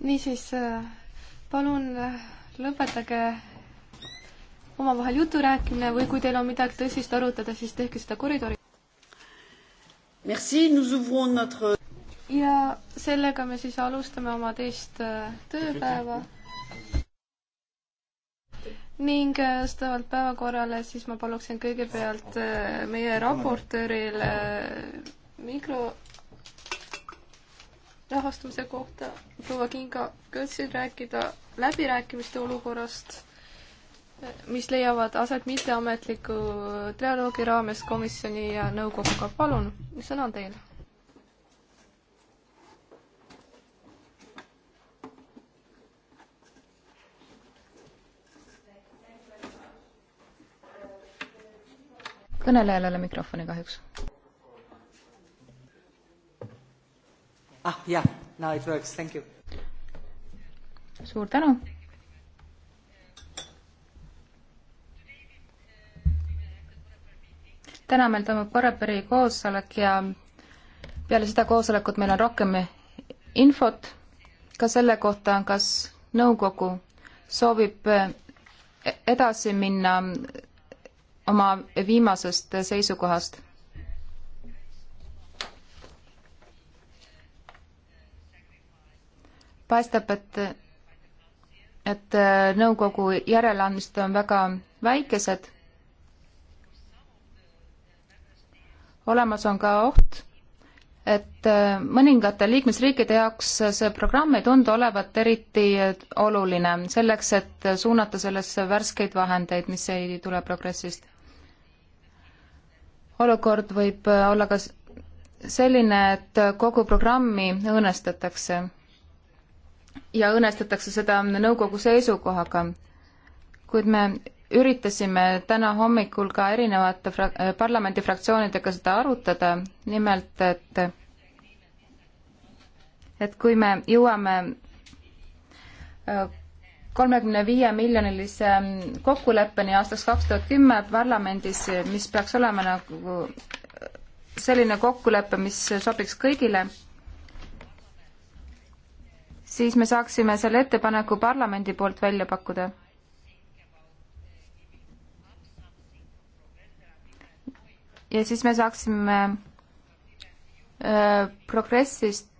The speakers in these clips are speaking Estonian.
niisiis, äh, palun äh, lõpetage omavahel jutu rääkimine või kui teil on midagi tõsist arutada, siis tehke seda koridori. Notre... ja sellega me siis alustame oma teist äh, tööpäeva. ning vastavalt päevakorrale siis ma paluksin kõigepealt meie raportööril mikro rahastamise kohta proua Kinga Kõtsil rääkida läbirääkimiste olukorrast, mis leiavad aset mitteametliku dialoogi raames komisjoni ja nõukoguga. palun, sõna on teil. kõnelejal ei ole mikrofoni kahjuks. ah jah yeah., now it works, thank you. suur tänu. täna meil toimub Korrapere koosolek ja peale seda koosolekut meil on rohkem infot ka selle kohta, kas nõukogu soovib edasi minna oma viimasest seisukohast paistab, et, et äh, nõukogu järeleandmised on väga väikesed. olemas on ka oht, et äh, mõningate liikmesriikide jaoks see programm ei tundu olevat eriti oluline selleks, et suunata sellesse värskeid vahendeid, mis ei tule progressist. olukord võib olla ka selline, et kogu programmi õõnestatakse ja õõnestatakse seda nõukogu seisukohaga. kuid me üritasime täna hommikul ka erinevate fra-, äh, parlamendifraktsioonidega seda arutada, nimelt et et kui me jõuame äh, kolmekümne viie miljonilise ähm, kokkuleppeni aastaks kaks tuhat kümme parlamendis, mis peaks olema nagu äh, selline kokkulepe, mis sobiks kõigile siis me saaksime selle ettepaneku parlamendi poolt välja pakkuda. ja siis me saaksime progressist,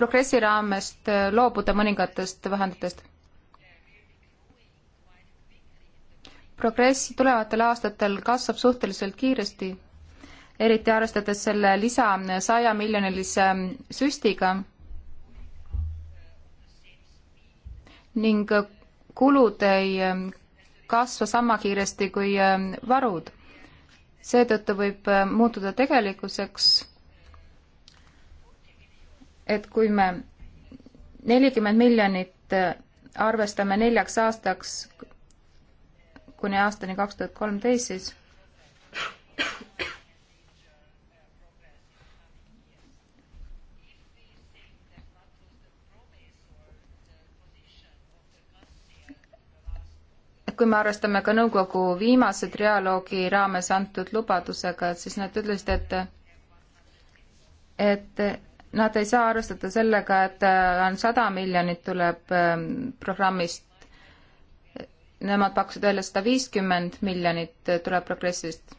progressi raamest loobuda mõningatest vahenditest. progress tulevatel aastatel kasvab suhteliselt kiiresti eriti arvestades selle lisa sajamiljonilise süstiga ning kulud ei kasva sama kiiresti kui varud. seetõttu võib muutuda tegelikkuseks, et kui me nelikümmend miljonit arvestame neljaks aastaks kuni aastani kaks tuhat kolmteist, siis kui me arvestame ka nõukogu viimase trialoogi raames antud lubadusega, et siis nad ütlesid, et et nad ei saa arvestada sellega, et on sada miljonit tuleb ähm, programmist. Nemad pakkusid välja sada viiskümmend miljonit äh, tuleb progressist.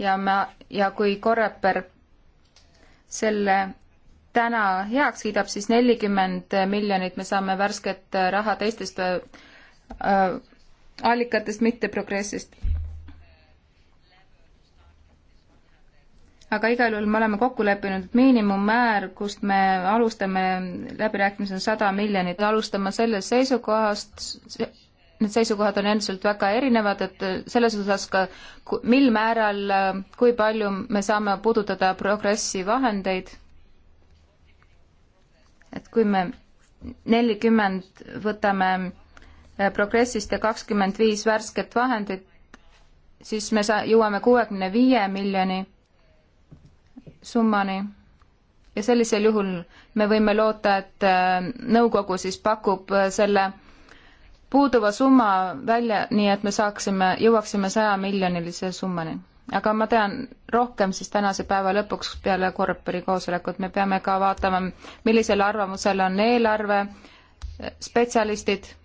ja ma, ja kui Koreper selle täna heaks kiidab, siis nelikümmend miljonit me saame värsket äh, raha teistest äh, Äh, allikatest, mitte progressist. aga igal juhul me oleme kokku leppinud, et miinimummäär, kust me alustame läbirääkimisi, on sada miljonit. alustama sellest seisukohast, need seisukohad on endiselt väga erinevad, et selles osas ka, mil määral, kui palju me saame puudutada progressi vahendeid. et kui me nelikümmend võtame Äh, progressist ja kakskümmend viis värsket vahendit, siis me saa-, jõuame kuuekümne viie miljoni summani ja sellisel juhul me võime loota, et äh, nõukogu siis pakub äh, selle puuduva summa välja, nii et me saaksime, jõuaksime sajamiljonilise summani. aga ma tean rohkem siis tänase päeva lõpuks peale korrupori koosolekut, me peame ka vaatama, millisel arvamusel on eelarve spetsialistid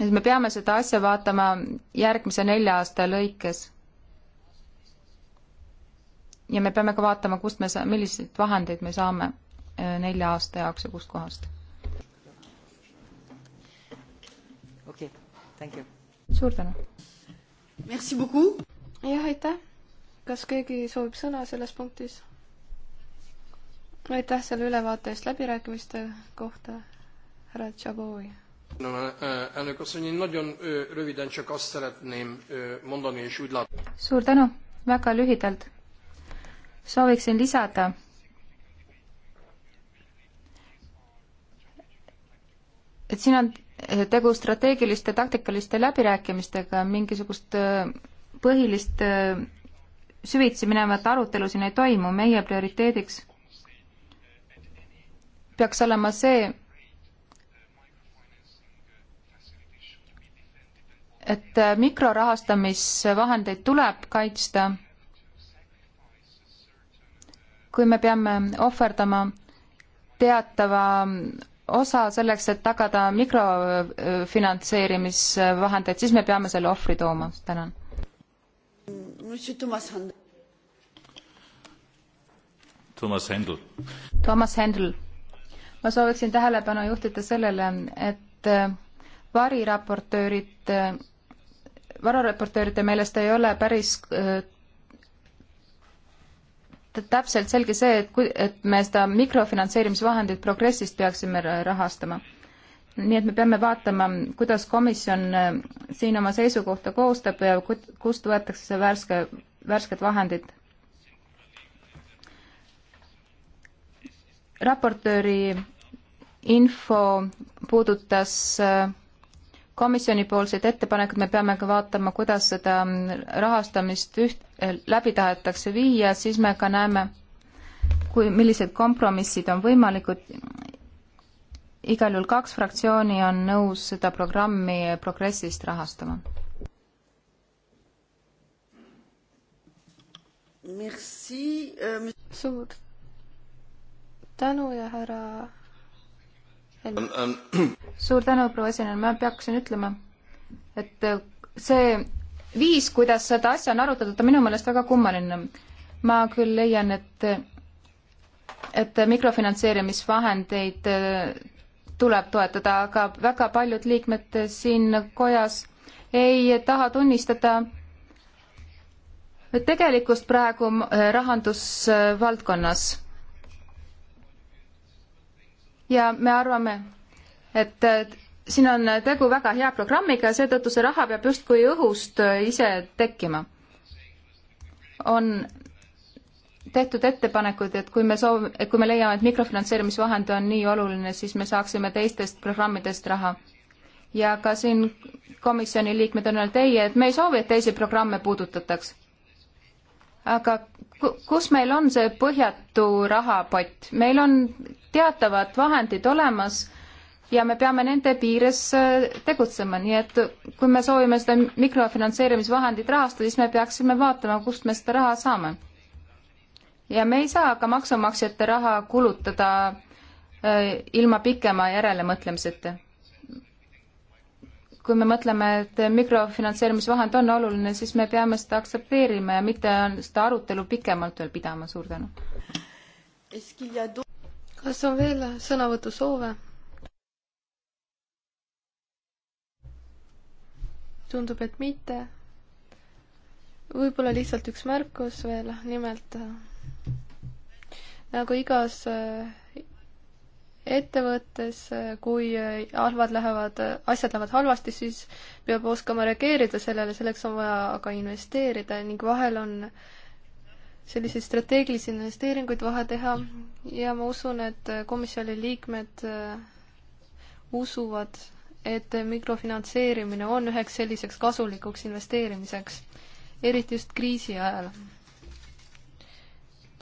et me peame seda asja vaatama järgmise nelja aasta lõikes. ja me peame ka vaatama, kust me saa-, milliseid vahendeid me saame äh, nelja aasta jaoks ja kustkohast. okei okay,, thank you. suur tänu. Merci beaucoup. jah, aitäh. kas keegi soovib sõna selles punktis? aitäh selle ülevaate eest läbirääkimiste kohta, härra Tšabovi Eh, elnök asszony, én nagyon eh, röviden csak azt szeretném eh, mondani, és úgy látom. suur tänu, väga lühidalt. sooviksin lisada, et siin on tegu strateegiliste taktikaliste läbirääkimistega, mingisugust põhilist süvitsi minevat arutelu siin ei toimu, meie prioriteediks peaks olema see, et mikrorahastamisvahendeid tuleb kaitsta, kui me peame ohverdama teatava osa selleks, et tagada mikrofinantseerimisvahendeid, siis me peame selle ohvri tooma, tänan. Toomas Händel. Toomas Händel. ma sooviksin tähelepanu juhtida sellele, et variraportöörid varareportööride meelest ei ole päris äh, täpselt selge see, et kui, et me seda mikrofinantseerimisvahendit progressist peaksime rahastama. nii et me peame vaatama, kuidas komisjon äh, siin oma seisukohta koostab ja kust võetakse see värske, värsked vahendid. raportööri info puudutas äh, komisjonipoolsed ettepanekud, me peame ka vaatama, kuidas seda rahastamist üht, läbi tahetakse viia, siis me ka näeme, kui, millised kompromissid on võimalikud. igal juhul kaks fraktsiooni on nõus seda programmi progressist rahastama. Euh, suur tänu ja härra suur tänu, proua esineja, ma peaksin ütlema, et see viis, kuidas seda asja on arutatud, on minu meelest väga kummaline. ma küll leian, et, et mikrofinantseerimisvahendeid äh, tuleb toetada, aga väga paljud liikmed siin kojas ei taha tunnistada tegelikkust praegu äh, rahandusvaldkonnas ja me arvame, et siin on tegu väga hea programmiga ja seetõttu see raha peab justkui õhust äh, ise tekkima. on tehtud ettepanekud, et kui me soov-, et kui me leiame, et mikrofinantseerimisvahend on nii oluline, siis me saaksime teistest programmidest raha. ja ka siin komisjoni liikmed on öelnud ei, et me ei soovi, et teisi programme puudutataks. aga kus meil on see põhjatu rahapott, meil on teatavad vahendid olemas ja me peame nende piires äh, tegutsema, nii et kui me soovime seda mikrofinantseerimisvahendit rahastada, siis me peaksime vaatama, kust me seda raha saame. ja me ei saa ka maksumaksjate raha kulutada äh, ilma pikema järelemõtlemiseta. kui me mõtleme, et mikrofinantseerimisvahend on oluline, siis me peame seda aktsepteerima ja mitte seda arutelu pikemalt veel pidama, suur tänu kas on veel sõnavõtusoove? tundub, et mitte. võib-olla lihtsalt üks märkus veel, nimelt nagu igas äh, ettevõttes, äh, kui halvad äh, lähevad, asjad lähevad halvasti, siis peab oskama reageerida sellele, selleks on vaja ka investeerida ning vahel on äh, selliseid strateegilisi investeeringuid vahe teha ja ma usun, et komisjoni liikmed äh, usuvad, et mikrofinantseerimine on üheks selliseks kasulikuks investeerimiseks, eriti just kriisi ajal.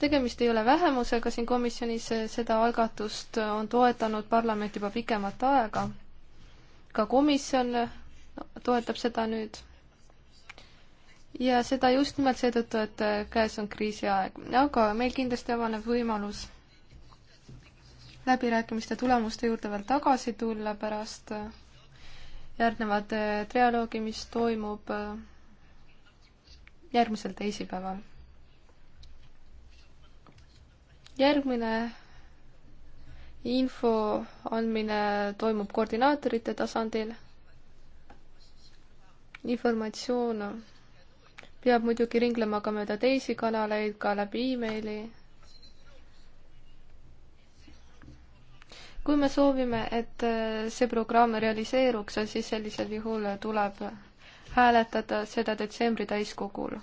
tegemist ei ole vähemusega siin komisjonis, seda algatust on toetanud parlament juba pikemat aega. ka komisjon toetab seda nüüd ja seda just nimelt seetõttu, et äh, käes on kriisiaeg, aga meil kindlasti avaneb võimalus läbirääkimiste tulemuste juurde veel tagasi tulla pärast äh, järgnevat äh, trialoogi, mis toimub järgmisel teisipäeval. järgmine info andmine toimub koordinaatorite tasandil. informatsioon peab muidugi ringlema ka mööda teisi kanaleid, ka läbi emaili. kui me soovime, et äh, see programm realiseeruks, siis sellisel juhul tuleb hääletada seda detsembri täiskogul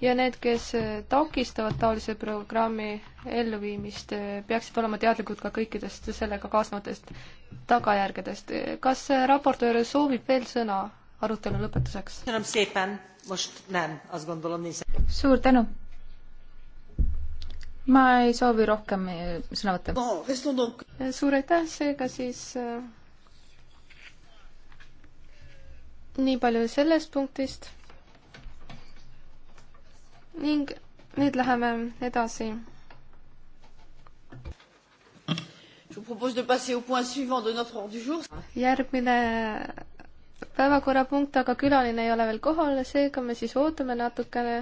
ja need, kes äh, takistavad taolise programmi elluviimist, äh, peaksid olema teadlikud ka kõikidest sellega kaasnevatest tagajärgedest. kas äh, raportöör soovib veel sõna arutelu lõpetuseks? suur tänu! ma ei soovi rohkem sõna võtta. suur aitäh, seega siis nii palju sellest punktist ning nüüd läheme edasi. järgmine päevakorrapunkt, aga külaline ei ole veel kohal, seega me siis ootame natukene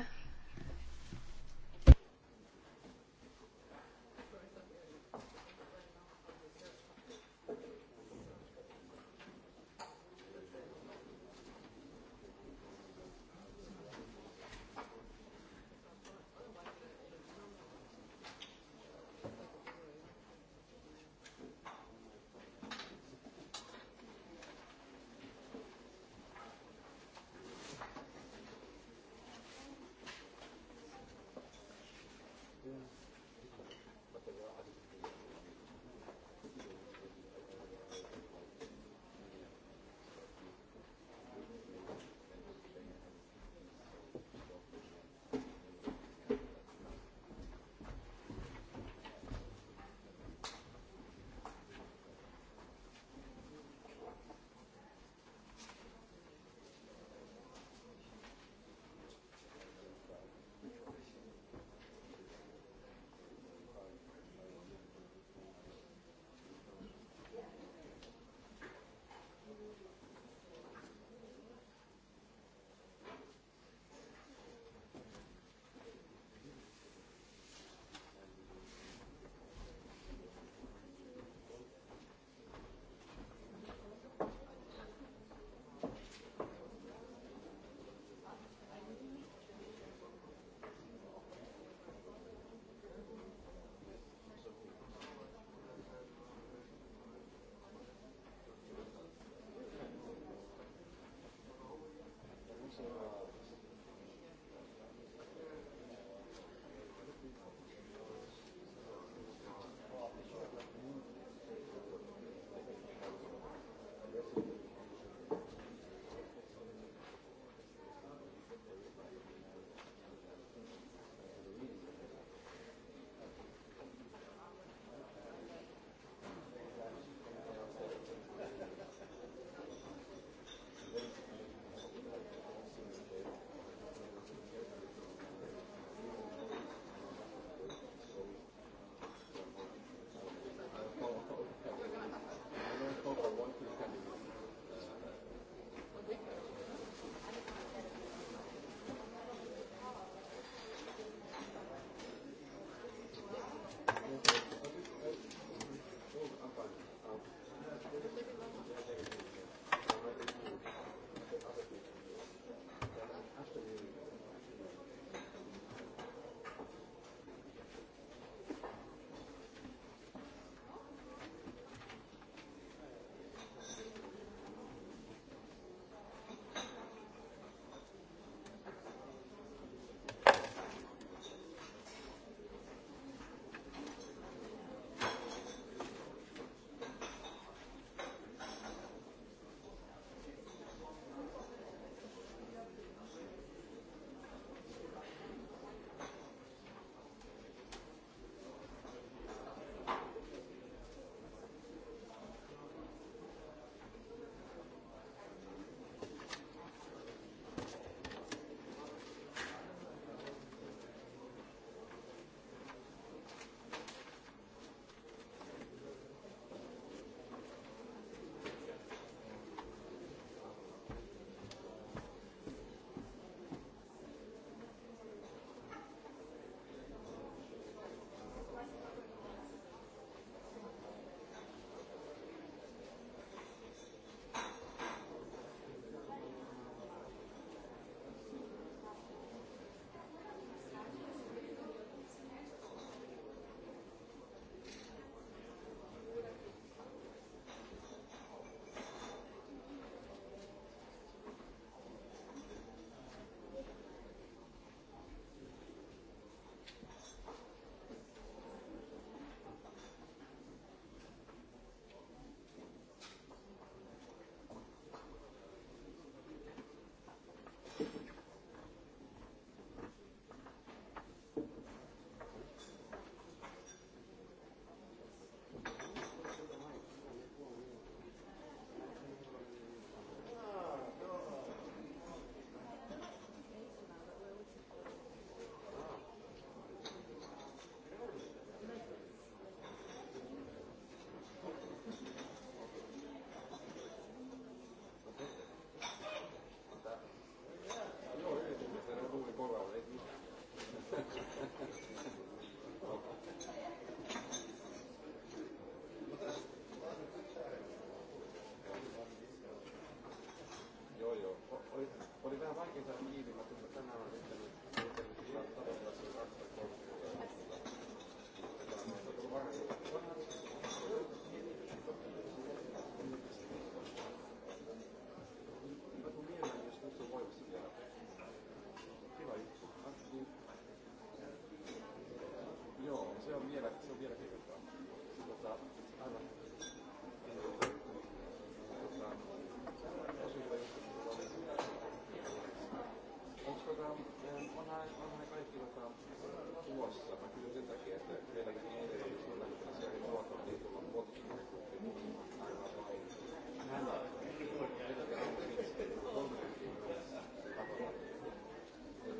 nostra, ma credo senza chiedere, per richiedere che sulla democrazia che nuova ha detto non può dire che non ha una parola. Credo che non ministeri, non perché non ha parole.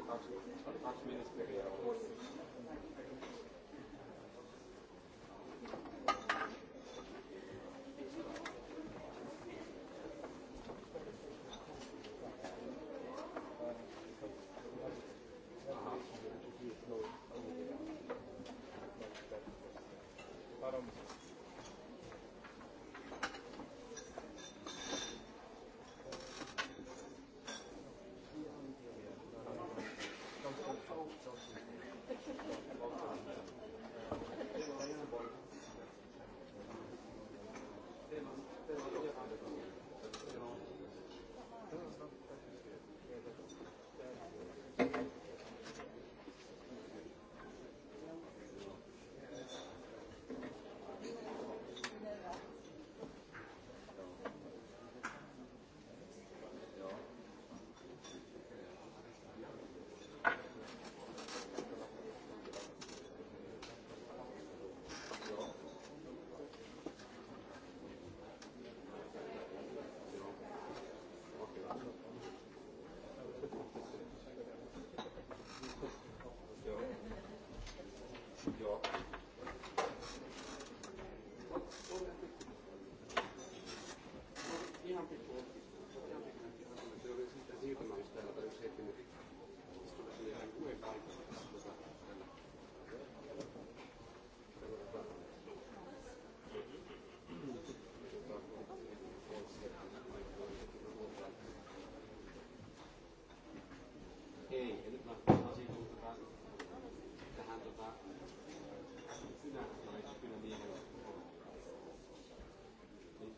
Faccio ministeriale.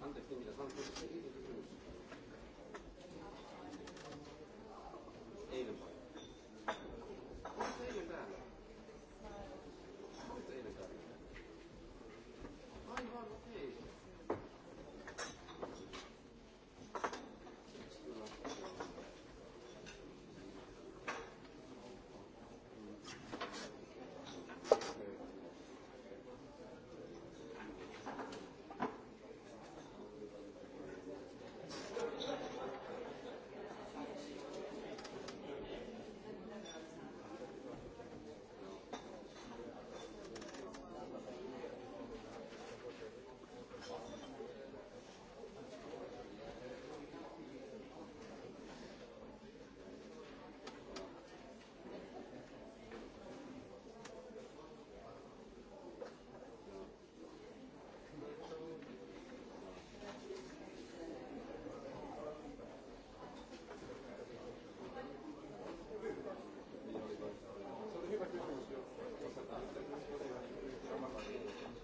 Underständiger Sankt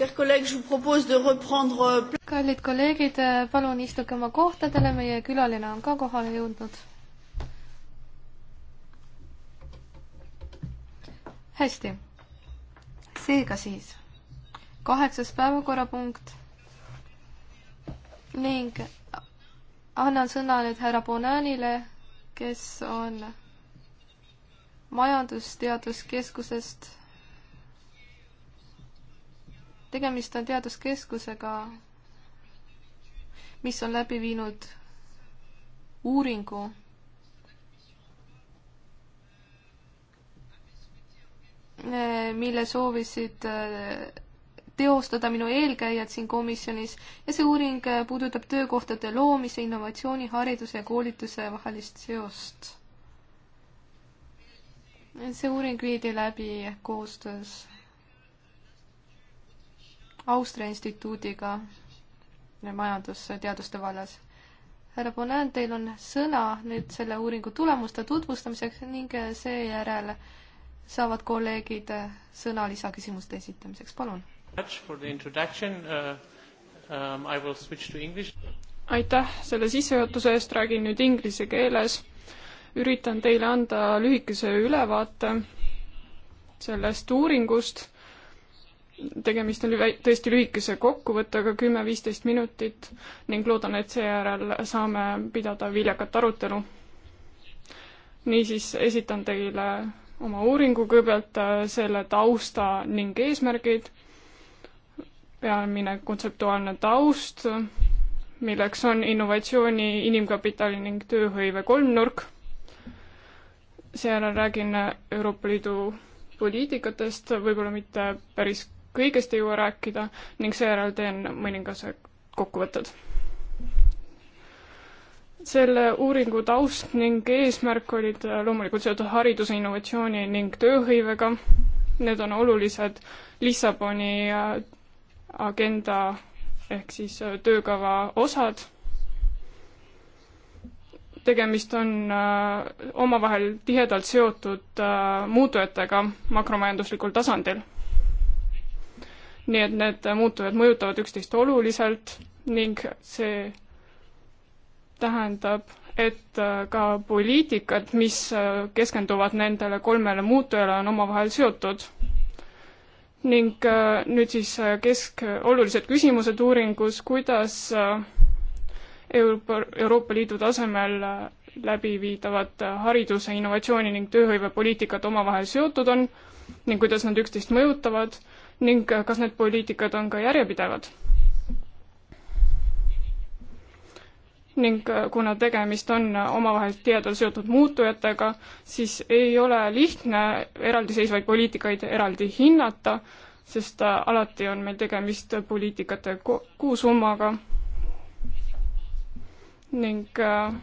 Euh, kallid kolleegid, äh, palun istuge oma kohtadele, meie külaline on ka kohale jõudnud. hästi, seega siis kaheksas päevakorrapunkt ning annan sõna nüüd härra Bonanile, kes on majandusteaduskeskusest tegemist on teaduskeskusega, mis on läbi viinud uuringu mille soovisid äh, teostada minu eelkäijad siin komisjonis ja see uuring äh, puudutab töökohtade loomise, innovatsiooni, hariduse ja koolituse vahelist seost. see uuring viidi läbi koostöös Austria instituudiga majandusteaduste vallas. härra Bonan, teil on sõna nüüd selle uuringu tulemuste tutvustamiseks ning äh, seejärel saavad kolleegid äh, sõna lisaküsimuste esitamiseks, palun. Uh, um, aitäh selle sissejuhatuse eest, räägin nüüd inglise keeles. üritan teile anda lühikese ülevaate sellest uuringust tegemist oli tõesti lühikese kokkuvõttega, kümme-viisteist minutit ning loodan, et seejärel saame pidada viljakat arutelu. niisiis esitan teile oma uuringu kõigepealt äh, selle tausta ning eesmärgid, peamine kontseptuaalne taust, milleks on innovatsiooni, inimkapitali ning tööhõive kolmnurk. seejärel räägin Euroopa Liidu poliitikatest, võib-olla mitte päris kõigest ei jõua rääkida ning seejärel teen mõningase kokkuvõtted. selle uuringu taust ning eesmärk olid loomulikult seotud hariduse, innovatsiooni ning tööhõivega. Need on olulised Lissaboni äh, agenda ehk siis äh, töökava osad tegemist on äh, omavahel tihedalt seotud äh, muutujatega makromajanduslikul tasandil nii et need muutujad mõjutavad üksteist oluliselt ning see tähendab, et äh, ka poliitikad, mis äh, keskenduvad nendele kolmele muutujale, on omavahel seotud. ning äh, nüüd siis kesk, olulised küsimused uuringus, kuidas Euroopa, Euroopa Liidu tasemel läbiviidavad hariduse, innovatsiooni ning tööhõivepoliitikad omavahel seotud on ning kuidas nad üksteist mõjutavad ning kas need poliitikad on ka järjepidevad? ning kuna tegemist on omavahel tihedalt seotud muutujatega, siis ei ole lihtne eraldiseisvaid poliitikaid eraldi hinnata, sest alati on meil tegemist poliitikate kuusummaga ning äh,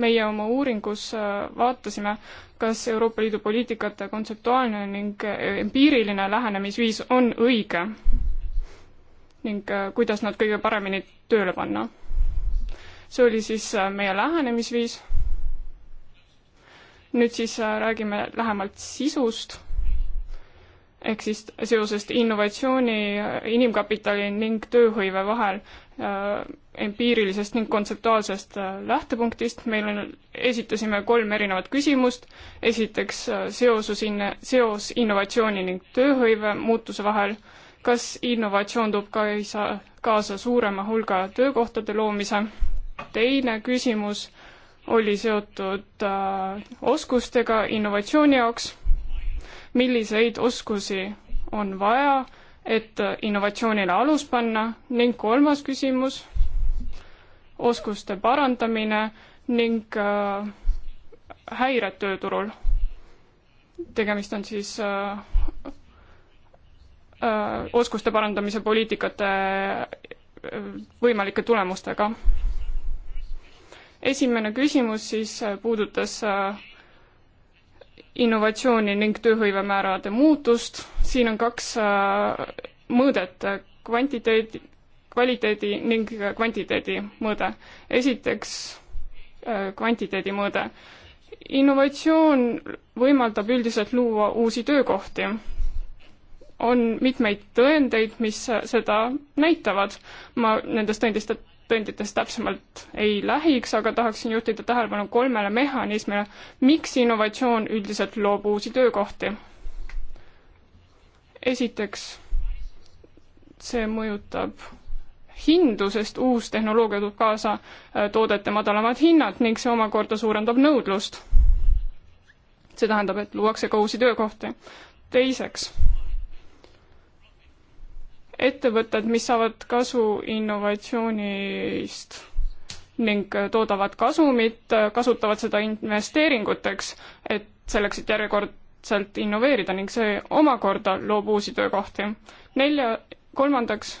meie oma uuringus äh, vaatasime, kas Euroopa Liidu poliitikate kontseptuaalne ning äh, empiiriline lähenemisviis on õige ning äh, kuidas nad kõige paremini tööle panna. see oli siis meie lähenemisviis. nüüd siis räägime lähemalt sisust ehk siis seosest innovatsiooni, inimkapitali ning tööhõive vahel äh, empiirilisest ning kontseptuaalsest äh, lähtepunktist. meil on, esitasime kolm erinevat küsimust. esiteks äh, seosus inne, seos innovatsiooni ning tööhõive muutuse vahel. kas innovatsioon toob kaasa, kaasa suurema hulga töökohtade loomise? teine küsimus oli seotud äh, oskustega innovatsiooni jaoks milliseid oskusi on vaja, et innovatsioonile alus panna ning kolmas küsimus, oskuste parandamine ning äh, häired tööturul. tegemist on siis äh, äh, oskuste parandamise poliitikate võimalike tulemustega. esimene küsimus siis puudutas innovatsiooni ning tööhõivemäärade muutust. siin on kaks äh, mõõdet, kvantiteedi, kvaliteedi ning kvantiteedi mõõde. esiteks äh, kvantiteedi mõõde. innovatsioon võimaldab üldiselt luua uusi töökohti. on mitmeid tõendeid, mis seda näitavad. ma nendest tõendist, et tõenditest täpsemalt ei lähiks, aga tahaksin juhtida tähelepanu kolmele mehhanismile, miks innovatsioon üldiselt loob uusi töökohti. esiteks, see mõjutab hindu, sest uus tehnoloogia toob kaasa äh, toodete madalamad hinnad ning see omakorda suurendab nõudlust. see tähendab, et luuakse ka uusi töökohti. teiseks ettevõtted, mis saavad kasu innovatsioonist ning toodavad kasumit, kasutavad seda investeeringuteks, et selleks, et järjekordselt innoveerida ning see omakorda loob uusi töökohti. nelja, kolmandaks,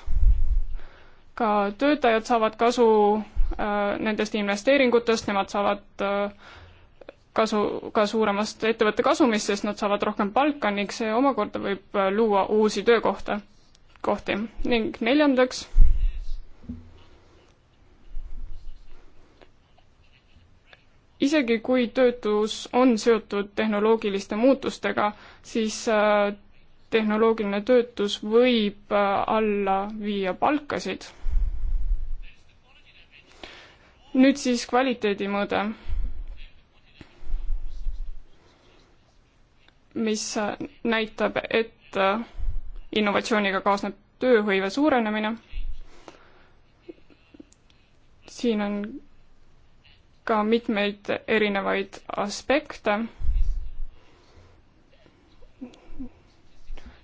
ka töötajad saavad kasu äh, nendest investeeringutest, nemad saavad äh, kasu, ka suuremast ettevõtte kasumist, sest nad saavad rohkem palka ning see omakorda võib äh, luua uusi töökohta kohti ning neljandaks isegi kui töötus on seotud tehnoloogiliste muutustega, siis äh, tehnoloogiline töötus võib äh, alla viia palkasid. nüüd siis kvaliteedimõõde, mis äh, näitab, et innovatsiooniga kaasneb tööhõive suurenemine. siin on ka mitmeid erinevaid aspekte.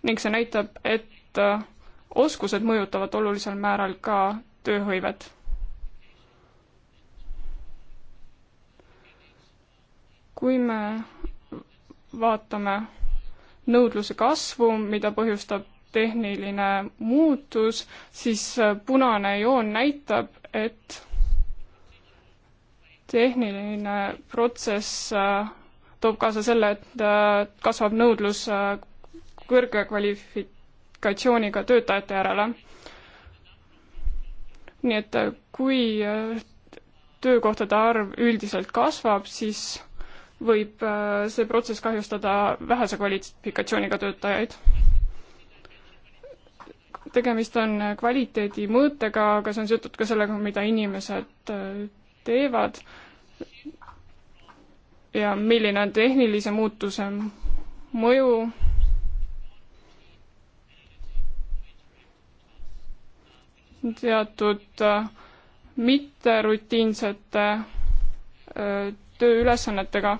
ning see näitab, et äh, oskused mõjutavad olulisel määral ka tööhõivet kui me vaatame nõudluse kasvu, mida põhjustab tehniline muutus, siis äh, punane joon näitab, et tehniline protsess äh, toob kaasa selle, et äh, kasvab nõudlus kõrge kvalifikatsiooniga töötajate järele. nii et kui töökohtade arv üldiselt kasvab, siis võib see protsess kahjustada vähese kvalifikatsiooniga töötajaid tegemist on kvaliteedi mõõtega, aga see on seotud ka sellega, mida inimesed äh, teevad ja milline on tehnilise muutuse mõju teatud äh, mitterutiinsete äh, tööülesannetega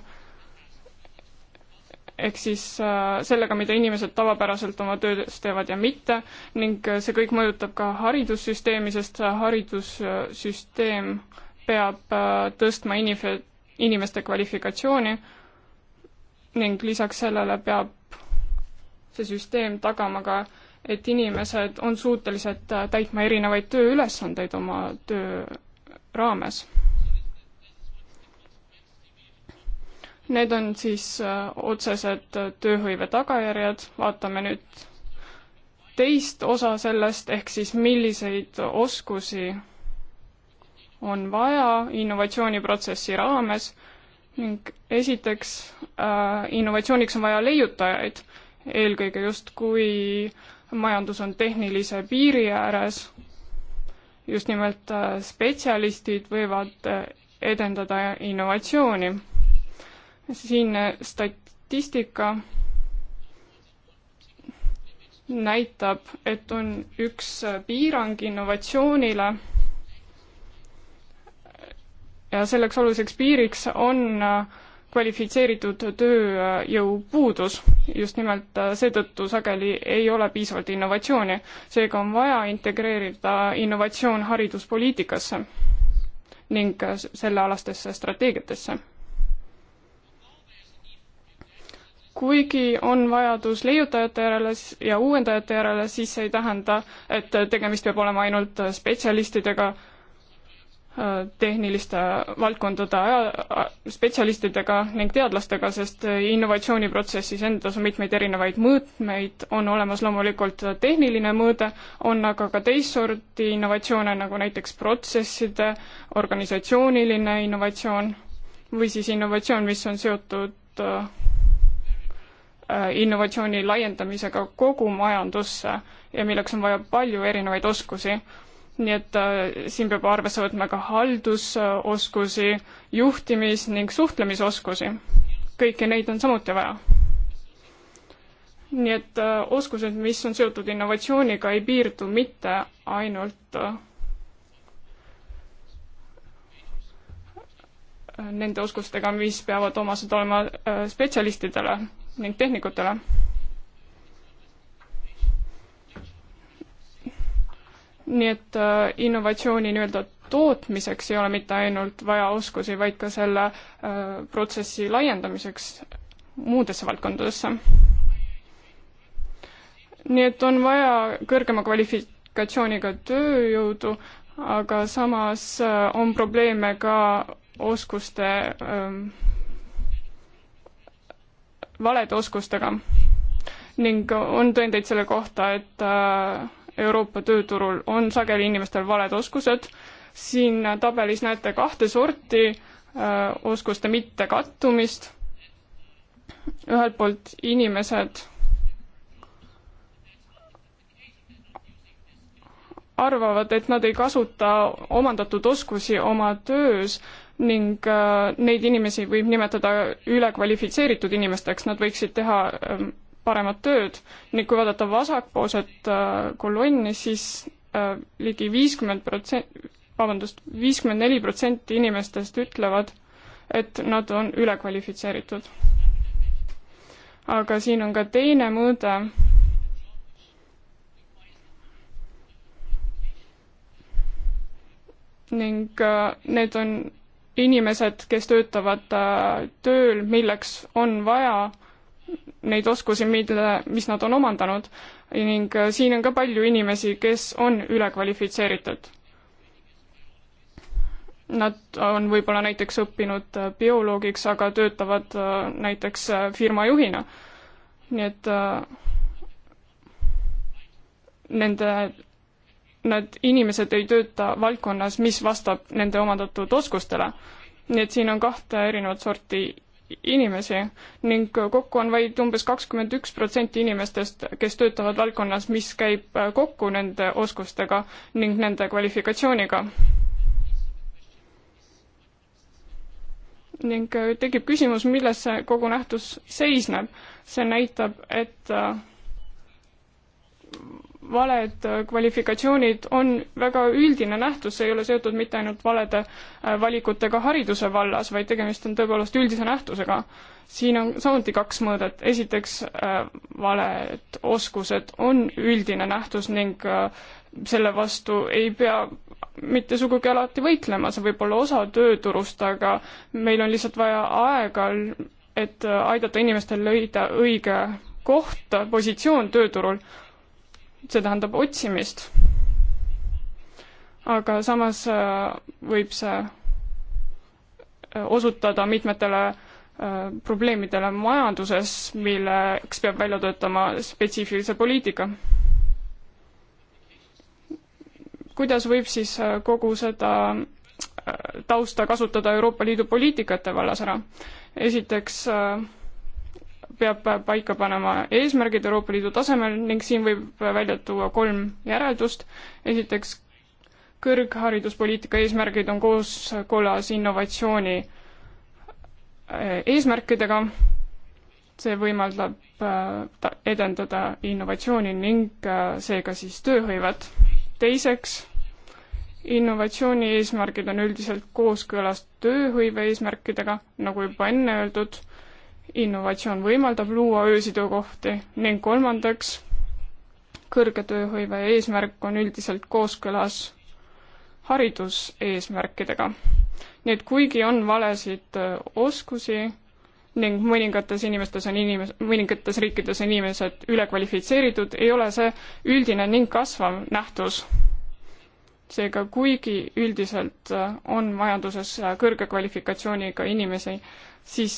ehk siis äh, sellega, mida inimesed tavapäraselt oma töös teevad ja mitte ning äh, see kõik mõjutab ka haridussüsteemi, sest haridussüsteem peab äh, tõstma inif-, inimeste kvalifikatsiooni ning lisaks sellele peab see süsteem tagama ka, et inimesed on suutelised täitma erinevaid tööülesandeid oma töö raames Need on siis äh, otsesed äh, tööhõive tagajärjed, vaatame nüüd teist osa sellest, ehk siis milliseid oskusi on vaja innovatsiooniprotsessi raames ning esiteks äh, innovatsiooniks on vaja leiutajaid, eelkõige just, kui majandus on tehnilise piiri ääres, just nimelt äh, spetsialistid võivad äh, edendada innovatsiooni siin äh, statistika näitab, et on üks äh, piirang innovatsioonile ja selleks oluliseks piiriks on äh, kvalifitseeritud tööjõupuudus. just nimelt seetõttu sageli ei ole piisavalt innovatsiooni. seega on vaja integreerida innovatsioon hariduspoliitikasse ning sellealastesse strateegiatesse kuigi on vajadus leiutajate järele ja uuendajate järele, siis see ei tähenda, et tegemist peab olema ainult spetsialistidega, äh, tehniliste valdkondade aja, spetsialistidega ning teadlastega, sest innovatsiooniprotsessis endas on mitmeid erinevaid mõõtmeid, on olemas loomulikult tehniline mõõde, on aga ka teist sorti innovatsioone, nagu näiteks protsesside organisatsiooniline innovatsioon või siis innovatsioon, mis on seotud äh, Äh, innovatsiooni laiendamisega kogu majandusse ja milleks on vaja palju erinevaid oskusi. nii et äh, siin peab arvesse võtma ka haldusoskusi, juhtimis- ning suhtlemisoskusi. kõiki neid on samuti vaja. nii et äh, oskused, mis on seotud innovatsiooniga, ei piirdu mitte ainult nende oskustega, mis peavad omased olema spetsialistidele ning tehnikutele. nii et äh, innovatsiooni nii-öelda tootmiseks ei ole mitte ainult vaja oskusi, vaid ka selle äh, protsessi laiendamiseks muudesse valdkondadesse. nii et on vaja kõrgema kvalifikatsiooniga tööjõudu, aga samas äh, on probleeme ka oskuste öö, ähm, valede oskustega. ning on tõendeid selle kohta, et äh, Euroopa tööturul on sageli inimestel valed oskused, siin tabelis näete kahte sorti äh, oskuste mittekattumist, ühelt poolt inimesed arvavad, et nad ei kasuta omandatud oskusi oma töös, ning äh, neid inimesi võib nimetada ülekvalifitseeritud inimesteks, nad võiksid teha ähm, paremat tööd ning kui vaadata vasakpoolset äh, kolonni, siis äh, ligi viiskümmend protsenti, vabandust, viiskümmend neli protsenti inimestest ütlevad, et nad on ülekvalifitseeritud. aga siin on ka teine mõõde ning need on inimesed, kes töötavad äh, tööl, milleks on vaja neid oskusi, mille, mis nad on omandanud ning äh, siin on ka palju inimesi, kes on ülekvalifitseeritud. Nad on võib-olla näiteks õppinud äh, bioloogiks, aga töötavad näiteks firmajuhina. nii et nende nad, inimesed ei tööta valdkonnas, mis vastab nende omandatud oskustele. nii et siin on kahte erinevat sorti inimesi ning kokku on vaid umbes kakskümmend üks protsenti inimestest, kes töötavad valdkonnas, mis käib kokku nende oskustega ning nende kvalifikatsiooniga. ning tekib küsimus, milles see kogu nähtus seisneb. see näitab, et valed kvalifikatsioonid on väga üldine nähtus, see ei ole seotud mitte ainult valede äh, valikutega hariduse vallas, vaid tegemist on tõepoolest üldise nähtusega. siin on samuti kaks mõõdet, esiteks äh, valed oskused on üldine nähtus ning äh, selle vastu ei pea mitte sugugi alati võitlema, see võib olla osa tööturust, aga meil on lihtsalt vaja aega, et aidata inimestel leida õige koht, positsioon tööturul see tähendab otsimist. aga samas äh, võib see äh, osutada mitmetele äh, probleemidele majanduses, milleks peab välja töötama spetsiifilise poliitika. kuidas võib siis kogu seda tausta kasutada Euroopa Liidu poliitikate vallas ära? esiteks äh, peab paika panema eesmärgid Euroopa Liidu tasemel ning siin võib välja tuua kolm järeldust. esiteks, kõrghariduspoliitika eesmärgid on kooskõlas innovatsiooni eh, eesmärkidega, see võimaldab eh, edendada innovatsiooni ning eh, seega siis tööhõivet. teiseks, innovatsiooni eesmärgid on üldiselt kooskõlas tööhõive eesmärkidega, nagu juba enne öeldud innovatsioon võimaldab luua öösidukohti ning kolmandaks, kõrge tööhõive eesmärk on üldiselt kooskõlas hariduseesmärkidega. nii et kuigi on valesid äh, oskusi ning mõningates inimestes on inimes-, mõningates riikides on inimesed ülekvalifitseeritud, ei ole see üldine ning kasvav nähtus seega kuigi üldiselt äh, on majanduses äh, kõrge kvalifikatsiooniga inimesi, siis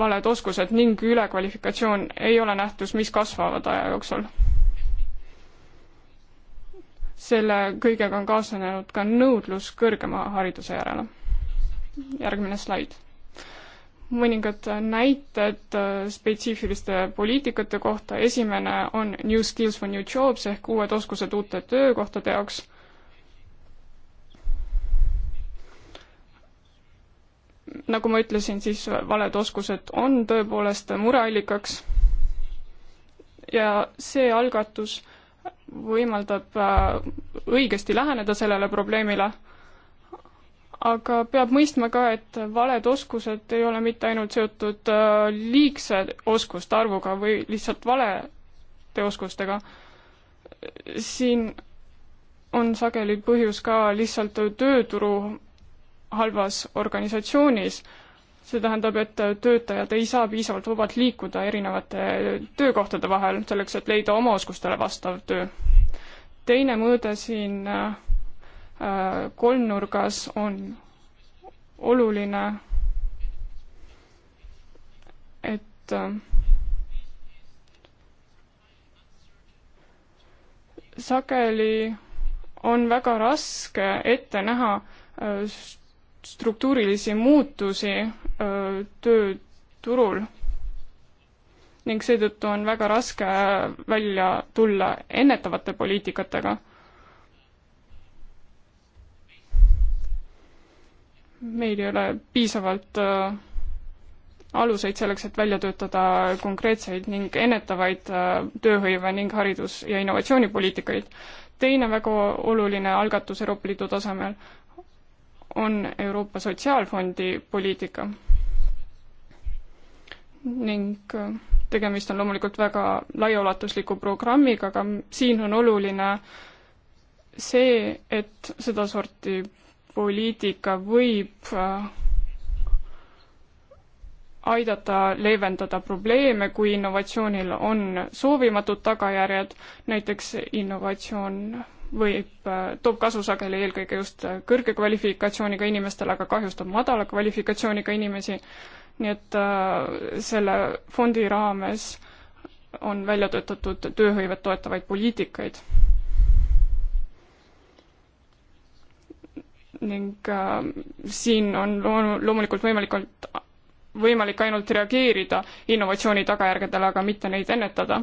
valed oskused ning ülekvalifikatsioon ei ole nähtus, mis kasvavad aja jooksul. selle kõigega on kaasnenud ka nõudlus kõrgema hariduse järele. järgmine slaid. mõningad näited äh, spetsiifiliste poliitikate kohta, esimene on New Skills for New Jobs ehk uued oskused uute töökohtade jaoks nagu ma ütlesin, siis valed oskused on tõepoolest mureallikaks ja see algatus võimaldab äh, õigesti läheneda sellele probleemile, aga peab mõistma ka, et valed oskused ei ole mitte ainult seotud äh, liigse oskuste arvuga või lihtsalt valede oskustega. siin on sageli põhjus ka lihtsalt tööturu halvas organisatsioonis. see tähendab, et töötajad ei saa piisavalt vabalt liikuda erinevate töökohtade vahel, selleks et leida oma oskustele vastav töö. teine mõõde siin äh, kolmnurgas on oluline, et äh, sageli on väga raske ette näha äh, struktuurilisi muutusi tööturul ning seetõttu on väga raske välja tulla ennetavate poliitikatega. meil ei ole piisavalt aluseid selleks, et välja töötada konkreetseid ning ennetavaid tööhõive ning haridus- ja innovatsioonipoliitikaid. teine väga oluline algatus Euroopa Liidu tasemel on Euroopa Sotsiaalfondi poliitika. ning äh, tegemist on loomulikult väga laiaulatusliku programmiga, aga siin on oluline see, et sedasorti poliitika võib äh, aidata leevendada probleeme, kui innovatsioonil on soovimatud tagajärjed, näiteks innovatsioon võib, äh, toob kasu sageli eelkõige just äh, kõrge kvalifikatsiooniga inimestele, aga kahjustab madala kvalifikatsiooniga inimesi. nii et äh, selle fondi raames on välja töötatud tööhõivet toetavaid poliitikaid. ning äh, siin on loomulikult võimalikult, võimalik ainult reageerida innovatsiooni tagajärgedele, aga mitte neid ennetada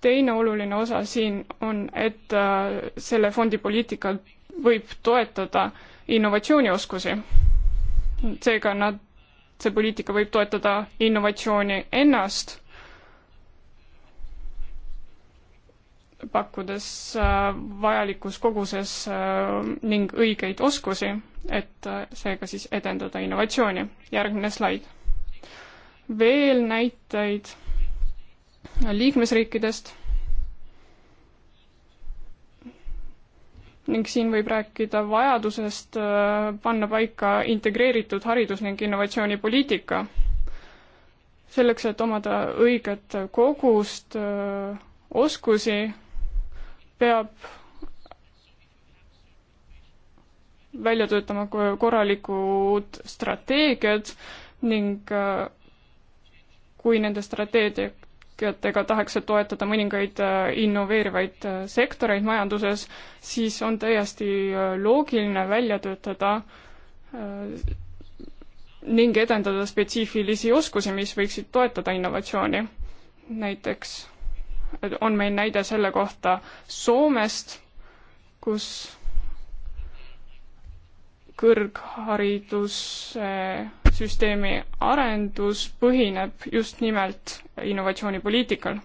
teine oluline osa siin on, et äh, selle fondi poliitika võib toetada innovatsioonioskusi. seega nad, see poliitika võib toetada innovatsiooni ennast, pakkudes äh, vajalikus koguses äh, ning õigeid oskusi, et seega siis edendada innovatsiooni. järgmine slaid. veel näiteid liikmesriikidest. ning siin võib rääkida vajadusest äh, panna paika integreeritud haridus- ning innovatsioonipoliitika, selleks, et omada õiget kogust äh, oskusi, peab välja töötama korralikud strateegiad ning äh, kui nende strateegia, poliitikatega tahakse toetada mõningaid äh, innoveerivaid äh, sektoreid majanduses, siis on täiesti äh, loogiline välja töötada ning edendada spetsiifilisi oskusi, mis võiksid toetada innovatsiooni. näiteks on meil näide selle kohta Soomest, kus kõrghariduse äh, süsteemi arendus põhineb just nimelt innovatsioonipoliitikal.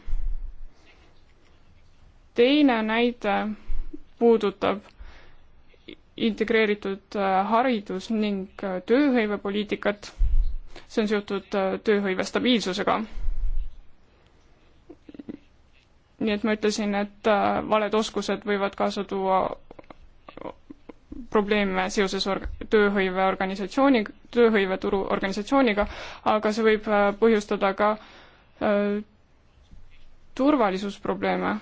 teine näide puudutab integreeritud äh, haridus- ning äh, tööhõivepoliitikat, see on seotud äh, tööhõive stabiilsusega. nii et ma ütlesin, et valed oskused võivad kaasa tuua probleeme seoses org-, tööhõive organisatsiooni, tööhõiveturu organisatsiooniga, aga see võib äh, põhjustada ka äh, turvalisusprobleeme.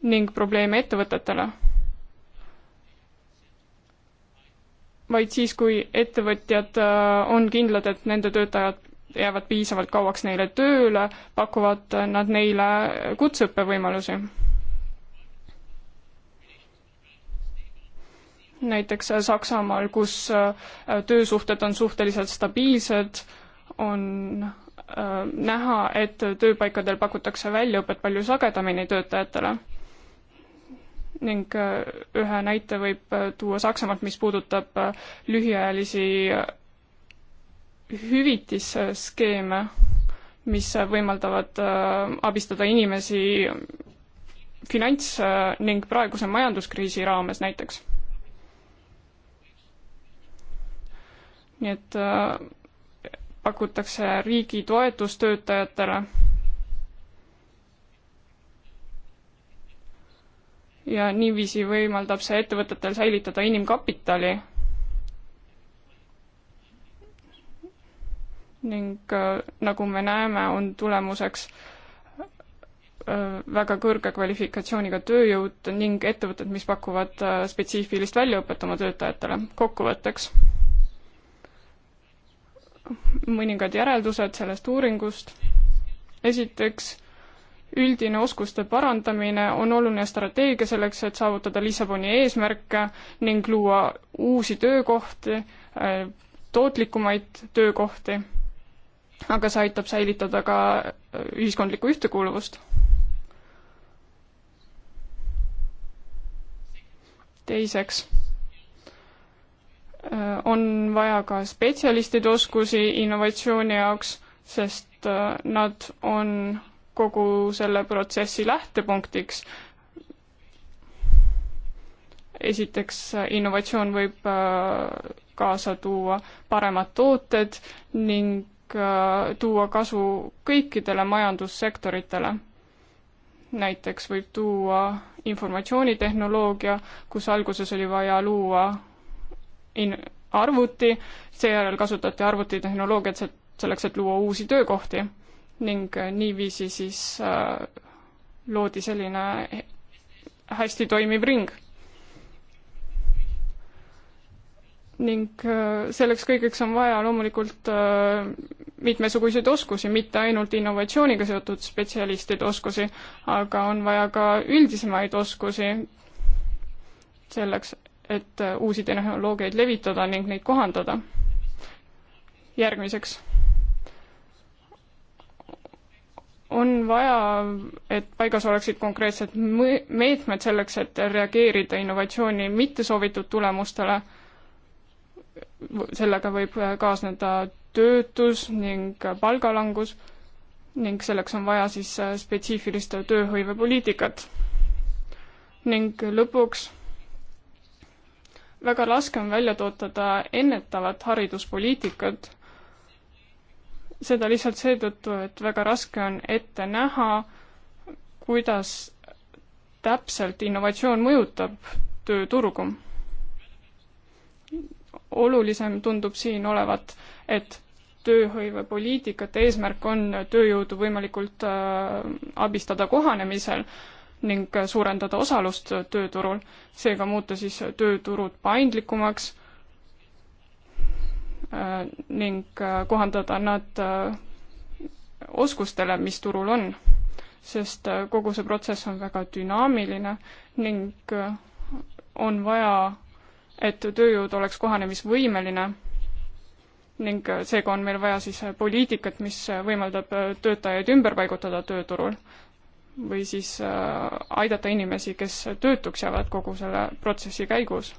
ning probleeme ettevõtetele. vaid siis, kui ettevõtjad äh, on kindlad, et nende töötajad jäävad piisavalt kauaks neile tööle, pakuvad nad neile kutseõppevõimalusi näiteks äh, Saksamaal, kus äh, töösuhted on suhteliselt stabiilsed, on äh, näha, et tööpaikadel pakutakse väljaõpet palju sagedamini töötajatele. ning ühe näite võib tuua Saksamaalt, mis puudutab lühiajalisi hüvitisskeeme, mis võimaldavad abistada inimesi finants- ning praeguse majanduskriisi raames näiteks nii et äh, pakutakse riigi toetust töötajatele. ja niiviisi võimaldab see ettevõtetel säilitada inimkapitali ning äh, nagu me näeme, on tulemuseks äh, väga kõrge kvalifikatsiooniga tööjõud ning ettevõtted, mis pakuvad äh, spetsiifilist väljaõpet oma töötajatele. kokkuvõtteks mõningad järeldused sellest uuringust. esiteks, üldine oskuste parandamine on oluline strateegia selleks, et saavutada Lissaboni eesmärke ning luua uusi töökohti, äh, tootlikumaid töökohti, aga see aitab säilitada ka äh, ühiskondlikku ühtekuuluvust. teiseks Äh, on vaja ka spetsialistide oskusi innovatsiooni jaoks, sest äh, nad on kogu selle protsessi lähtepunktiks. esiteks, äh, innovatsioon võib kaasa tuua paremad tooted ning tuua kasu kõikidele majandussektoritele. näiteks võib tuua informatsioonitehnoloogia, kus alguses oli vaja luua in-, arvuti, seejärel kasutati arvutitehnoloogiat selleks, et luua uusi töökohti ning äh, niiviisi siis äh, loodi selline hästi toimiv ring. ning äh, selleks kõigeks on vaja loomulikult äh, mitmesuguseid oskusi, mitte ainult innovatsiooniga seotud spetsialistide oskusi, aga on vaja ka üldisemaid oskusi selleks, et äh, uusi tehnoloogiaid levitada ning neid kohandada. järgmiseks. on vaja, et paigas oleksid konkreetsed meetmed selleks, et reageerida innovatsiooni mittesoovitud tulemustele. sellega võib äh, kaasneda töötus ning äh, palgalangus ning selleks on vaja siis spetsiifilist tööhõivepoliitikat. ning lõpuks väga raske on välja töötada ennetavat hariduspoliitikat. seda lihtsalt seetõttu, et väga raske on ette näha, kuidas täpselt innovatsioon mõjutab tööturgu. olulisem tundub siin olevat, et tööhõivepoliitikate eesmärk on tööjõudu võimalikult äh, abistada kohanemisel ning suurendada osalust tööturul, seega muuta siis tööturud paindlikumaks äh, ning äh, kohandada nad äh, oskustele, mis turul on. sest kogu see protsess on väga dünaamiline ning on vaja, et tööjõud oleks kohanemisvõimeline ning seega on meil vaja siis poliitikat, mis võimaldab töötajaid ümber paigutada tööturul või siis äh, aidata inimesi, kes töötuks jäävad kogu selle protsessi käigus.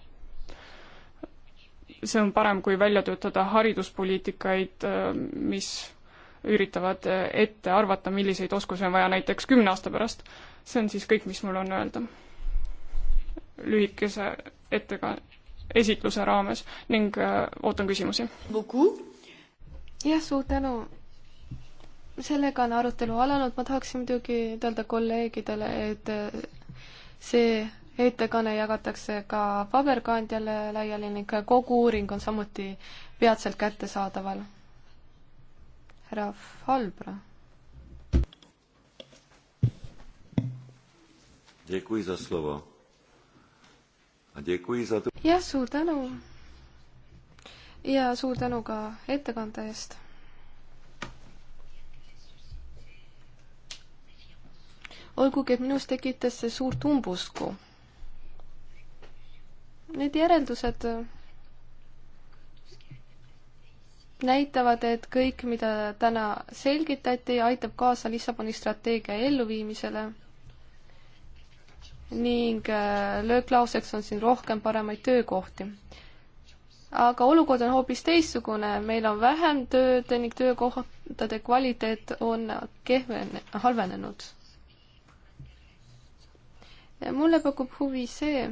see on parem, kui välja töötada hariduspoliitikaid, äh, mis üritavad äh, ette arvata, milliseid oskusi on vaja näiteks kümne aasta pärast. see on siis kõik, mis mul on öelda lühikese ettega-, esitluse raames ning öö, ootan küsimusi. jah, suur tänu sellega on arutelu alanud, ma tahaksin muidugi ütelda kolleegidele, et see ettekanne jagatakse ka paberkandjale laiali ning kogu uuring on samuti peatselt kättesaadaval. härra Falbra. jah, suur tänu. ja suur tänu ka ettekande eest olgugi et minus tekitas see suurt umbusku. Need järeldused näitavad, et kõik, mida täna selgitati, aitab kaasa Lissaboni strateegia elluviimisele ning äh, lööklauseks on siin rohkem paremaid töökohti. aga olukord on hoopis teistsugune, meil on vähem tööd ning töökohtade kvaliteet on kehven-, halvenenud mulle pakub huvi see,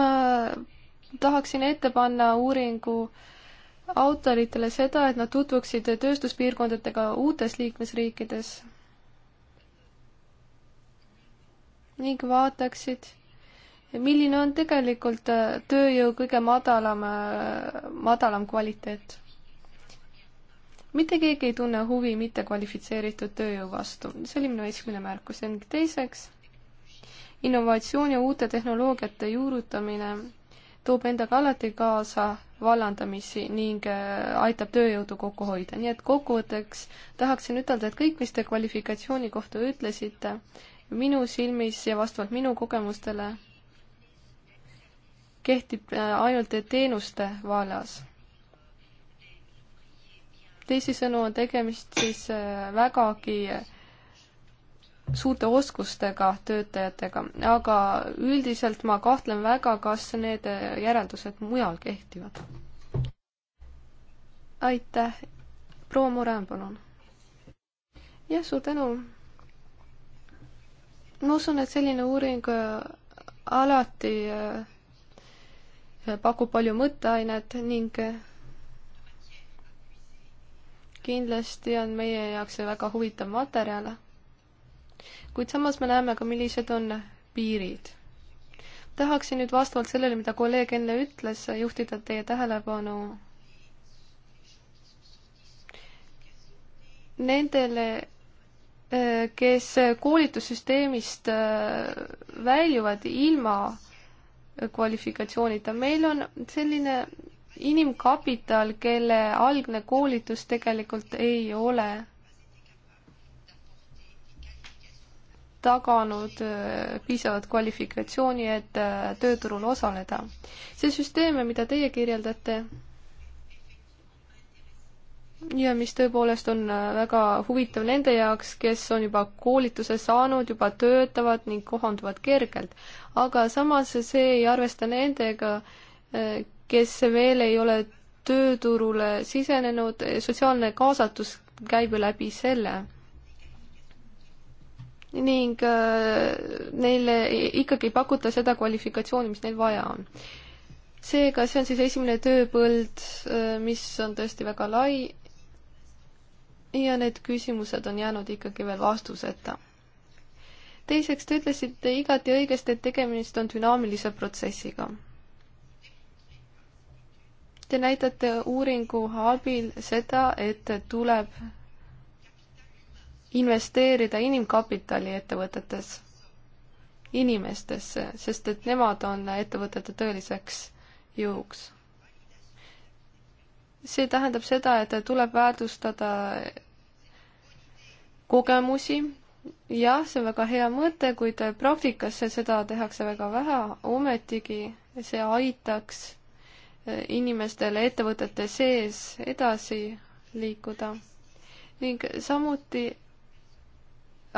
ma tahaksin ette panna uuringu autoritele seda, et nad tutvuksid tööstuspiirkondadega uutes liikmesriikides ning vaataksid, milline on tegelikult tööjõu kõige madalam, madalam kvaliteet mitte keegi ei tunne huvi mittekvalifitseeritud tööjõu vastu, see oli minu esimene märkus ning teiseks, innovatsioon ja uute tehnoloogiate juurutamine toob endaga alati kaasa vallandamisi ning äh, aitab tööjõudu kokku hoida, nii et kokkuvõtteks tahaksin ütelda, et kõik, mis te kvalifikatsiooni kohta ütlesite, minu silmis ja vastavalt minu kogemustele kehtib äh, ainult teenuste vallas teisisõnu on tegemist siis äh, vägagi äh, suurte oskustega töötajatega, aga üldiselt ma kahtlen väga, kas need äh, järeldused mujal kehtivad. aitäh, proua Moran, palun. jah, suur tänu. ma usun, et selline uuring alati pakub palju mõtteainet ning kindlasti on meie jaoks see väga huvitav materjal. kuid samas me näeme ka, millised on piirid. tahaksin nüüd vastavalt sellele, mida kolleeg enne ütles, juhtida teie tähelepanu nendele, äh, kes koolitussüsteemist äh, väljuvad ilma kvalifikatsioonita. meil on selline inimkapital, kelle algne koolitus tegelikult ei ole taganud äh, piisavat kvalifikatsiooni, et äh, tööturul osaleda. see süsteem, mida teie kirjeldate ja mis tõepoolest on äh, väga huvitav nende jaoks, kes on juba koolituse saanud, juba töötavad ning kohanduvad kergelt. aga samas see ei arvesta nendega, kes veel ei ole tööturule sisenenud, sotsiaalne kaasatus käib ju läbi selle. ning äh, neile ikkagi ei pakuta seda kvalifikatsiooni, mis neil vaja on. seega see on siis esimene tööpõld, äh, mis on tõesti väga lai ja need küsimused on jäänud ikkagi veel vastuseta. teiseks, te ütlesite igati õigesti, et tegemist on dünaamilise protsessiga Te näitate uuringu abil seda, et tuleb investeerida inimkapitali ettevõtetes, inimestesse, sest et nemad on ettevõtete tõeliseks jõuks. see tähendab seda, et tuleb väärtustada kogemusi, jah, see on väga hea mõte, kuid praktikas seda tehakse väga vähe, ometigi see aitaks inimestele ettevõtete sees edasi liikuda ning samuti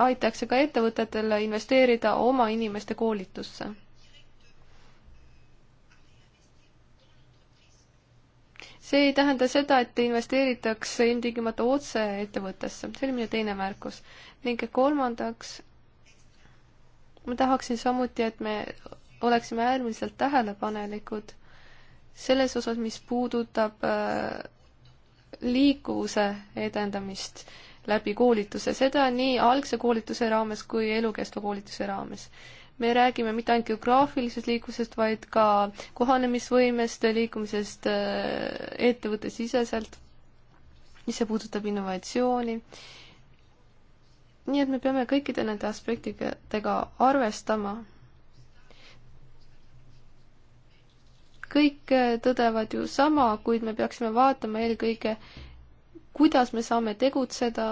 aitakse ka ettevõtetele investeerida oma inimeste koolitusse. see ei tähenda seda, et investeeritakse ilmtingimata otse ettevõttesse, see oli minu teine märkus. ning kolmandaks, ma tahaksin samuti, et me oleksime äärmiselt tähelepanelikud selles osas, mis puudutab äh, liikuvuse edendamist läbi koolituse, seda nii algse koolituse raames kui elukestva koolituse raames. me räägime mitte ainult geograafilisest liiklusest, vaid ka kohanemisvõimest, liikumisest äh, ettevõttesiseselt, mis see puudutab innovatsiooni. nii et me peame kõikide nende aspektidega arvestama kõik äh, tõdevad ju sama, kuid me peaksime vaatama eelkõige, kuidas me saame tegutseda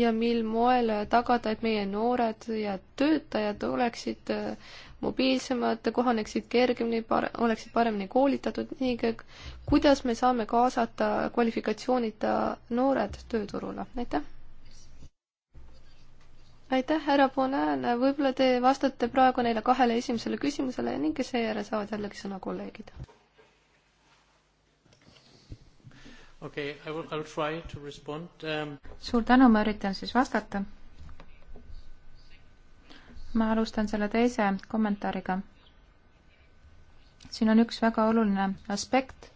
ja mil moel tagada, et meie noored ja töötajad oleksid äh, mobiilsemad, kohaneksid kergemini, pare-, oleksid paremini koolitatud ning äh, kuidas me saame kaasata kvalifikatsioonita noored tööturule, aitäh! aitäh, härra Bonan, võib-olla te vastate praegu neile kahele esimesele küsimusele ning seejärel saavad jällegi sõna kolleegid. okei okay,, I will, I will try to respond um.... suur tänu, ma üritan siis vastata. ma alustan selle teise kommentaariga. siin on üks väga oluline aspekt.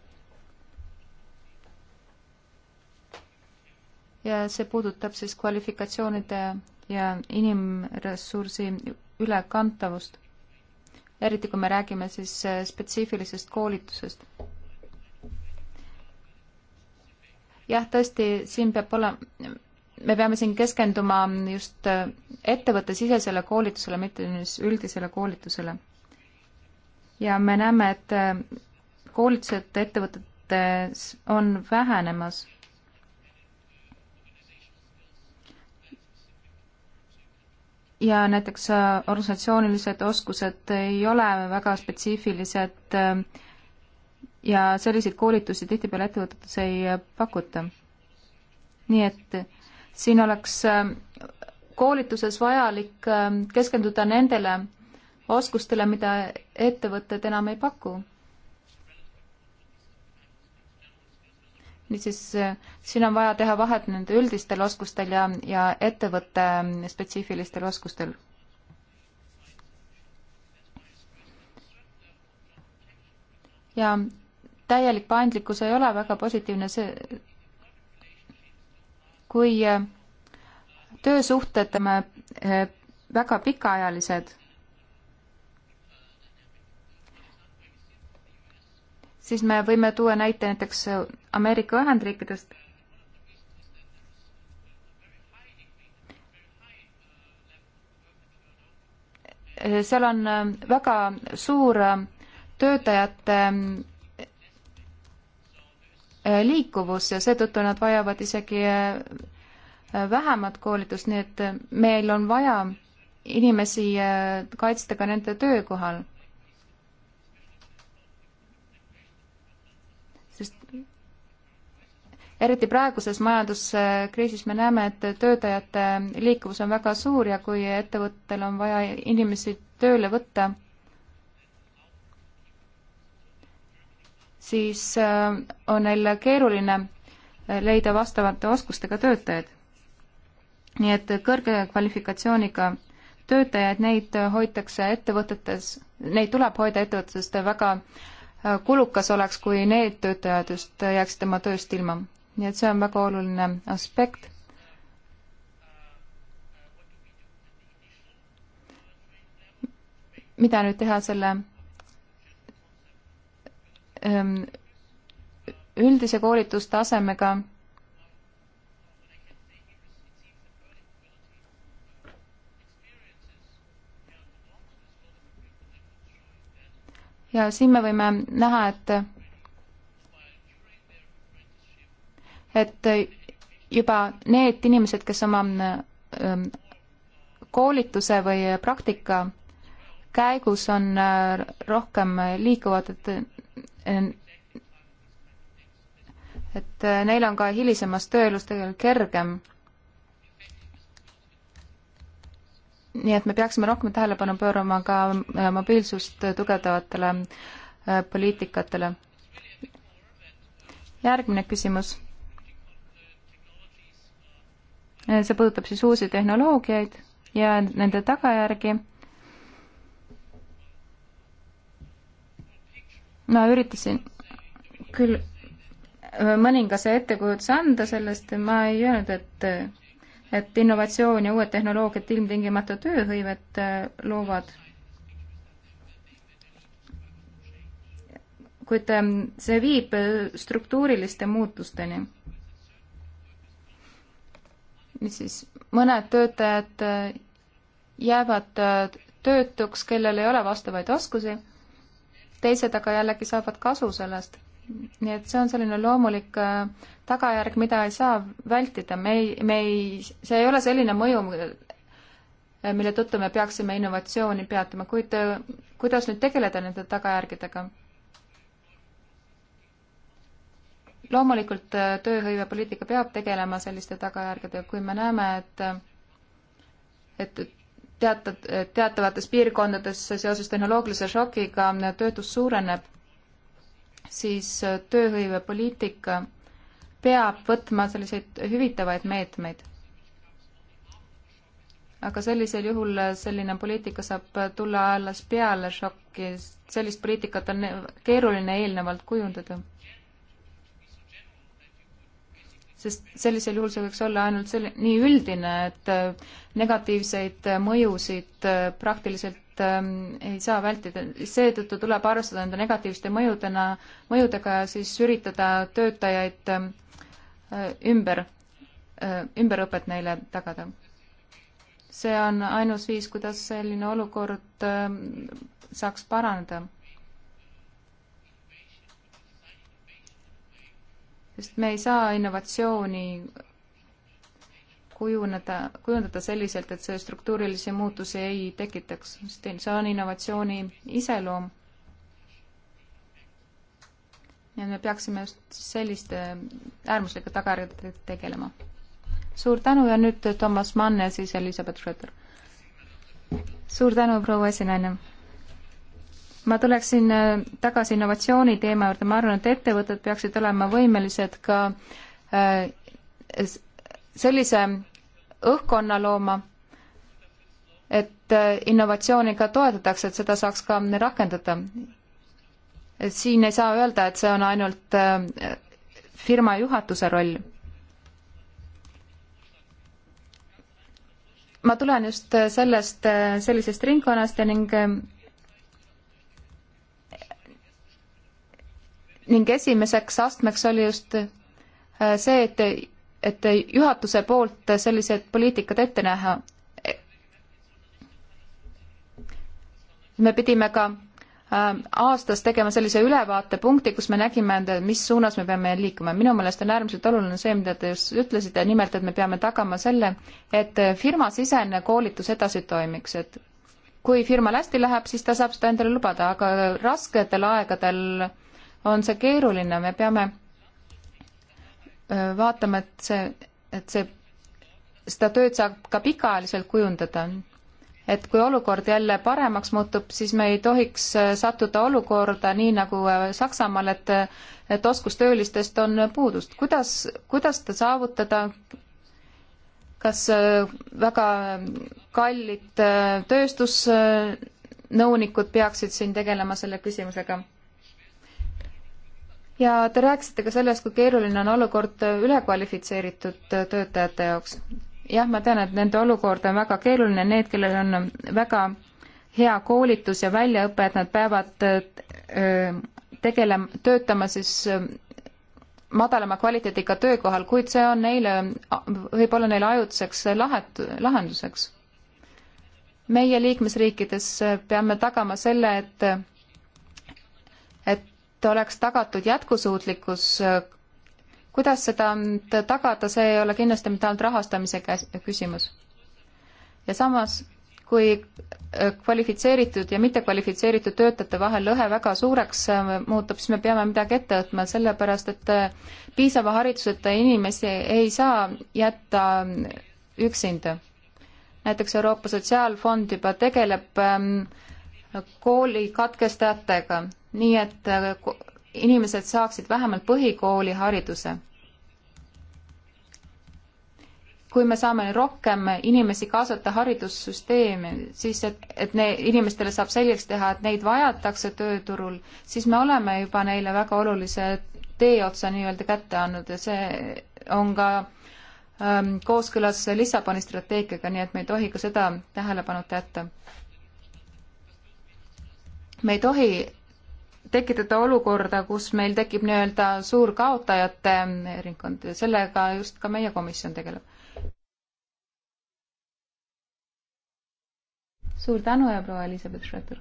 ja see puudutab siis kvalifikatsioonide ja inimressursi ülekantavust. eriti, kui me räägime siis äh, spetsiifilisest koolitusest. jah, tõesti, siin peab olema, me peame siin keskenduma just äh, ettevõttesisesele koolitusele, mitte üldisele koolitusele. ja me näeme, et äh, koolitused ettevõtetes on vähenemas ja näiteks äh, organisatsioonilised oskused ei ole väga spetsiifilised äh, ja selliseid koolitusi tihtipeale ettevõtetes ei äh, pakuta. nii et siin oleks koolituses vajalik keskenduda nendele oskustele, mida ettevõtted enam ei paku niisiis äh, siin on vaja teha vahet nende üldistel oskustel ja, ja ettevõtte ähm, spetsiifilistel oskustel. ja täielik paindlikkus ei ole väga positiivne, see kui äh, töösuhted äh, väga pikaajalised siis me võime tuua näite näiteks Ameerika Ühendriikidest. seal on äh, väga suur äh, töötajate äh, liikuvus ja seetõttu nad vajavad isegi vähemat koolitust, nii et meil on vaja inimesi kaitsta ka nende töökohal eriti praeguses majanduskriisis me näeme, et töötajate liikuvus on väga suur ja kui ettevõttel on vaja inimesi tööle võtta, siis äh, on neil keeruline leida vastavate oskustega töötajaid. nii et kõrge kvalifikatsiooniga töötajaid, neid hoitakse ettevõtetes, neid tuleb hoida ettevõtetest väga äh, kulukas oleks, kui need töötajad just jääksid oma tööst ilma nii et see on väga oluline aspekt. mida nüüd teha selle ähm, üldise koolitustasemega ja siin me võime näha, et et juba need inimesed, kes oma ähm, koolituse või praktika käigus on äh, rohkem liikuvad, et äh, et äh, neil on ka hilisemas tööelus tegelikult kergem. nii et me peaksime rohkem tähelepanu pöörama ka mobiilsust tugevdavatele poliitikatele. järgmine küsimus Äh, see puudutab siis uusi tehnoloogiaid ja nende tagajärgi. ma üritasin küll äh, mõningase ettekujutuse anda sellest, ma ei öelnud, et, äh, et innovatsioon ja uued tehnoloogiad ilmtingimata tööhõivet loovad. kuid ähm, see viib struktuuriliste muutusteni siis mõned töötajad äh, jäävad äh, töötuks, kellel ei ole vastavaid oskusi, teised aga jällegi saavad kasu sellest. nii et see on selline loomulik äh, tagajärg, mida ei saa vältida, me ei, me ei, see ei ole selline mõju, mille tõttu me peaksime innovatsiooni peatama, kuid kuidas nüüd tegeleda nende tagajärgedega? loomulikult äh, tööhõivepoliitika peab tegelema selliste tagajärgedega, kui me näeme, et et teatud, teatavates piirkondades seoses tehnoloogilise šokiga töötus suureneb, siis äh, tööhõivepoliitika peab võtma selliseid hüvitavaid meetmeid. aga sellisel juhul äh, selline poliitika saab tulla alles peale šokki, sellist poliitikat on keeruline eelnevalt kujundada sest sellisel juhul see võiks olla ainult selle, nii üldine, et äh, negatiivseid äh, mõjusid äh, praktiliselt ähm, ei saa vältida. seetõttu tuleb arvestada nende negatiivsete mõjudena, mõjudega ja siis üritada töötajaid ähm, ümber, ümberõpet neile tagada. see on ainus viis, kuidas selline olukord ähm, saaks paraneda sest me ei saa innovatsiooni kujuneda, kujundada selliselt, et see struktuurilisi muutusi ei tekitaks, sest see on innovatsiooni iseloom. ja me peaksime just selliste äärmuslike tagajärgedega tegelema. suur tänu ja nüüd Toomas Mann ja siis Elizabeth Schröder. suur tänu, proua esinaine ma tuleksin äh, tagasi innovatsiooni teema juurde, ma arvan, et ettevõtted peaksid olema võimelised ka äh, sellise õhkkonna looma, et äh, innovatsiooni ka toetatakse, et seda saaks ka rakendada. et siin ei saa öelda, et see on ainult firma juhatuse roll. ma tulen just sellest, sellisest ringkonnast ja ning ning esimeseks astmeks oli just äh, see, et, et juhatuse poolt sellised poliitikad ette näha. me pidime ka äh, aastas tegema sellise ülevaatepunkti, kus me nägime, mis suunas me peame liikuma. minu meelest on äärmiselt oluline see, mida te just ütlesite, nimelt, et me peame tagama selle, et firmasisene koolitus edasi toimiks, et kui firmal hästi läheb, siis ta saab seda endale lubada, aga rasketel aegadel äh, on see keeruline, me peame vaatama, et see, et see, seda tööd saab ka pikaajaliselt kujundada. et kui olukord jälle paremaks muutub, siis me ei tohiks sattuda olukorda nii nagu Saksamaal, et, et oskustöölistest on puudust. kuidas, kuidas seda saavutada, kas väga kallid tööstusnõunikud peaksid siin tegelema selle küsimusega? ja te rääkisite ka sellest, kui keeruline on olukord ülekvalifitseeritud töötajate jaoks. jah, ma tean, et nende olukord on väga keeruline, need, kellel on väga hea koolitus ja väljaõpe, et nad peavad äh, tegelema, töötama siis äh, madalama kvaliteediga töökohal, kuid see on neile, võib olla neile ajutiseks lahet-, lahenduseks. meie liikmesriikides peame tagama selle, et et oleks tagatud jätkusuutlikkus, kuidas seda tagada, see ei ole kindlasti mitte ainult rahastamise küsimus. ja samas, kui äh, kvalifitseeritud ja mittekvalifitseeritud töötajate vahel lõhe väga suureks äh, muutub, siis me peame midagi ette võtma, sellepärast et äh, piisava hariduseta inimesi ei saa jätta üksinda. näiteks Euroopa Sotsiaalfond juba tegeleb ähm, kooli katkestajatega, nii et äh, inimesed saaksid vähemalt põhikoolihariduse. kui me saame rohkem inimesi kaasata haridussüsteemi, siis et, et ne, inimestele saab selgeks teha, et neid vajatakse tööturul, siis me oleme juba neile väga olulise tee otsa nii-öelda kätte andnud ja see on ka ähm, kooskõlas Lissaboni strateegiaga, nii et me ei tohi ka seda tähelepanu jätta me ei tohi tekitada olukorda, kus meil tekib nii-öelda suur kaotajate ringkond ja sellega just ka meie komisjon tegeleb. suur tänu ja proua Elizabeth Schröter.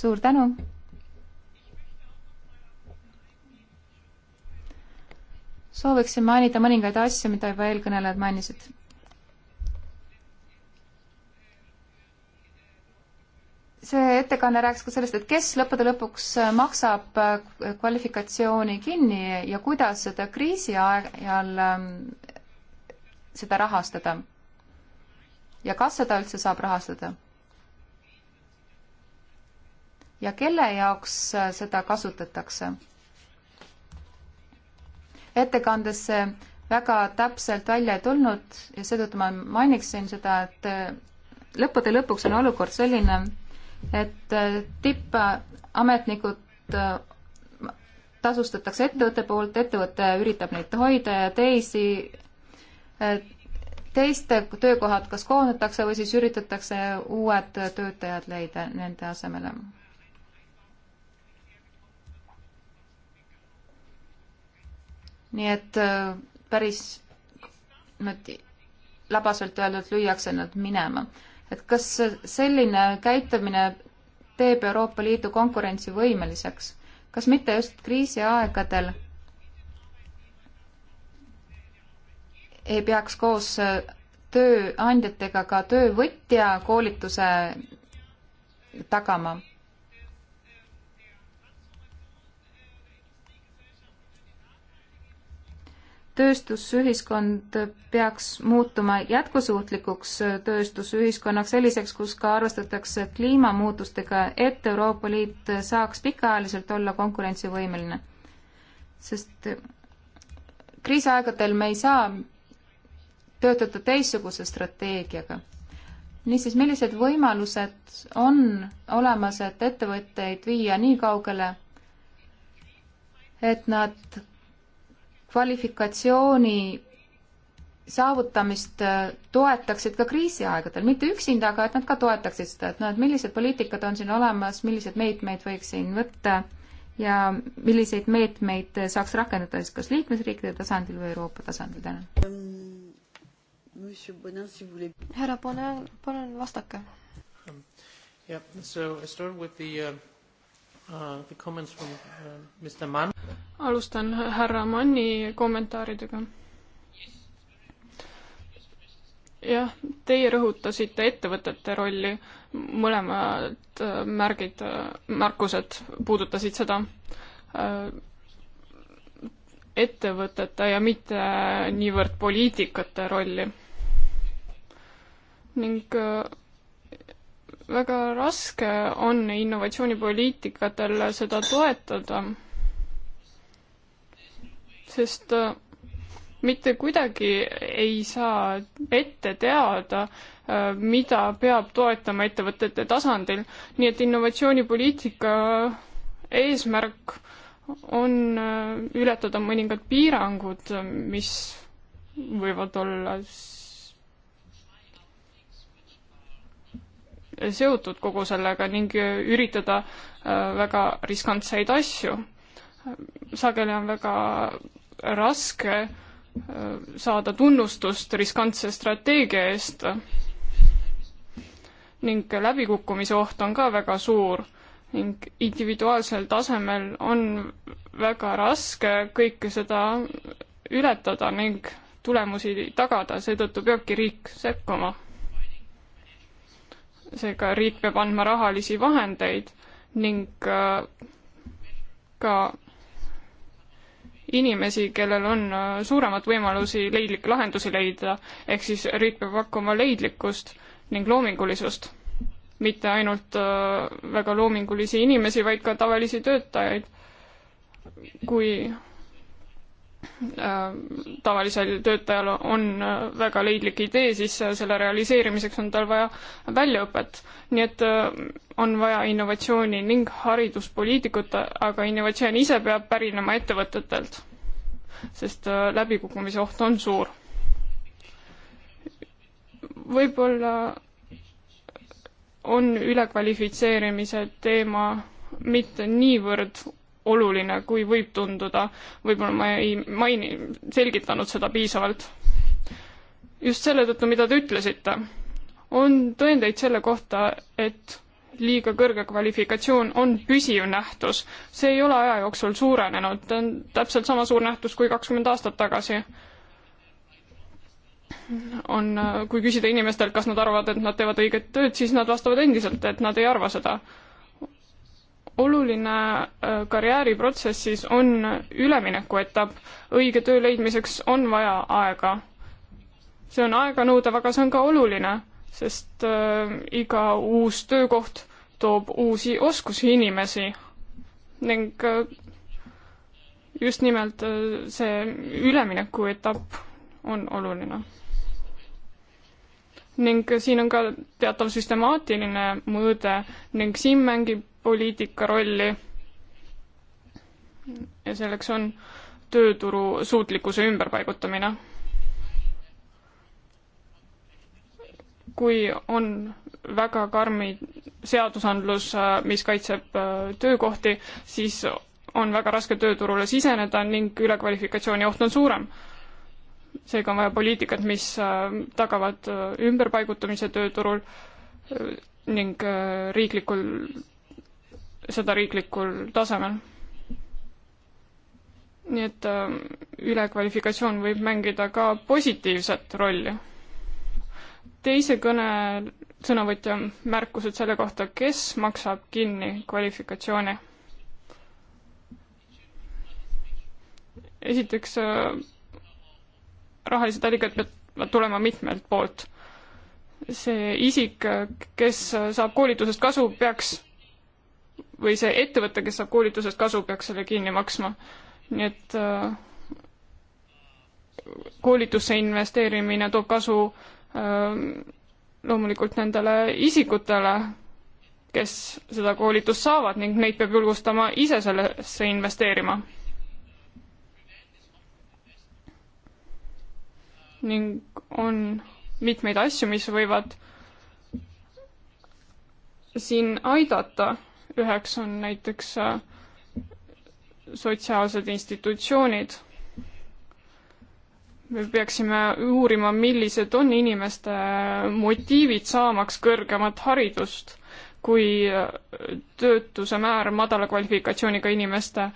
suur tänu. sooviksin mainida mõningaid asju, mida juba eelkõnelejad mainisid see ettekanne rääkis ka sellest, et kes lõppude lõpuks äh, maksab äh, kvalifikatsiooni kinni ja kuidas seda kriisi ajal ähm, seda rahastada. ja kas seda üldse saab rahastada? ja kelle jaoks äh, seda kasutatakse? ettekandes see väga täpselt välja ei tulnud ja seetõttu ma mainiksin seda, et lõppude lõpuks on olukord selline, et äh, tippametnikud äh, tasustatakse ettevõtte poolt, ettevõte üritab neid hoida ja teisi, äh, teiste töökohad kas koondatakse või siis üritatakse uued töötajad leida nende asemele. nii et päris niimoodi labaselt öeldult lüüakse nad minema et kas selline käitumine teeb Euroopa Liidu konkurentsivõimeliseks? kas mitte just kriisiaegadel ei peaks koos tööandjatega ka töövõtja koolituse tagama? tööstusühiskond peaks muutuma jätkusuutlikuks tööstusühiskonnaks, selliseks, kus ka arvestatakse kliimamuutustega, et Euroopa Liit saaks pikaajaliselt olla konkurentsivõimeline. sest kriisiaegadel me ei saa töötada teistsuguse strateegiaga. niisiis, millised võimalused on olemas, et ettevõtteid viia nii kaugele, et nad kvalifikatsiooni saavutamist äh, toetaksid ka kriisiaegadel, mitte üksinda, aga et nad ka toetaksid seda, et noh, et millised poliitikad on siin olemas, milliseid meetmeid võiks siin võtta ja milliseid meetmeid saaks rakendada siis kas liikmesriikide tasandil või Euroopa tasandil täna? härra Bonin, palun vastake. jah, um, so I start with the uh Uh, uh, alustan härra Manni kommentaaridega. jah, teie rõhutasite ettevõtete rolli, mõlemad äh, märgid, äh, märkused puudutasid seda äh, ettevõtete ja mitte niivõrd poliitikate rolli. ning väga raske on innovatsioonipoliitikatel seda toetada, sest äh, mitte kuidagi ei saa ette teada, äh, mida peab toetama ettevõtete tasandil, nii et innovatsioonipoliitika eesmärk on äh, ületada mõningad piirangud, mis võivad olla seotud kogu sellega ning üritada äh, väga riskantseid asju. sageli on väga raske äh, saada tunnustust riskantse strateegia eest ning läbikukkumise oht on ka väga suur ning individuaalsel tasemel on väga raske kõike seda ületada ning tulemusi tagada, seetõttu peabki riik sekkuma seega riik peab andma rahalisi vahendeid ning äh, ka inimesi, kellel on äh, suuremad võimalusi leidlikke lahendusi leida, ehk siis riik peab pakkuma leidlikkust ning loomingulisust. mitte ainult äh, väga loomingulisi inimesi, vaid ka tavalisi töötajaid. kui Äh, tavalisel töötajal on äh, väga leidlik idee, siis äh, selle realiseerimiseks on tal vaja väljaõpet. nii et on vaja innovatsiooni ning hariduspoliitikut, aga innovatsioon ise peab pärinema ettevõtetelt, sest läbikukkumise oht on suur. võib-olla on ülekvalifitseerimise teema mitte niivõrd oluline, kui võib tunduda. võib-olla ma ei maini, selgitanud seda piisavalt. just selle tõttu, mida te ütlesite, on tõendeid selle kohta, et liiga kõrge kvalifikatsioon on püsiv nähtus. see ei ole aja jooksul suurenenud, ta on täpselt sama suur nähtus kui kakskümmend aastat tagasi. on, kui küsida inimestelt, kas nad arvavad, et nad teevad õiget tööd, siis nad vastavad endiselt, et nad ei arva seda oluline äh, karjääriprotsessis on üleminekuetapp. õige töö leidmiseks on vaja aega. see on aeganõudev, aga see on ka oluline, sest äh, iga uus töökoht toob uusi oskusi inimesi ning äh, just nimelt see üleminekuetapp on oluline. ning siin on ka teatav süstemaatiline mõõde ning siin mängib poliitika rolli. ja selleks on tööturu suutlikkuse ümberpaigutamine. kui on väga karmi seadusandlus, äh, mis kaitseb äh, töökohti, siis on väga raske tööturule siseneda ning ülekvalifikatsiooni oht on suurem seega on vaja poliitikat, mis äh, tagavad ümberpaigutamise tööturul ning riiklikul seda riiklikul tasemel. nii et ähm, ülekvalifikatsioon võib mängida ka positiivset rolli. teise kõne sõnavõtja märkused selle kohta, kes maksab kinni kvalifikatsiooni. esiteks äh, rahalised allikad peavad tulema mitmelt poolt. see isik, kes saab koolitusest kasu, peaks või see ettevõte, kes saab koolitusest kasu, peaks selle kinni maksma. nii et äh, koolitusse investeerimine toob kasu äh, loomulikult nendele isikutele, kes seda koolitust saavad ning neid peab julgustama ise sellesse investeerima. ning on mitmeid asju, mis võivad siin aidata üheks on näiteks äh, sotsiaalsed institutsioonid. me peaksime uurima, millised on inimeste äh, motiivid saamaks kõrgemat haridust kui äh, töötuse määr madala kvalifikatsiooniga inimeste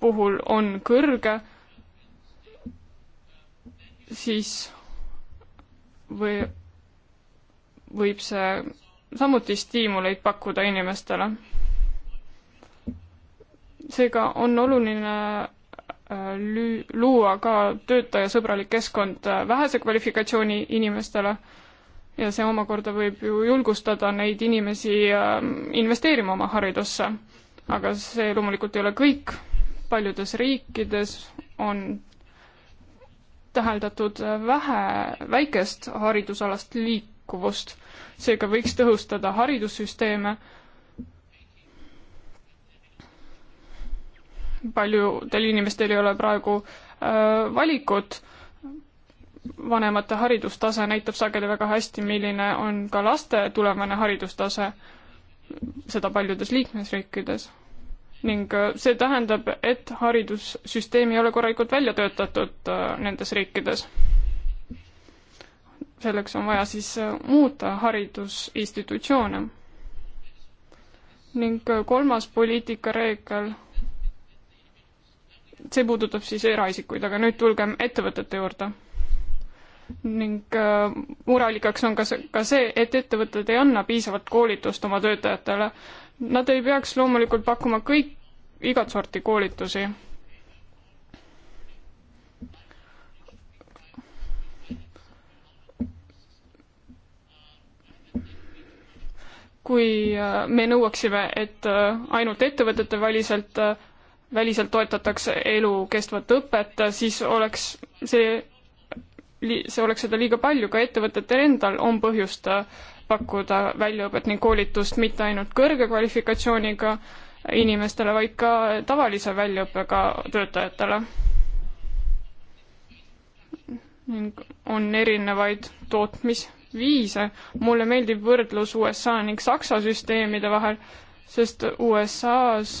puhul on kõrge, siis või võib see samuti stiimuleid pakkuda inimestele. seega on oluline äh, lüü-, luua ka töötajasõbralik keskkond äh, vähese kvalifikatsiooni inimestele ja see omakorda võib ju julgustada neid inimesi ähm, investeerima oma haridusse. aga see loomulikult ei ole kõik, paljudes riikides on täheldatud äh, vähe, väikest haridusalast liikuvust seega võiks tõhustada haridussüsteeme. paljudel inimestel ei ole praegu äh, valikut, vanemate haridustase näitab sageli väga hästi, milline on ka laste tulevane haridustase, seda paljudes liikmesriikides ning äh, see tähendab, et haridussüsteem ei ole korralikult välja töötatud äh, nendes riikides selleks on vaja siis äh, muuta haridusinstitutsioone. ning äh, kolmas poliitikareegel, see puudutab siis eraisikuid, aga nüüd tulgem ettevõtete juurde. ning mureallikaks äh, on ka see, ka see, et ettevõtted ei anna piisavat koolitust oma töötajatele. Nad ei peaks loomulikult pakkuma kõik, igat sorti koolitusi kui äh, me nõuaksime, et äh, ainult ettevõtete väliselt, äh, väliselt toetatakse elukestvat õpet, siis oleks see, see oleks seda liiga palju, ka ettevõtetel endal on põhjust pakkuda väljaõpet ning koolitust mitte ainult kõrge kvalifikatsiooniga inimestele, vaid ka tavalise väljaõppega töötajatele. ning on erinevaid tootmis- viise. mulle meeldib võrdlus USA ning Saksa süsteemide vahel, sest USA-s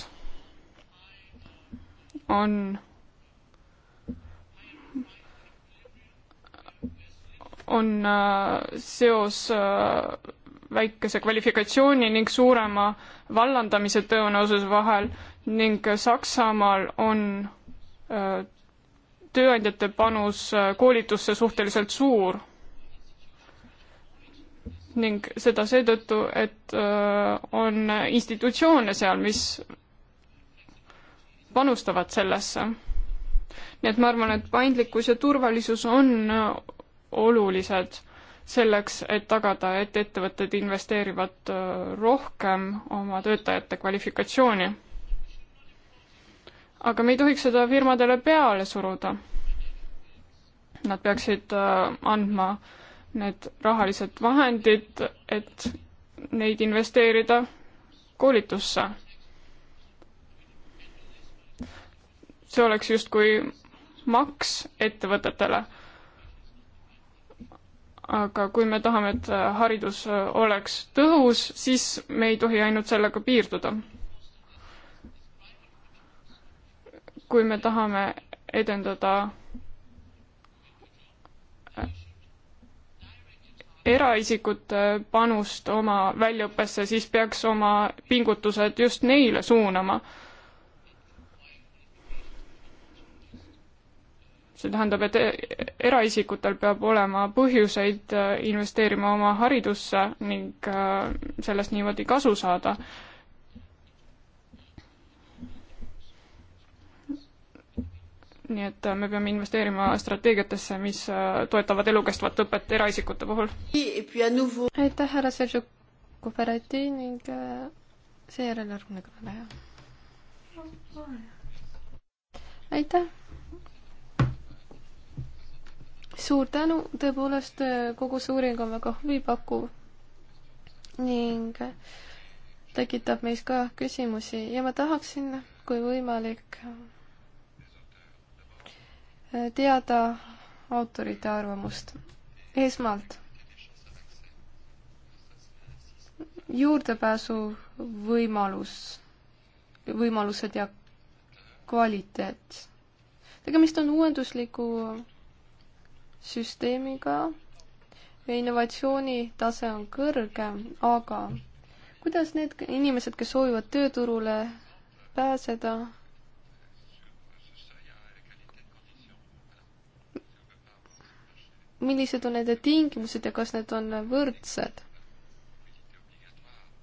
on on äh, seos äh, väikese kvalifikatsiooni ning suurema vallandamise tõenäosuse vahel ning Saksamaal on äh, tööandjate panus koolitusse suhteliselt suur ning seda seetõttu, et äh, on institutsioone seal, mis panustavad sellesse. nii et ma arvan, et paindlikkus ja turvalisus on äh, olulised selleks, et tagada, et ettevõtted investeerivad äh, rohkem oma töötajate kvalifikatsiooni. aga me ei tohiks seda firmadele peale suruda. Nad peaksid andma äh, need rahalised vahendid, et neid investeerida koolitusse. see oleks justkui maks ettevõtetele. aga kui me tahame, et haridus oleks tõhus, siis me ei tohi ainult sellega piirduda. kui me tahame edendada eraisikute panust oma väljaõppesse, siis peaks oma pingutused just neile suunama. see tähendab, et eraisikutel peab olema põhjuseid äh, investeerima oma haridusse ning äh, sellest niimoodi kasu saada nii et äh, me peame investeerima strateegiatesse, mis äh, toetavad elukestvat õpet eraisikute puhul. aitäh, härra Sergei Kuperati ning äh, seejärel järgmine kõneleja. aitäh! suur tänu, tõepoolest kogu see uuring on väga huvipakkuv ning tekitab meis ka küsimusi ja ma tahaksin, kui võimalik, teada autorite arvamust. esmalt juurdepääsu võimalus, võimalused ja kvaliteet. tegemist on uuendusliku süsteemiga, innovatsiooni tase on kõrge, aga kuidas need inimesed, kes soovivad tööturule pääseda, millised on nende tingimused ja kas need on võrdsed.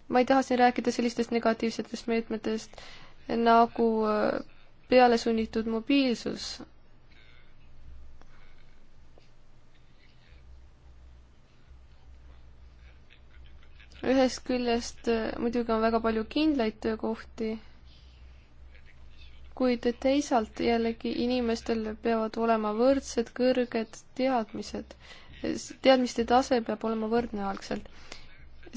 ma ei taha siin rääkida sellistest negatiivsetest meetmetest nagu äh, pealesunnitud mobiilsus. ühest küljest äh, muidugi on väga palju kindlaid töökohti kuid teisalt jällegi inimestel peavad olema võrdsed kõrged teadmised. teadmiste tase peab olema võrdne algselt.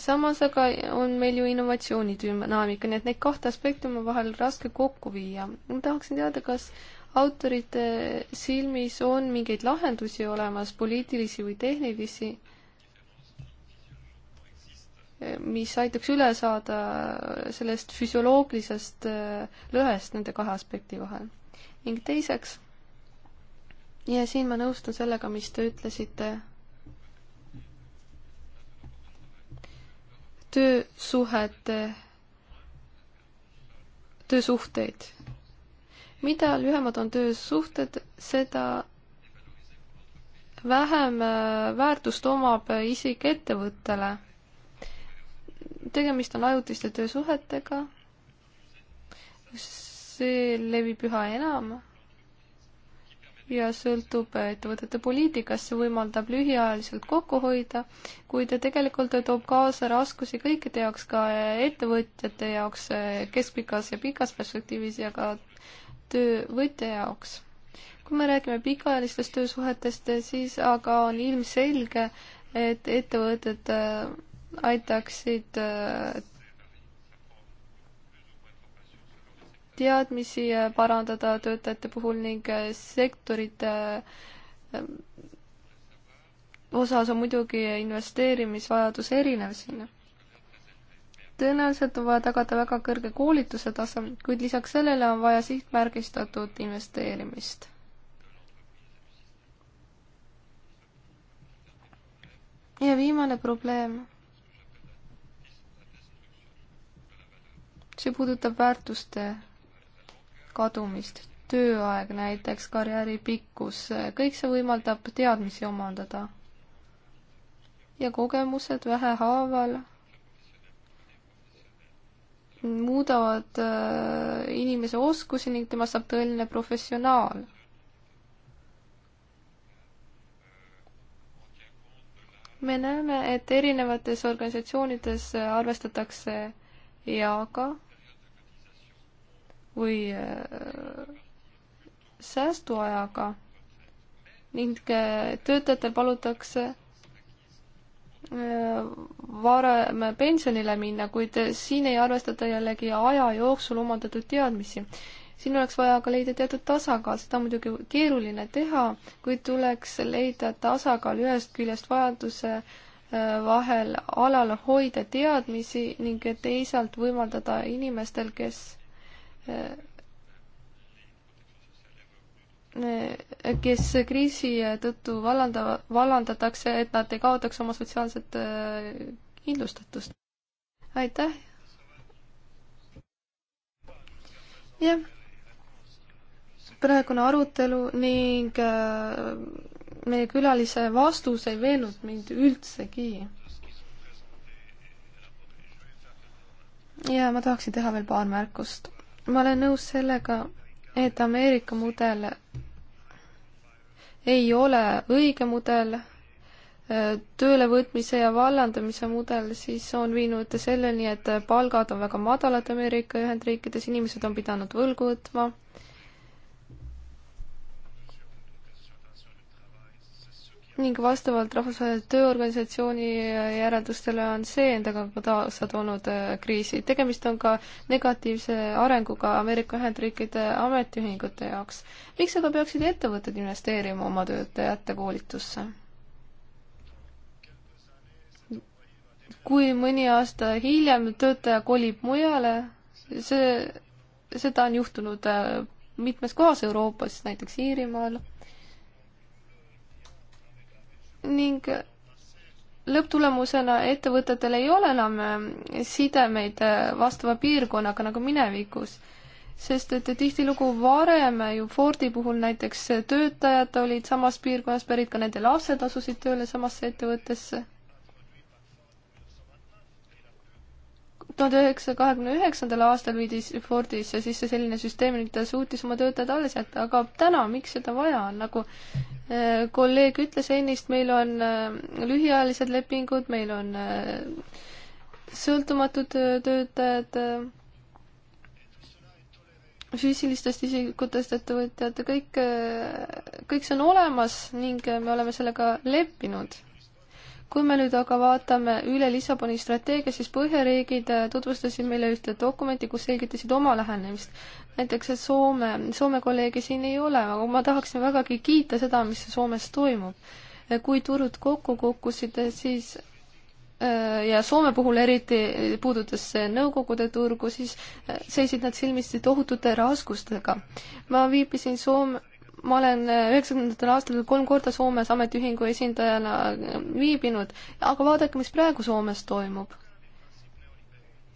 samas aga on meil ju innovatsioonidünaamika, nii et neid kahte aspekti on vahel raske kokku viia. ma tahaksin teada, kas autorite silmis on mingeid lahendusi olemas, poliitilisi või tehnilisi mis aitaks üle saada sellest füsioloogilisest äh, lõhest nende kahe aspekti vahel. ning teiseks, ja siin ma nõustun sellega, mis te ütlesite töösuhete, töösuhteid. mida lühemad on töösuhted, seda vähem äh, väärtust omab isik ettevõttele tegemist on ajutiste töösuhetega. see levib üha enam ja sõltub ettevõtete poliitikast, see võimaldab lühiajaliselt kokku hoida, kuid tegelikult toob kaasa raskusi kõikide jaoks, ka ettevõtjate jaoks keskpikas ja pikas perspektiivis ja ka töövõtja jaoks. kui me räägime pikaajalistest töösuhetest, siis aga on ilmselge, et ettevõtted aitaksid äh, teadmisi äh, parandada töötajate puhul ning äh, sektorite osas on muidugi investeerimisvajadus erinev siin tõenäoliselt on vaja tagada väga kõrge koolituse tase, kuid lisaks sellele on vaja sihtmärgistatud investeerimist. ja viimane probleem. see puudutab väärtuste kadumist, tööaeg näiteks, karjääri pikkus, kõik see võimaldab teadmisi omandada. ja kogemused vähehaaval muudavad äh, inimese oskusi ning temast saab tõeline professionaal. me näeme, et erinevates organisatsioonides arvestatakse eaga või äh, säästuajaga ning äh, töötajatel palutakse äh, varem pensionile minna, kuid siin ei arvestata jällegi aja jooksul omandatud teadmisi. siin oleks vaja ka leida teatud tasakaal, seda on muidugi keeruline teha, kuid tuleks leida tasakaal ühest küljest vajaduse vahel alal hoida teadmisi ning teisalt võimaldada inimestel, kes Äh, kes kriisi tõttu vallandava, vallandatakse, et nad ei kaotaks oma sotsiaalset äh, kindlustatust. aitäh! jah, praegune arutelu ning äh, meie külalise vastus ei veennud mind üldsegi. ja ma tahaksin teha veel paar märkust ma olen nõus sellega, et Ameerika mudel ei ole õige mudel, töölevõtmise ja vallandamise mudel siis on viinud selleni, et palgad on väga madalad Ameerika Ühendriikides, inimesed on pidanud võlgu võtma ning vastavalt Rahvusvahelise Tööorganisatsiooni järeldustele on see endaga taasa toonud äh, kriisi. tegemist on ka negatiivse arenguga Ameerika Ühendriikide ametiühingute jaoks. miks aga peaksid ettevõtted investeerima oma töötajate koolitusse? kui mõni aasta hiljem töötaja kolib mujale, see, seda on juhtunud äh, mitmes kohas Euroopas, näiteks Iirimaal ning lõpptulemusena ettevõtetel ei ole enam eh, sidemeid eh, vastava piirkonnaga nagu minevikus, sest et tihtilugu varem ju Fordi puhul näiteks töötajad olid samas piirkonnas pärit, ka nende lapsed asusid tööle samasse ettevõttesse tuhande üheksasaja kahekümne üheksandal aastal viidi Fordisse sisse selline süsteem, nüüd ta suutis oma töötajad alles jätta, aga täna, miks seda vaja on, nagu äh, kolleeg ütles ennist, meil on äh, lühiajalised lepingud, meil on äh, sõltumatud töötajad, füüsilistest isikutest ettevõtjad, kõik, kõik see on olemas ning me oleme sellega leppinud kui me nüüd aga vaatame üle Lissaboni strateegia, siis Põhjariigid äh, tutvustasid meile ühte dokumenti, kus selgitasid oma lähenemist. näiteks Soome, Soome kolleegi siin ei ole, aga ma tahaksin vägagi kiita seda, mis Soomes toimub. kui turud kokku kukkusid, siis äh, ja Soome puhul eriti puudutas see Nõukogude turgu, siis äh, seisid nad silmitsi tohutute raskustega. ma viibisin Soome ma olen äh, üheksakümnendatel aastatel kolm korda Soomes ametiühingu esindajana äh, viibinud, aga vaadake, mis praegu Soomes toimub.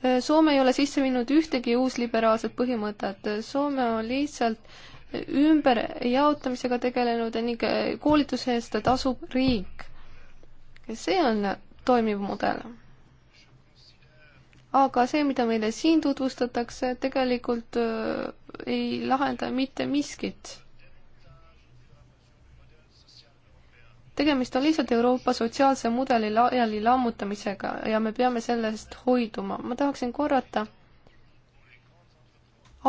Äh, Soome ei ole sisse viinud ühtegi uusliberaalset põhimõtet, Soome on lihtsalt ümberjaotamisega tegelenud ning koolituse eest tasub riik. see on toimiv mudel. aga see, mida meile siin tutvustatakse, tegelikult ei lahenda mitte miskit tegemist on lihtsalt Euroopa sotsiaalse mudeli laiali lammutamisega ja me peame sellest hoiduma. ma tahaksin korrata,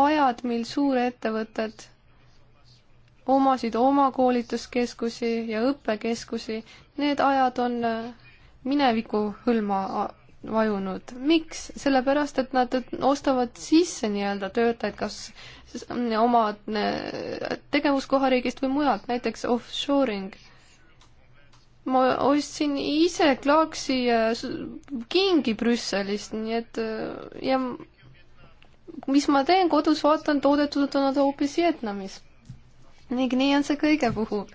ajad, mil suurettevõtted omasid oma koolituskeskusi ja õppekeskusi, need ajad on mineviku hõlma vajunud. miks? sellepärast, et nad ostavad sisse nii-öelda töötajaid kas oma eh, tegevuskohariigist või mujalt, näiteks offshoring ma ostsin ise klaaksi äh, kingi Brüsselist, nii et äh, ja mis ma teen, kodus vaatan, toodetud on nad hoopis Vietnamis. ning nii on see kõige puhul.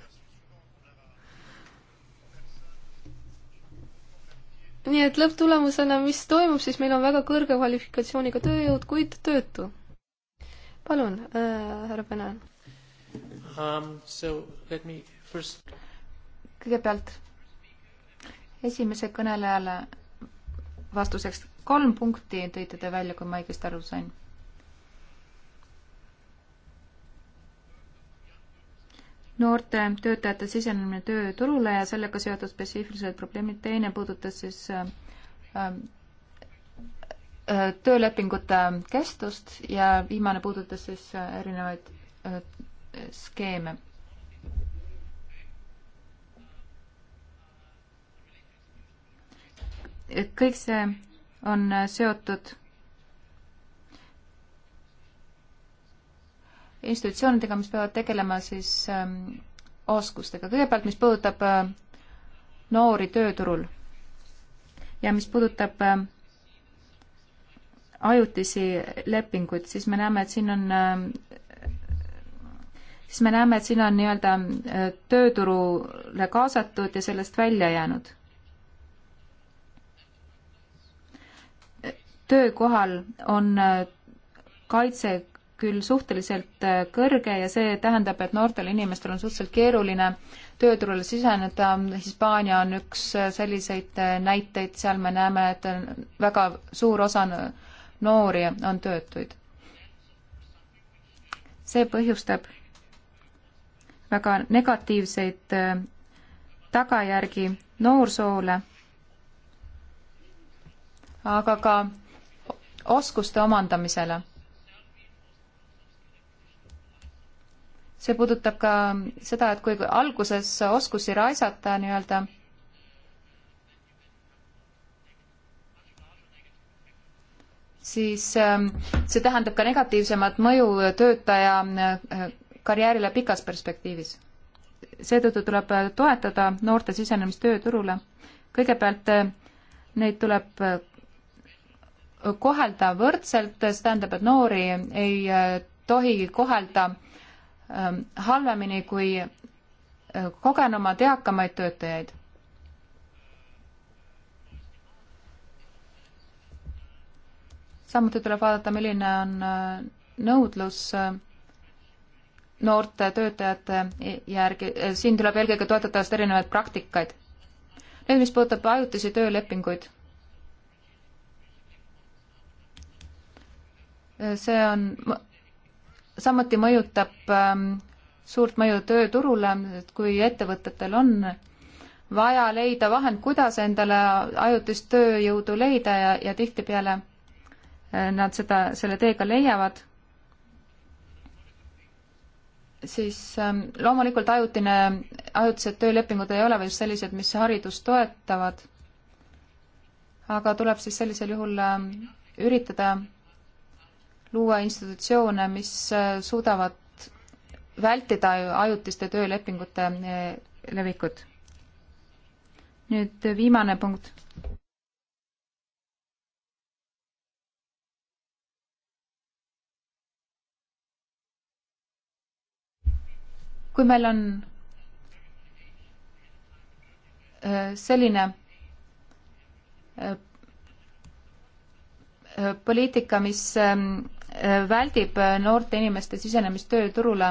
nii et lõpptulemusena, mis toimub, siis meil on väga kõrge kvalifikatsiooniga tööjõud, kuid töötu. palun äh,, härra Penen um,. So let me first kõigepealt esimese kõnelejale vastuseks kolm punkti tõite te välja, kui ma õigesti aru sain. noorte töötajate sisenemine tööturule ja sellega seotud spetsiifilised probleemid, teine puudutas siis äh, äh, äh töölepingute kestust ja viimane puudutas siis äh, erinevaid äh, skeeme kõik see on seotud institutsioonidega, mis peavad tegelema siis ähm, oskustega. kõigepealt, mis puudutab äh, noori tööturul ja mis puudutab äh, ajutisi lepinguid, siis me näeme, et siin on, äh, siis me näeme, et siin on nii-öelda tööturule kaasatud ja sellest välja jäänud töökohal on äh, kaitse küll suhteliselt äh, kõrge ja see tähendab, et noortel inimestel on suhteliselt keeruline tööturule siseneda. Hispaania on üks äh, selliseid näiteid, seal me näeme, et väga suur osa noori on töötuid. see põhjustab väga negatiivseid tagajärgi noorsoole, aga ka oskuste omandamisele. see puudutab ka seda, et kui alguses oskusi raisata nii-öelda, siis ähm, see tähendab ka negatiivsemat mõju töötaja äh, karjäärile pikas perspektiivis. seetõttu tuleb toetada noorte sisenemist tööturule. kõigepealt äh, neid tuleb kohelda võrdselt, see tähendab, et noori ei äh, tohi kohelda ähm, halvemini kui äh, kogenumad eakamaid töötajaid. samuti tuleb vaadata, milline on äh, nõudlus noorte töötajate järgi, siin tuleb eelkõige toetada just erinevaid praktikaid. nüüd, mis puudutab ajutisi töölepinguid see on, samuti mõjutab ähm, suurt mõju tööturule, et kui ettevõtetel on vaja leida vahend, kuidas endale ajutist tööjõudu leida ja, ja tihtipeale äh, nad seda, selle teega leiavad, siis ähm, loomulikult ajutine, ajutised töölepingud ei ole veel sellised, mis haridust toetavad, aga tuleb siis sellisel juhul ähm, üritada luua institutsioone, mis äh, suudavad vältida ajutiste töölepingute äh, levikut. nüüd viimane punkt. kui meil on äh, selline poliitika, mis ähm, väldib noorte inimeste sisenemist tööturule,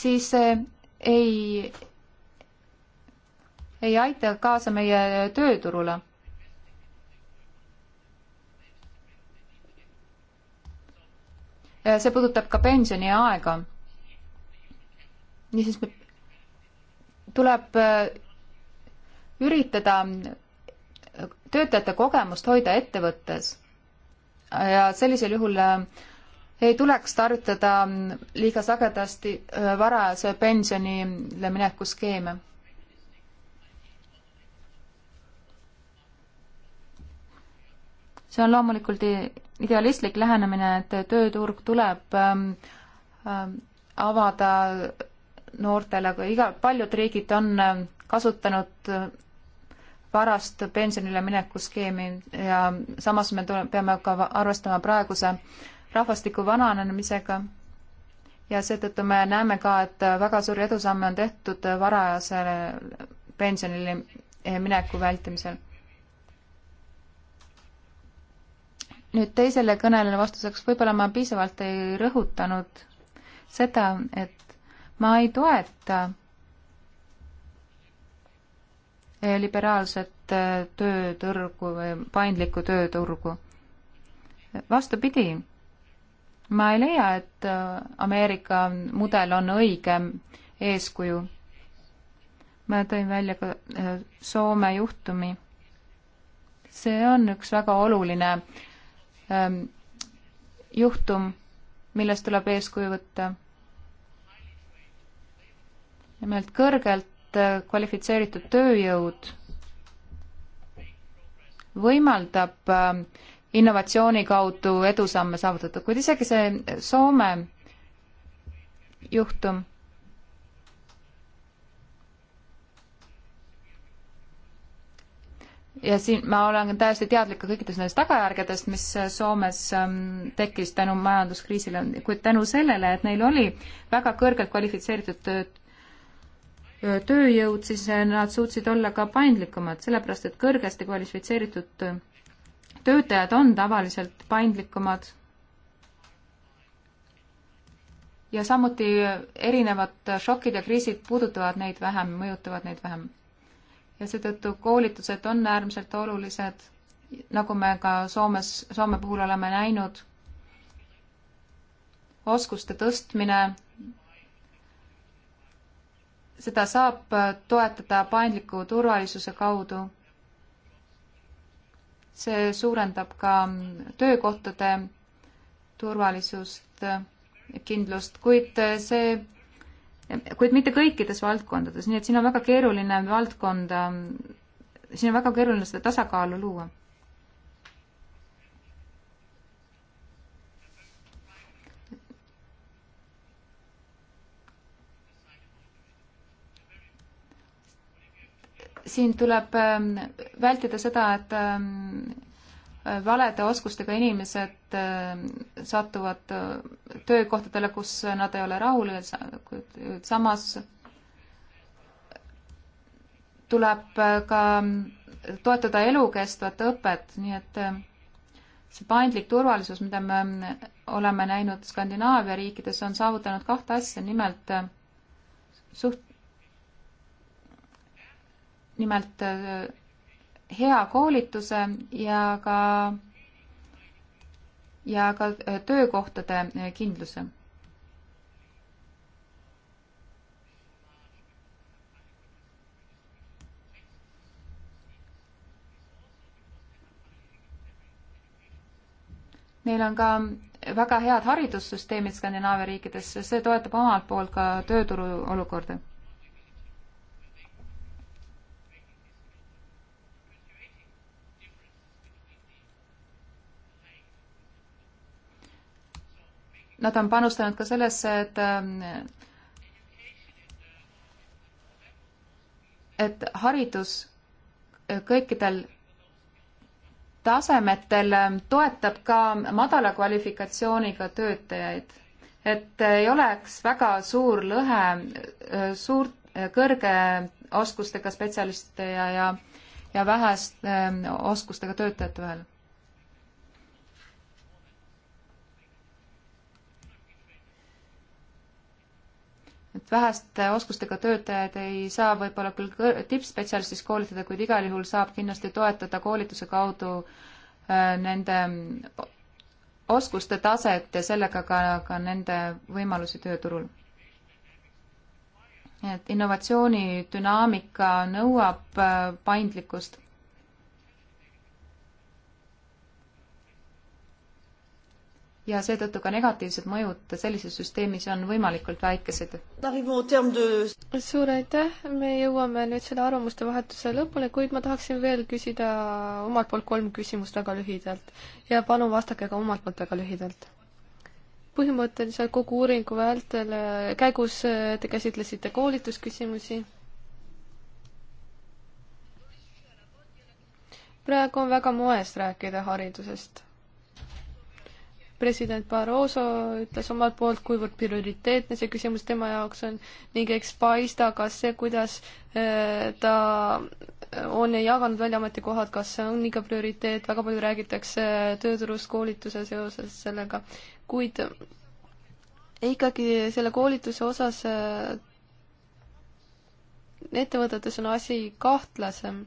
siis ei, ei aita kaasa meie tööturule. see puudutab ka pensioniaega. niisiis tuleb üritada töötajate kogemust hoida ettevõttes. ja sellisel juhul äh, ei tuleks tarvitada liiga sagedasti äh, varajase pensionile mineku skeeme. see on loomulikult idealistlik lähenemine, et tööturg tuleb ähm, ähm, avada noortele, aga iga, paljud riigid on äh, kasutanud pärast pensionile mineku skeemi ja samas me tule, peame ka arvestama praeguse rahvastiku vananemisega ja seetõttu me näeme ka, et väga suuri edusamme on tehtud varajase pensionile mineku vältimisel. nüüd teisele kõnele vastuseks, võib-olla ma piisavalt ei rõhutanud seda, et ma ei toeta Eh, liberaalset eh, tööturgu või paindlikku tööturgu. vastupidi, ma ei leia, et eh, Ameerika mudel on õige eeskuju. ma tõin välja ka Soome juhtumi. see on üks väga oluline ehm, juhtum, millest tuleb eeskuju võtta. nimelt kõrgelt et äh, kvalifitseeritud tööjõud võimaldab äh, innovatsiooni kaudu edusamme saavutada, kuid isegi see Soome juhtum ja siin ma olen täiesti teadlik ka kõikidest nendest tagajärgedest, mis äh, Soomes ähm, tekkis tänu majanduskriisile, kuid tänu sellele, et neil oli väga kõrgelt kvalifitseeritud tööjõud, siis eh, nad suutsid olla ka paindlikumad, sellepärast et kõrgesti kvalifitseeritud eh, töötajad on tavaliselt paindlikumad. ja samuti eh, erinevad šokid ja kriisid puudutavad neid vähem, mõjutavad neid vähem. ja seetõttu koolitused on äärmiselt olulised, nagu me ka Soomes, Soome puhul oleme näinud. oskuste tõstmine seda saab äh, toetada paindliku turvalisuse kaudu. see suurendab ka mm, töökohtade turvalisust, äh, kindlust, kuid äh, see, kuid mitte kõikides valdkondades, nii et siin on väga keeruline valdkonda, mm, siin on väga keeruline seda tasakaalu luua siin tuleb ähm, vältida seda, et ähm, valede oskustega inimesed ähm, satuvad äh, töökohtadele, kus nad ei ole rahul, samas tuleb äh, ka toetada elukestvat õpet, nii et see paindlik turvalisus, mida me oleme näinud Skandinaavia riikides, on saavutanud kahte asja, nimelt äh, suht nimelt äh, hea koolituse ja ka, ja ka äh, töökohtade äh, kindluse. Neil on ka väga head haridussüsteemid Skandinaavia riikides, see toetab omalt poolt ka tööturu olukorda nad on panustanud ka sellesse, et äh, et haridus kõikidel tasemetel äh, toetab ka madala kvalifikatsiooniga töötajaid. et ei oleks väga suur lõhe äh, suurt, kõrge oskustega spetsialistide ja, ja, ja väheste oskustega töötajate vahel et väheste oskustega töötajaid ei saa võib-olla küll tippspetsialistiks koolitada, kuid igal juhul saab kindlasti toetada koolituse kaudu äh, nende oskuste taset ja sellega ka, ka nende võimalusi tööturul. et innovatsiooni dünaamika nõuab äh, paindlikkust ja seetõttu ka negatiivsed mõjud sellises süsteemis on võimalikult väikesed. suur aitäh, me jõuame nüüd selle arvamuste vahetuse lõpule, kuid ma tahaksin veel küsida omalt poolt kolm küsimust väga lühidalt ja palun vastake ka omalt poolt väga lühidalt. põhimõtteliselt kogu uuringu vältel, äh, käigus äh, te käsitlesite koolitusküsimusi praegu on väga moes rääkida haridusest president Barroso ütles omalt poolt, kuivõrd prioriteetne see küsimus tema jaoks on ning eks paista, kas see, kuidas äh, ta on ja jaganud välja ametikohad, kas see on ikka prioriteet, väga palju räägitakse äh, tööturust, koolituse seoses sellega, kuid ikkagi selle koolituse osas äh, ettevõtetes on asi kahtlasem.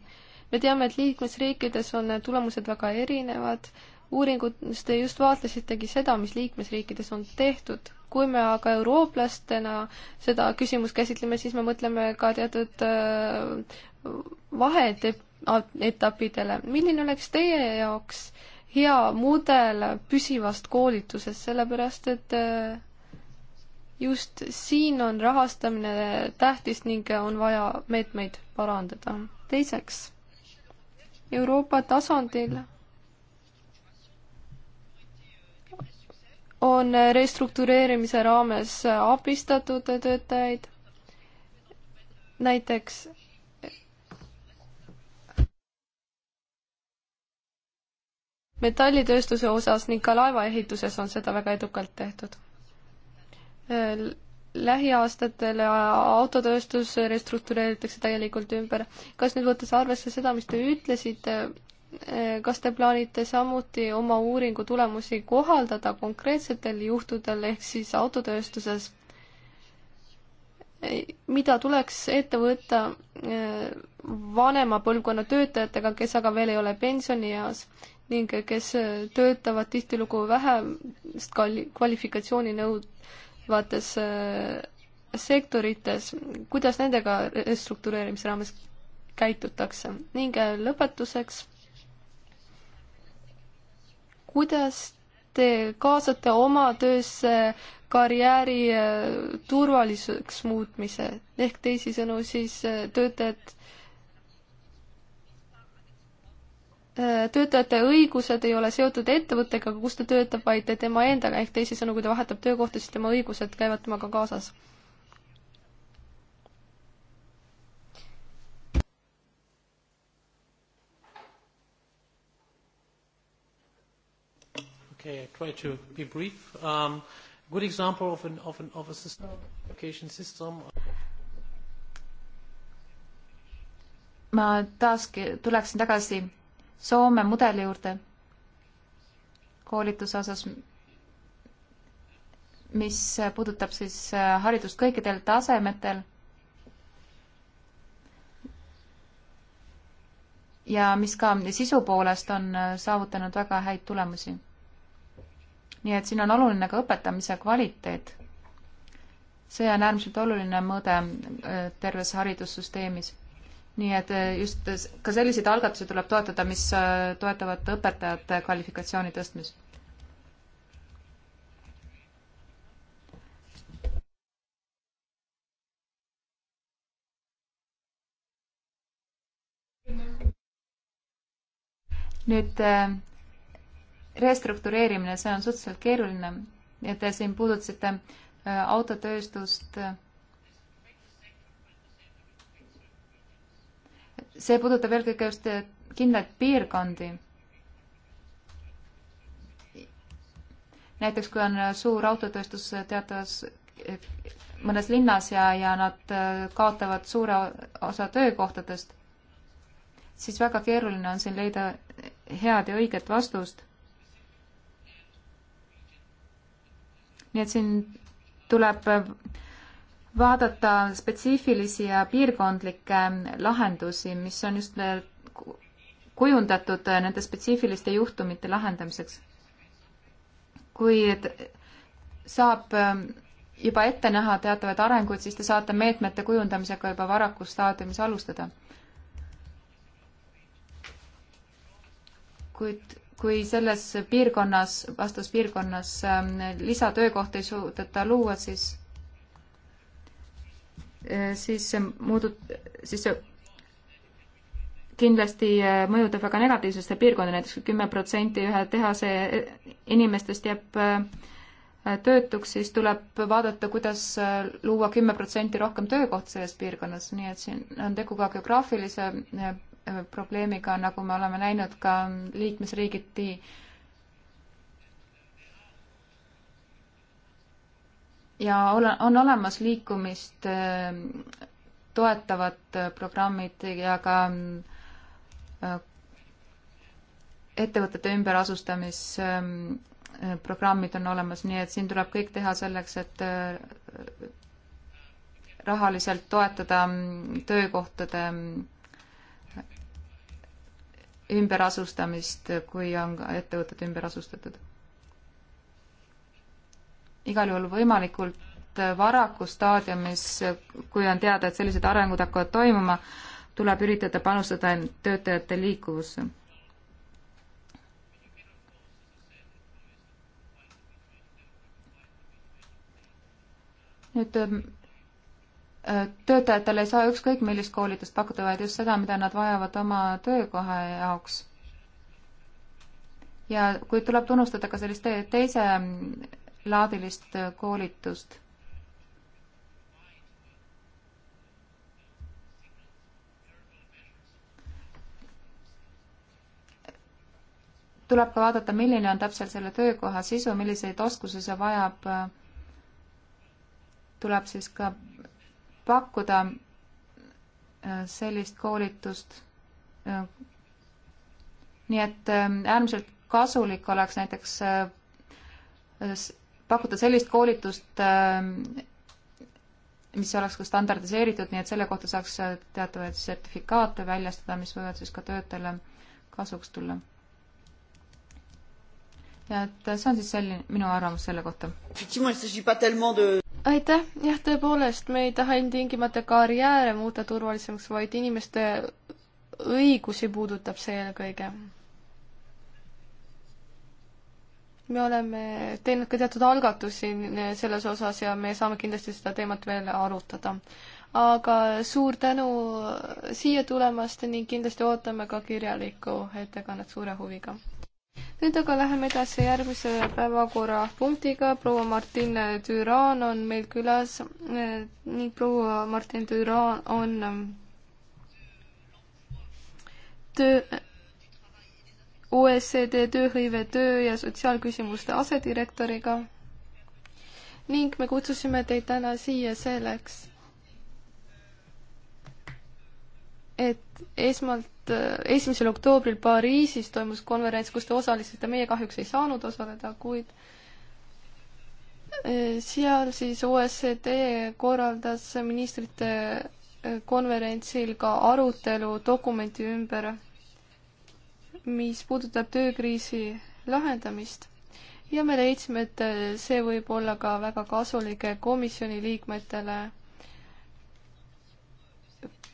me teame, et liikmesriikides on tulemused väga erinevad äh,, uuringust te just vaatasitegi seda, mis liikmesriikides on tehtud. kui me aga eurooplastena seda küsimust käsitleme, siis me mõtleme ka teatud äh, vaheetapidele. milline oleks teie jaoks hea mudel püsivast koolitusest, sellepärast et äh, just siin on rahastamine tähtis ning on vaja meetmeid parandada. teiseks, Euroopa tasandil on restruktureerimise raames abistatud töötajaid, näiteks metallitööstuse osas ning ka laevaehituses on seda väga edukalt tehtud. Lähiaastatel autotööstus restruktureeritakse täielikult ümber. kas nüüd võttes arvesse seda, mis te ütlesite, Eh, kas te plaanite samuti oma uuringu tulemusi kohaldada konkreetsetel juhtudel ehk siis autotööstuses? Eh, mida tuleks ette võtta eh, vanema põlvkonna töötajatega, kes aga veel ei ole pensionieas ning kes töötavad tihtilugu vähemast kvalifikatsiooni nõudvates sektorites, kuidas nendega restruktureerimise raames käitutakse ning lõpetuseks kuidas te kaasate oma töösse karjääri äh, turvaliseks muutmise ehk teisisõnu siis äh, töötajad äh, töötajate õigused ei ole seotud ettevõttega, kus ta töötab, vaid tema endaga, ehk teisisõnu, kui ta vahetab töökohta, siis tema õigused käivad temaga kaasas. Okay, I try to be brief. Um, good example of, an, of, an, of a system, education system. ma taaski tuleksin tagasi Soome mudeli juurde koolituse osas, mis puudutab siis äh, haridust kõikidel tasemetel ja mis ka sisu poolest on äh, saavutanud väga häid tulemusi nii et siin on oluline ka õpetamise kvaliteet. see on äärmiselt oluline mõõde äh, terves haridussüsteemis. nii et äh, just äh, ka selliseid algatusi tuleb toetada, mis toetavad õpetajate kvalifikatsiooni tõstmist. nüüd restruktureerimine, see on suhteliselt keeruline. ja te siin puudutasite äh, autotööstust. see puudutab eelkõige just äh, kindlaid piirkondi. näiteks kui on äh, suur autotööstus teatavas mõnes linnas ja, ja nad kaotavad suure osa töökohtadest, siis väga keeruline on siin leida head ja õiget vastust nii et siin tuleb vaadata spetsiifilisi ja piirkondlikke lahendusi, mis on just kujundatud nende spetsiifiliste juhtumite lahendamiseks. kui saab ähm, juba ette näha teatavaid arenguid, siis te saate meetmete kujundamisega juba varakus staadiumis alustada. kuid kui selles piirkonnas, vastavas piirkonnas ähm, lisatöökohti ei suudeta luua, siis, äh, siis see muudut-, siis see kindlasti äh, mõjutab väga negatiivsesse piirkonda näiteks, näiteks kui kümme protsenti ühe tehase äh, inimestest jääb töötuks, siis tuleb vaadata, kuidas luua kümme protsenti rohkem töökohti selles piirkonnas, nii et siin on tegu ka geograafilise probleemiga, nagu me oleme näinud ka liikmesriigiti. ja ole, on olemas liikumist äh, toetavad äh, programmid ja ka äh, ettevõtete ümberasustamisprogrammid ähm, on olemas, nii et siin tuleb kõik teha selleks, et rahaliselt toetada mm, töökohtade mm, ümberasustamist, kui on ka ettevõtted ümber asustatud. igal juhul võimalikult varakus staadiumis, kui on teada, et sellised arengud hakkavad toimuma, tuleb üritada panustada töötajate liikuvusse. nüüd töötajatele ei saa ükskõik millist koolitust pakkuda, vaid just seda, mida nad vajavad oma töökoha jaoks. ja kui tuleb tunnustada ka sellist teiselaadilist koolitust. tuleb ka vaadata, milline on täpselt selle töökoha sisu, milliseid oskusi see vajab. tuleb siis ka pakkuda äh, sellist koolitust. Äh, nii et ähm, äärmiselt kasulik oleks näiteks äh, pakkuda sellist koolitust, ähm, mis oleks ka standardiseeritud, nii et selle kohta saaks teatavaid sertifikaate väljastada, mis võivad siis ka töötajale kasuks tulla. ja et see on siis selline minu arvamus selle kohta aitäh, jah, tõepoolest, me ei taha ilmtingimata karjääre muuta turvalisemaks, vaid inimeste õigusi puudutab see eelkõige. me oleme teinud ka teatud algatusi selles osas ja me saame kindlasti seda teemat veel arutada. aga suur tänu siia tulemast ning kindlasti ootame ka kirjalikku ettekannet suure huviga nüüd aga läheme edasi järgmise päevakorrapunktiga. proua Martin Düran on meil külas eh, ning proua Martin Düran on ähm, töö, OECD tööhõive töö ja sotsiaalküsimuste asedirektoriga ning me kutsusime teid täna siia selleks, et esmalt, äh, esimesel oktoobril Pariisis toimus konverents, kus te osalesite, meie kahjuks ei saanud osaleda, kuid äh, seal siis OECD korraldas ministrite äh, konverentsil ka arutelu dokumenti ümber, mis puudutab töökriisi lahendamist ja me leidsime, et see võib olla ka väga kasulik komisjoni liikmetele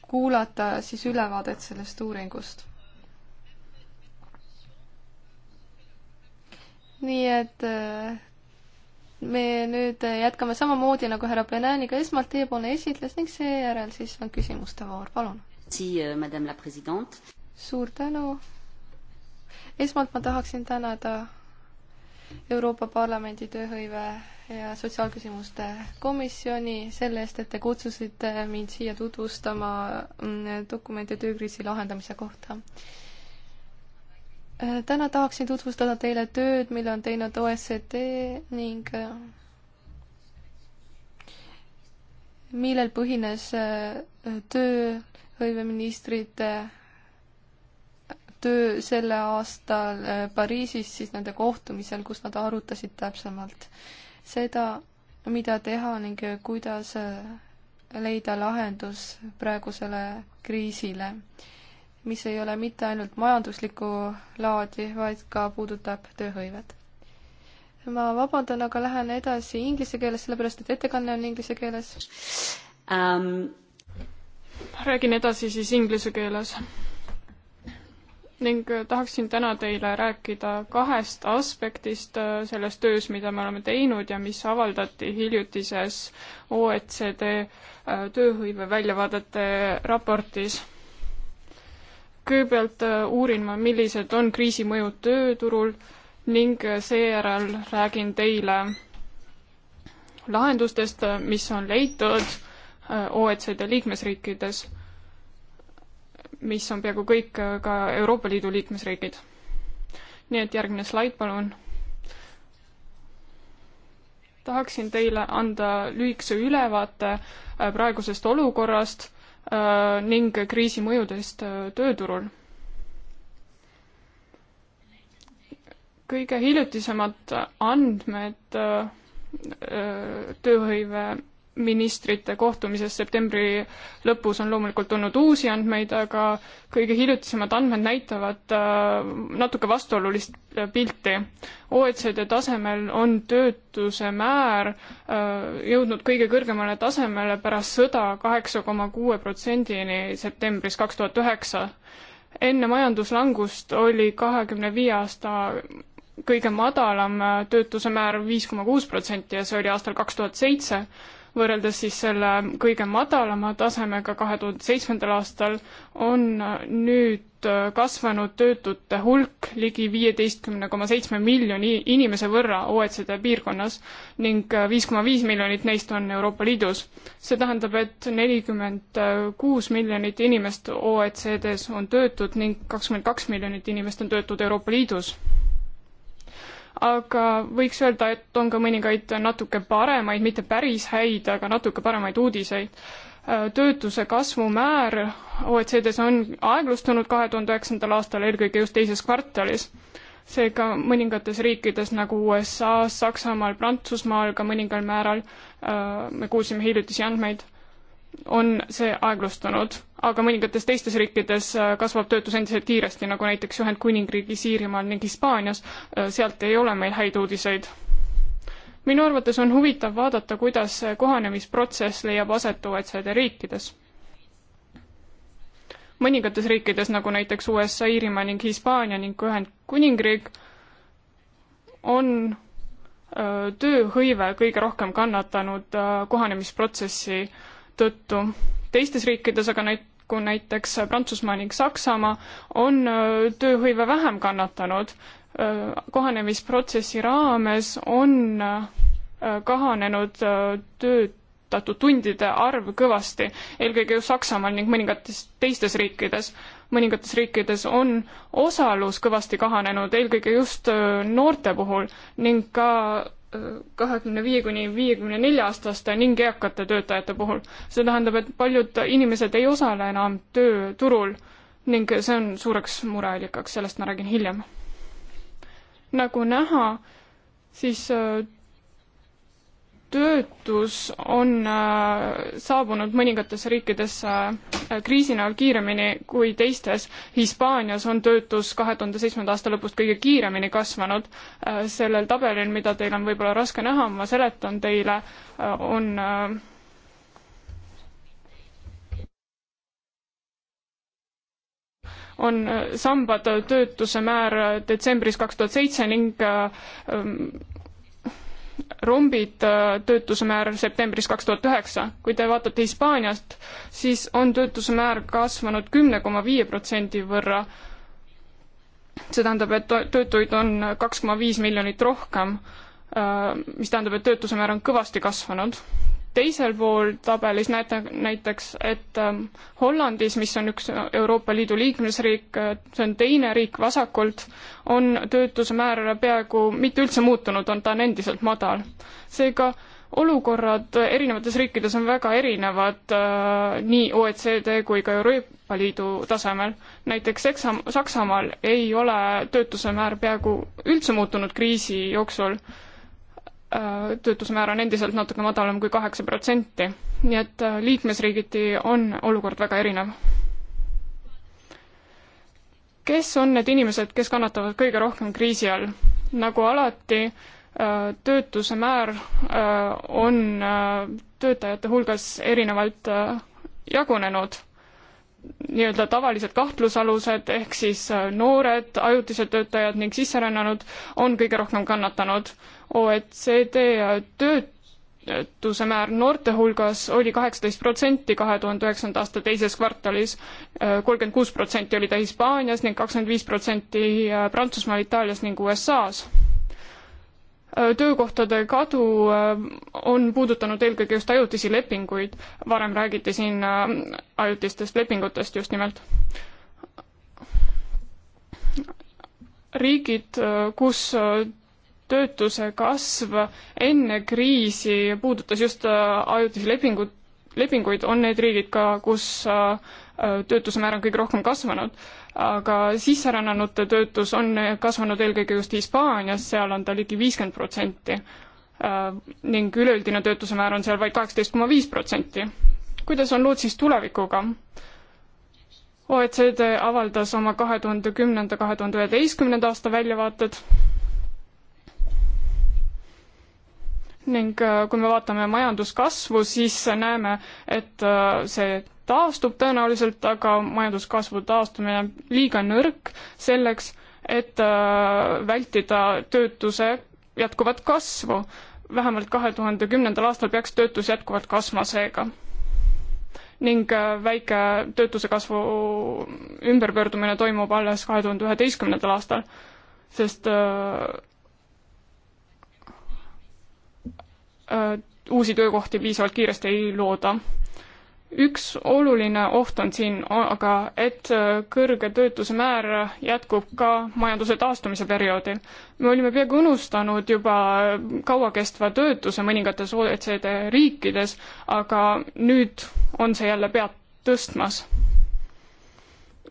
kuulata siis ülevaadet sellest uuringust. nii et äh, me nüüd jätkame samamoodi nagu härra Plenääniga, esmalt teiepoolne esitles ning seejärel siis on küsimuste voor, palun. Euh, suur tänu. esmalt ma tahaksin tänada Euroopa Parlamendi tööhõive ja sotsiaalküsimuste komisjoni selle eest, et te kutsusite mind siia tutvustama mm, dokumente töökriisi lahendamise kohta. Äh, täna tahaksin tutvustada teile tööd, mille on teinud OECD ning äh, millel põhines äh, tööhõiveministrite töö selle aastal äh, Pariisis siis nende kohtumisel, kus nad arutasid täpsemalt seda, mida teha ning äh, kuidas äh, leida lahendus praegusele kriisile, mis ei ole mitte ainult majanduslikku laadi, vaid ka puudutab tööhõivet. ma vabandan, aga lähen edasi inglise keeles, sellepärast et ettekanne on inglise keeles um.... räägin edasi siis inglise keeles ning äh, tahaksin täna teile rääkida kahest aspektist äh, selles töös, mida me oleme teinud ja mis avaldati hiljutises OECD äh, tööhõive väljavaadete raportis. kõigepealt uurin ma, millised on kriisi mõjud tööturul ning seejärel räägin teile lahendustest, mis on leitud OECD liikmesriikides mis on peaaegu kõik äh, ka Euroopa Liidu liikmesriigid. nii et järgmine slaid, palun. tahaksin teile anda lühikese ülevaate äh, praegusest olukorrast äh, ning kriisi mõjudest tööturul. kõige hiljutisemad andmed tööhõive ministrite kohtumisest septembri lõpus on loomulikult olnud uusi andmeid, aga kõige hiljutisemad andmed näitavad äh, natuke vastuolulist äh, pilti. OECD tasemel on töötuse määr äh, jõudnud kõige kõrgemale tasemele pärast sõda kaheksa koma kuue protsendini septembris kaks tuhat üheksa. enne majanduslangust oli kahekümne viie aasta kõige madalam töötuse määr viis koma kuus protsenti ja see oli aastal kaks tuhat seitse võrreldes siis selle kõige madalama tasemega kahe tuhande seitsmendal aastal, on nüüd kasvanud töötute hulk ligi viieteistkümne koma seitsme miljoni inimese võrra OECD piirkonnas ning viis koma viis miljonit neist on Euroopa Liidus. see tähendab, et nelikümmend kuus miljonit inimest OECD-s on töötud ning kakskümmend kaks miljonit inimest on töötud Euroopa Liidus aga võiks öelda, et on ka mõningaid natuke paremaid, mitte päris häid, aga natuke paremaid uudiseid. Äh, töötuse kasvumäär OECD-s on aeglustunud kahe tuhande üheksandal aastal, eelkõige just teises kvartalis. seega mõningates riikides nagu USA-s, Saksamaal, Prantsusmaal ka mõningal määral, äh, me kuulsime hiljutisi andmeid, on see aeglustunud aga mõningates teistes riikides äh, kasvab töötus endiselt kiiresti, nagu näiteks Ühendkuningriigis, Iirimaal ning Hispaanias, äh, sealt ei ole meil häid uudiseid. minu arvates on huvitav vaadata, kuidas kohanemisprotsess leiab aset OECD riikides. mõningates riikides, nagu näiteks USA, Iirimaa ning Hispaania ning Ühendkuningriik, on äh, tööhõive kõige rohkem kannatanud kohanemisprotsessi tõttu teistes riikides, aga näit-, kui näiteks Prantsusmaa ning Saksamaa on äh, tööhõive vähem kannatanud. Äh, kohanemisprotsessi raames on äh, kahanenud töötatud tundide arv kõvasti, eelkõige just Saksamaal ning mõningates teistes riikides. mõningates riikides on osalus kõvasti kahanenud, eelkõige just noorte puhul ning ka kahekümne viie kuni viiekümne nelja aastaste ning eakate töötajate puhul. see tähendab, et paljud inimesed ei osale enam tööturul ning see on suureks mureallikaks, sellest ma räägin hiljem. nagu näha, siis äh, töötus on äh, saabunud mõningates riikides äh, kriisi näol kiiremini kui teistes. Hispaanias on töötus kahe tuhande seitsmenda aasta lõpust kõige kiiremini kasvanud. Äh, sellel tabelil, mida teil on võib-olla raske näha, ma seletan teile, on on sambad töötuse määr detsembris kaks tuhat seitse ning rombid äh, töötuse määr septembris kaks tuhat üheksa. kui te vaatate Hispaaniast, siis on töötuse määr kasvanud kümne koma viie protsendi võrra. see tähendab, et töötuid on kaks koma viis miljonit rohkem, äh, mis tähendab, et töötuse määr on kõvasti kasvanud teisel pool tabelis näete näiteks, et ähm, Hollandis, mis on üks Euroopa Liidu liikmesriik, äh, see on teine riik vasakult, on töötuse määr peaaegu mitte üldse muutunud, on, ta on endiselt madal. seega olukorrad erinevates riikides on väga erinevad äh, nii OECD kui ka Euroopa Liidu tasemel. näiteks Saksa, Saksamaal ei ole töötuse määr peaaegu üldse muutunud kriisi jooksul Äh, töötuse määr on endiselt natuke madalam kui kaheksa protsenti. nii et äh, liikmesriigiti on olukord väga erinev. kes on need inimesed, kes kannatavad kõige rohkem kriisi all? nagu alati, äh, töötuse määr on töötajate hulgas erinevalt jagunenud. nii-öelda tavalised kahtlusalused ehk siis noored, ajutised töötajad ning sisserännanud on kõige rohkem kannatanud OECD töötuse määr noorte hulgas oli kaheksateist protsenti kahe tuhande üheksanda aasta teises kvartalis, kolmkümmend kuus protsenti oli ta Hispaanias ning kakskümmend viis protsenti äh, Prantsusmaal, Itaalias ning USA-s äh, töökohtade kadu äh, on puudutanud eelkõige just ajutisi lepinguid, varem räägiti siin ajutistest lepingutest just nimelt. riigid, kus töötuse kasv enne kriisi puudutas just äh, ajutisi lepingut, lepinguid, on need riigid ka, kus äh, töötuse määr on kõige rohkem kasvanud. aga sisserännanute töötus on kasvanud eelkõige just Hispaanias, seal on ta ligi viiskümmend protsenti äh, ning üleüldine töötuse määr on seal vaid kaheksateist koma viis protsenti. kuidas on lood siis tulevikuga? OECD avaldas oma kahe tuhande kümnenda, kahe tuhande üheteistkümnenda aasta väljavaated ning äh, kui me vaatame majanduskasvu, siis näeme, et äh, see taastub tõenäoliselt, aga majanduskasvu taastumine on liiga nõrk selleks, et äh, vältida töötuse jätkuvat kasvu. vähemalt kahe tuhande kümnendal aastal peaks töötus jätkuvalt kasvama seega. ning väike töötuse kasvu ümberpöördumine toimub alles kahe tuhande üheteistkümnendal aastal, sest Äh, uusi töökohti piisavalt kiiresti ei looda. üks oluline oht on siin aga, et äh, kõrge töötuse määr jätkub ka majanduse taastumise perioodil. me olime peaaegu unustanud juba äh, kauakestva töötuse mõningates OECD riikides, aga nüüd on see jälle pead tõstmas.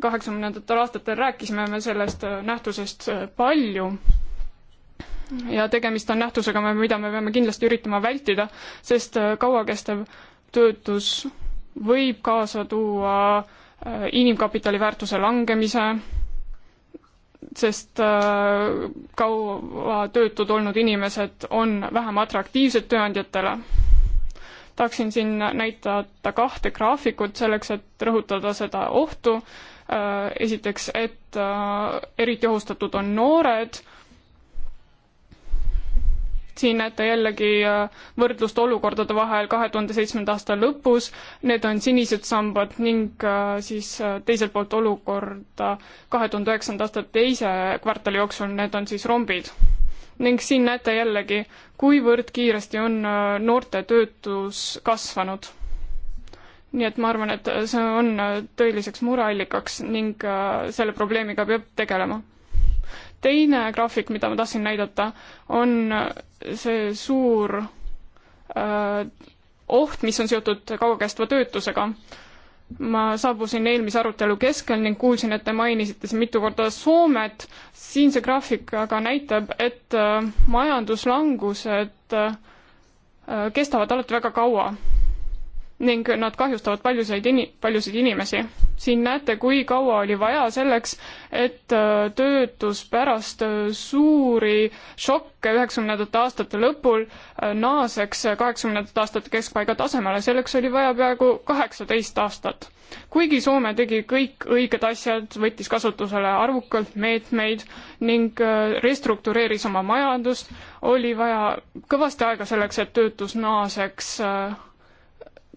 kaheksakümnendatel aastatel rääkisime me sellest nähtusest palju ja tegemist on nähtusega, mida me peame kindlasti üritama vältida, sest äh, kauakestev töötus võib kaasa tuua äh, inimkapitali väärtuse langemise, sest äh, kaua töötud olnud inimesed on vähem atraktiivsed tööandjatele. tahaksin siin näidata kahte graafikut selleks, et rõhutada seda ohtu. esiteks, et eriti ohustatud on noored siin näete jällegi äh, võrdlust olukordade vahel kahe tuhande seitsmenda aasta lõpus, need on sinised sambad ning äh, siis äh, teiselt poolt olukorda kahe tuhande üheksanda aasta teise kvartali jooksul, need on siis rombid. ning siin näete jällegi, kuivõrd kiiresti on noorte töötus kasvanud nii et ma arvan, et see on tõeliseks mureallikaks ning selle probleemiga peab tegelema teine graafik, mida ma tahtsin näidata, on see suur öö, äh, oht, mis on seotud kaugekestva töötusega. ma saabusin eelmise arutelu keskel ning kuulsin, et te mainisite siin mitu korda Soomet. siin see graafik aga näitab, et öö, äh, majanduslangused öö, äh, kestavad alati väga kaua ning nad kahjustavad paljusid ini-, paljusid inimesi. siin näete, kui kaua oli vaja selleks, et äh, töötus pärast äh, suuri šokke üheksakümnendate aastate lõpul äh, naaseks kaheksakümnendate aastate keskpaiga tasemele, selleks oli vaja peaaegu kaheksateist aastat. kuigi Soome tegi kõik õiged asjad, võttis kasutusele arvukalt meetmeid ning restruktureeris oma majandust, oli vaja kõvasti aega selleks, et töötus naaseks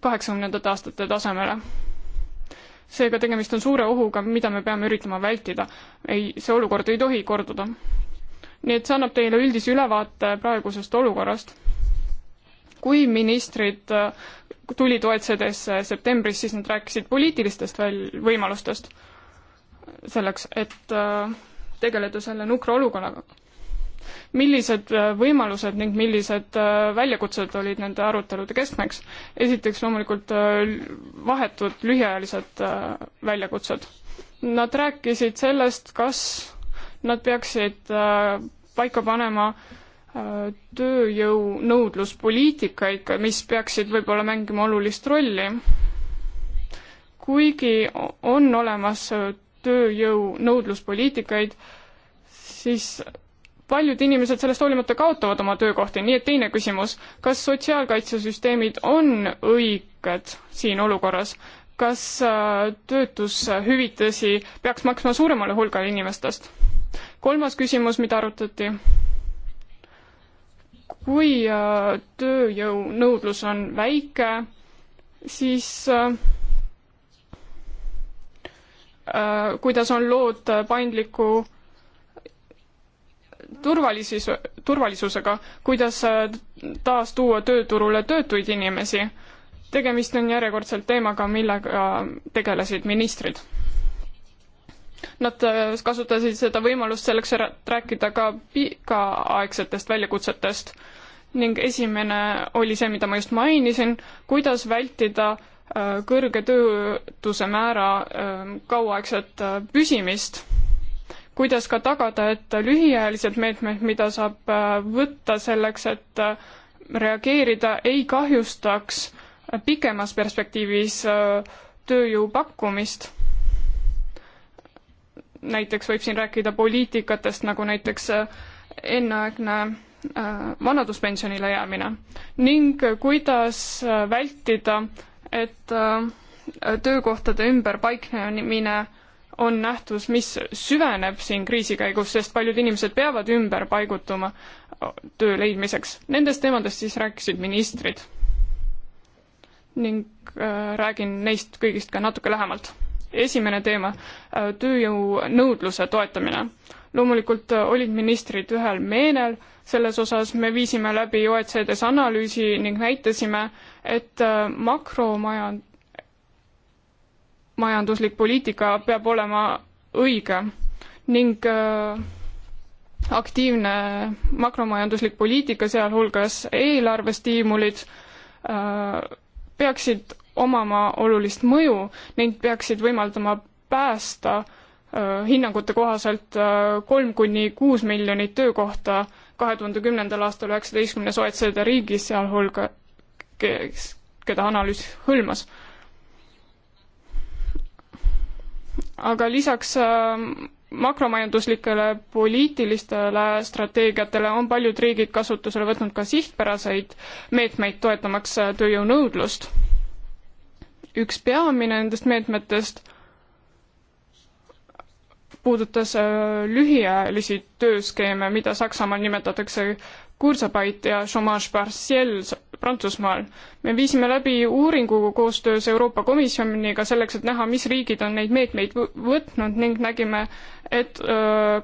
kaheksakümnendate aastate tasemele. seega tegemist on suure ohuga, mida me peame üritama vältida. ei, see olukord ei tohi korduda. nii et see annab teile üldise ülevaate praegusest olukorrast. kui ministrid äh, tulid OECD-sse septembris, siis nad rääkisid poliitilistest väl-, võimalustest selleks, et äh, tegeleda selle nukra olukorraga millised äh, võimalused ning millised äh, väljakutsed olid nende arutelude keskmeks? esiteks loomulikult äh, vahetud lühiajalised väljakutsed. Nad rääkisid sellest, kas nad peaksid paika panema tööjõu nõudluspoliitikaid, mis peaksid võib-olla mängima olulist rolli. kuigi on olemas tööjõu nõudluspoliitikaid, siis paljud inimesed sellest hoolimata kaotavad oma töökohti, nii et teine küsimus, kas sotsiaalkaitsesüsteemid on õiged siin olukorras? kas äh, töötushüvitisi peaks maksma suuremale hulgale inimestest? kolmas küsimus, mida arutati kui äh, tööjõu nõudlus on väike, siis äh, kuidas on lood paindliku turvalisus, turvalisusega, kuidas äh, taas tuua tööturule töötuid inimesi. tegemist on järjekordselt teemaga, millega tegelesid ministrid. Nad äh, kasutasid seda võimalust selleks, et rääkida ka pikaaegsetest väljakutsetest ning esimene oli see, mida ma just mainisin, kuidas vältida äh, kõrge töötuse määra kauaaegset püsimist kuidas ka tagada, et lühiajalised meetmed, mida saab äh, võtta selleks, et äh, reageerida, ei kahjustaks äh, pikemas perspektiivis tööjõu pakkumist. näiteks võib siin rääkida poliitikatest, nagu näiteks enneaegne vanaduspensionile jäämine ning kuidas vältida, et töökohtade ümberpaiknemine on nähtus, mis süveneb siin kriisi käigus, sest paljud inimesed peavad ümber paigutuma töö leidmiseks. Nendest teemadest siis rääkisid ministrid. ning äh, räägin neist kõigist ka natuke lähemalt. esimene teema äh,, tööjõu nõudluse toetamine. loomulikult äh, olid ministrid ühel meenel selles osas, me viisime läbi OECD-s analüüsi ning näitasime, et äh, makromajand-, majanduslik poliitika peab olema õige ning äh, aktiivne makromajanduslik poliitika, sealhulgas eelarvestiimulid, äh, peaksid omama olulist mõju, neid peaksid võimaldama päästa äh, hinnangute kohaselt kolm kuni kuus miljonit töökohta kahe tuhande kümnendal aastal üheksateistkümnes OECD riigis, sealhulga, kes, keda analüüs hõlmas aga lisaks ähm, makromajanduslikele poliitilistele strateegiatele on paljud riigid kasutusele võtnud ka sihtpäraseid meetmeid, toetamaks äh, tööjõunõudlust. üks peamine nendest meetmetest puudutas äh, lühiajalisi tööskeeme, mida Saksamaal nimetatakse kursabait ja chômage partiel Prantsusmaal. me viisime läbi uuringu koostöös Euroopa Komisjoniga selleks, et näha, mis riigid on neid meetmeid võtnud ning nägime, et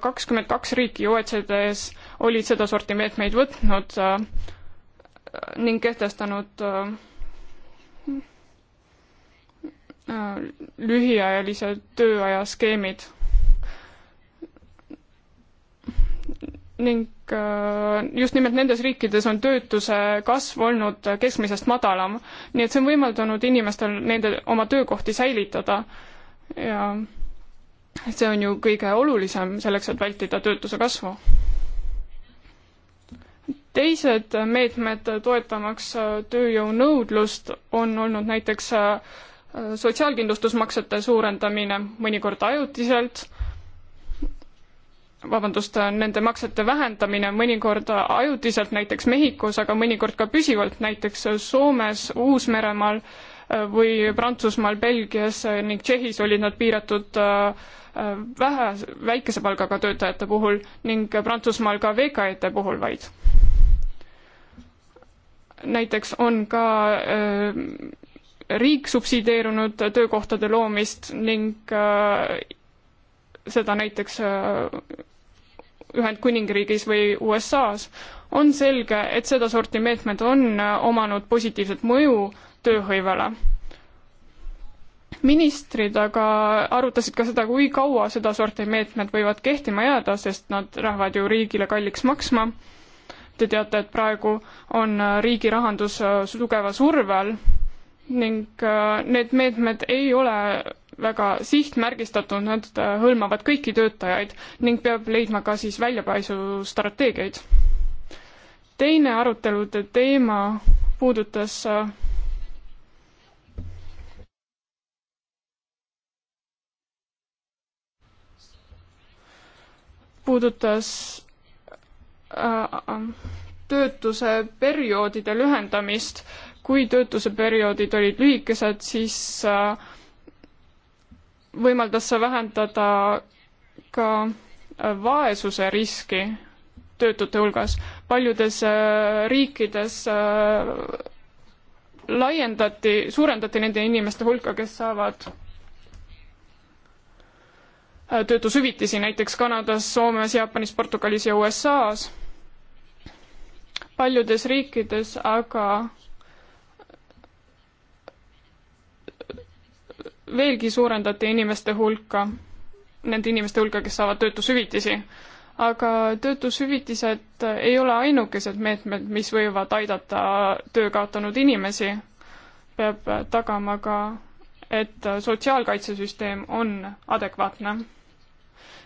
kakskümmend kaks riiki OECD-s olid sedasorti meetmeid võtnud öö, ning kehtestanud öö, lühiajalise tööaja skeemid ning äh, just nimelt nendes riikides on töötuse kasv olnud keskmisest madalam. nii et see on võimaldanud inimestel nende, oma töökohti säilitada ja see on ju kõige olulisem selleks, et vältida töötuse kasvu. teised meetmed toetamaks tööjõu nõudlust on olnud näiteks äh, sotsiaalkindlustusmaksete suurendamine, mõnikord ajutiselt vabandust, nende maksete vähendamine mõnikord ajutiselt näiteks Mehhikos, aga mõnikord ka püsivalt näiteks Soomes, Uus-Meremaal äh, või Prantsusmaal, Belgias äh, ning Tšehhis olid nad piiratud äh, vähe, väikese palgaga töötajate puhul ning Prantsusmaal ka VKE-de puhul vaid. näiteks on ka äh, riik subsideerinud töökohtade loomist ning äh, seda näiteks äh, Ühendkuningriigis või USA-s, on selge, et sedasorti meetmed on äh, omanud positiivset mõju tööhõivele. ministrid aga arutasid ka seda, kui kaua sedasorti meetmed võivad kehtima jääda, sest nad lähevad ju riigile kalliks maksma. Te teate, et praegu on äh, riigi rahandus tugeva surve all ning need meetmed ei ole väga sihtmärgistatud, nad äh, hõlmavad kõiki töötajaid ning peab leidma ka siis väljapääsustrateegiaid. teine arutelude teema puudutas äh, puudutas äh, töötuse perioodide lühendamist. kui töötuse perioodid olid lühikesed, siis äh, võimaldas see vähendada ka vaesuse riski töötute hulgas. paljudes äh, riikides äh, laiendati, suurendati nende inimeste hulka, kes saavad äh, töötushüvitisi näiteks Kanadas, Soomes, Jaapanis, Portugalis ja USA-s. paljudes riikides aga veelgi suurendati inimeste hulka, nende inimeste hulka, kes saavad töötushüvitisi. aga töötushüvitised ei ole ainukesed meetmed, mis võivad aidata töö kaotanud inimesi. peab tagama ka, et sotsiaalkaitsesüsteem on adekvaatne.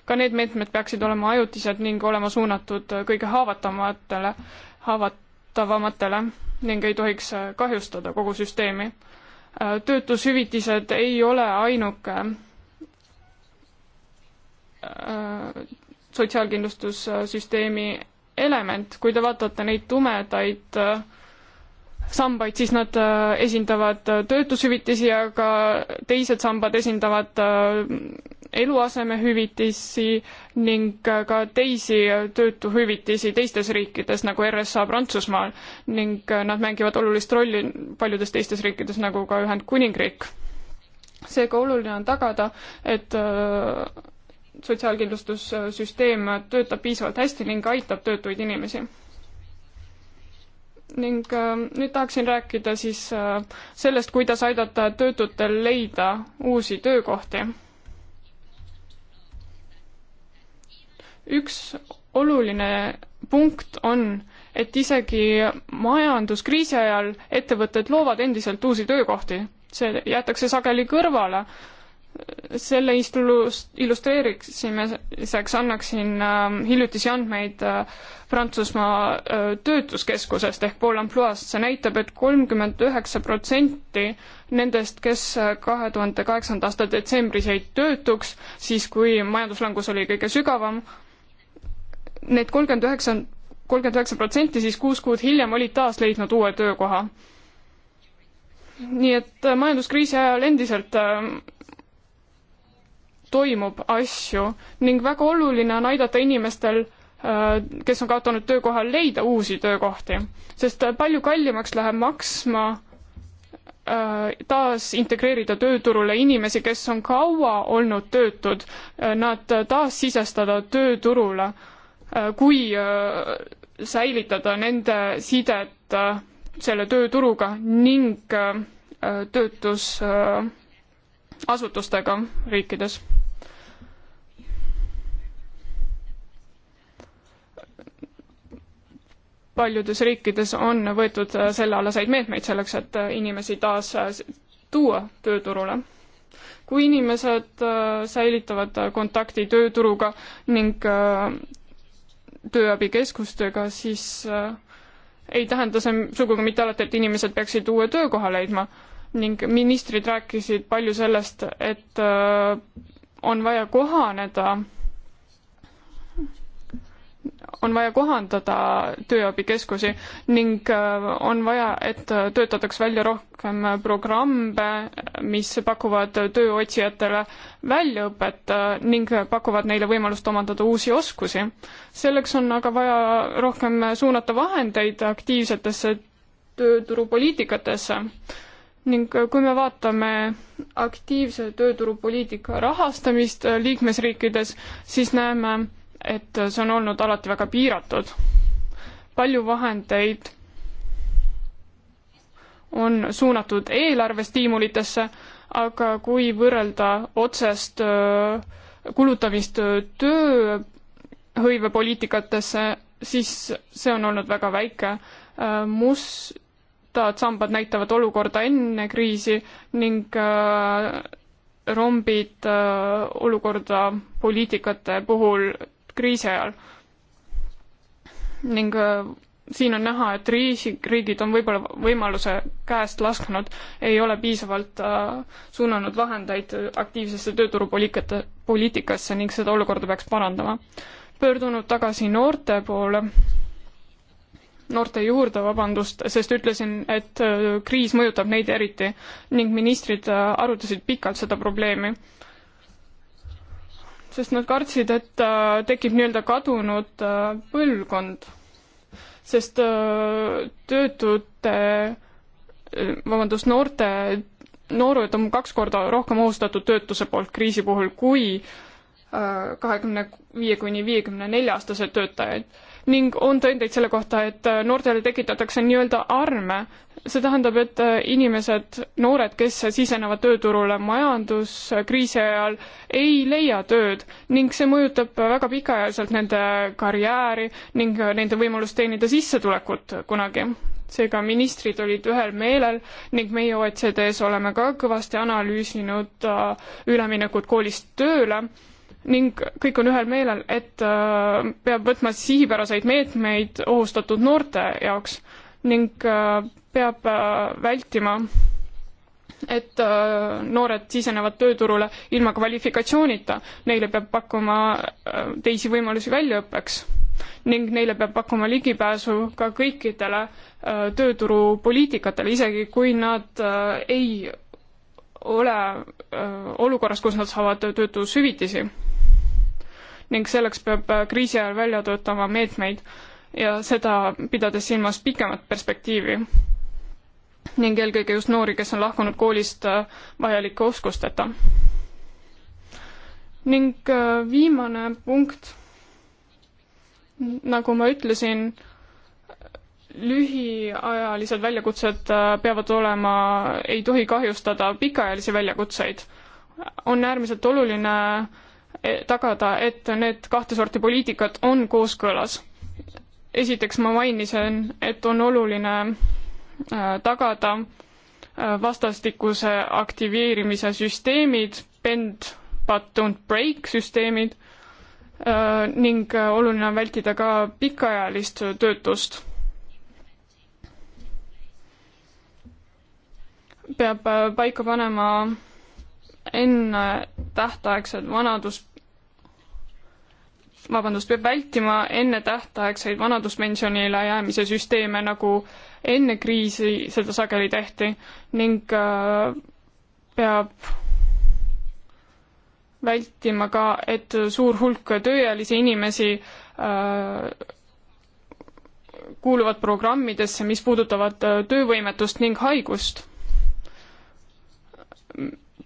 ka need meetmed peaksid olema ajutised ning olema suunatud kõige haavatavamatele, haavatavamatele ning ei tohiks kahjustada kogu süsteemi Äh, töötushüvitised ei ole ainuke äh, sotsiaalkindlustussüsteemi element, kui te vaatate neid tumedaid äh, sambaid, siis nad esindavad töötushüvitisi, aga teised sambad esindavad eluasemehüvitisi ning ka teisi töötuhüvitisi teistes riikides nagu RSA Prantsusmaal ning nad mängivad olulist rolli paljudes teistes riikides nagu ka Ühendkuningriik. seega oluline on tagada, et äh, sotsiaalkindlustussüsteem töötab piisavalt hästi ning aitab töötuid inimesi. ning äh, nüüd tahaksin rääkida siis äh, sellest, kuidas aidata töötutel leida uusi töökohti üks oluline punkt on, et isegi majanduskriisi ajal ettevõtted loovad endiselt uusi töökohti. see jäetakse sageli kõrvale. selle illustreerimiseks annaksin ähm, hiljutisi andmeid äh, Prantsusmaa äh, töötuskeskusest ehk Pôle emploist. see näitab et, et kolmkümmend üheksa protsenti nendest, kes äh, kahe tuhande kaheksanda aasta detsembris jäid töötuks, siis kui majanduslangus oli kõige sügavam, need kolmkümmend üheksa, kolmkümmend üheksa protsenti siis kuus kuud hiljem olid taas leidnud uue töökoha. nii et äh, majanduskriisi ajal endiselt äh, toimub asju ning väga oluline on aidata inimestel äh, kes on kaotanud töökoha, leida uusi töökohti, sest palju kallimaks läheb maksma taas integreerida tööturule inimesi, kes on kaua olnud töötud, nad taassisestada tööturule kui äh, säilitada nende sidet äh, selle tööturuga ning äh, töötusasutustega riikides. paljudes riikides on võetud sellealaseid meetmeid selleks, et inimesi taas tuua tööturule kui inimesed säilitavad kontakti tööturuga ning tööabikeskustega, siis äh, ei tähenda see sugugi mitte alati, et inimesed peaksid uue töökoha leidma ning ministrid rääkisid palju sellest, et äh, on vaja kohaneda on vaja kohandada tööabikeskusi ning äh, on vaja, et töötataks välja rohkem programme, mis pakuvad tööotsijatele väljaõpet äh, ning pakuvad neile võimalust omandada uusi oskusi. selleks on aga vaja rohkem suunata vahendeid aktiivsetesse tööturupoliitikatesse ning äh, kui me vaatame aktiivse tööturupoliitika rahastamist liikmesriikides, siis näeme, et see on olnud alati väga piiratud. palju vahendeid on suunatud eelarvestiimulitesse, aga kui võrrelda otsest äh, kulutamist äh, tööhõivepoliitikatesse, siis see on olnud väga väike. Äh, mustad sambad näitavad olukorda enne kriisi ning rombid olukorda poliitikate puhul kriisi ajal. ning äh, siin on näha, et riisi, riigid on võib-olla võimaluse käest lasknud, ei ole piisavalt äh, suunanud vahendeid äh, aktiivsesse tööturupoliitikate, poliitikasse ning seda olukorda peaks parandama. pöördunud tagasi noorte poole, noorte juurde, vabandust, sest ütlesin, et kriis mõjutab neid eriti ning ministrid arutasid pikalt seda probleemi sest nad kartsid, et äh, tekib nii-öelda kadunud äh, põlvkond. sest äh, töötute, vabandust, noorte, noored on kaks korda rohkem ohustatud töötuse poolt kriisi puhul kui kahekümne viie kuni viiekümne nelja aastased töötajad ning on tõendeid selle kohta, et äh, noortele tekitatakse nii-öelda arme. see tähendab, et äh, inimesed, noored, kes sisenevad tööturule majanduskriisi ajal, ei leia tööd ning see mõjutab väga pikaajaliselt nende karjääri ning äh, nende võimalust teenida sissetulekut kunagi seega ministrid olid ühel meelel ning meie OECD-s oleme ka kõvasti analüüsinud üleminekut koolist tööle ning kõik on ühel meelel, et äh, peab võtma sihipäraseid meetmeid ohustatud noorte jaoks ning äh, peab äh, vältima, et noored sisenevad tööturule ilma kvalifikatsioonita, neile peab pakkuma teisi võimalusi väljaõppeks ning neile peab pakkuma ligipääsu ka kõikidele tööturupoliitikatele, isegi kui nad ei ole olukorras, kus nad saavad töötushüvitisi ning selleks peab äh, kriisi ajal välja töötama meetmeid ja seda pidades silmas pikemat perspektiivi. ning eelkõige just noori, kes on lahkunud koolist äh, vajalike oskusteta. ning äh, viimane punkt, nagu ma ütlesin, lühiajalised väljakutsed peavad olema, ei tohi kahjustada pikaajalisi väljakutseid. on äärmiselt oluline äh, E, tagada, et need kahte sorti poliitikad on kooskõlas. esiteks ma mainisin, et on oluline e, tagada e, vastastikuse aktiveerimise süsteemid, bend but don't break süsteemid ning oluline on vältida ka pikaajalist töötust. peab paika panema enne tähtaegset vanadus, vabandust, peab vältima ennetähtaegseid vanaduspensionile jäämise süsteeme, nagu enne kriisi seda sageli tehti ning äh, peab vältima ka, et suur hulk tööealisi inimesi äh, kuuluvad programmidesse, mis puudutavad äh, töövõimetust ning haigust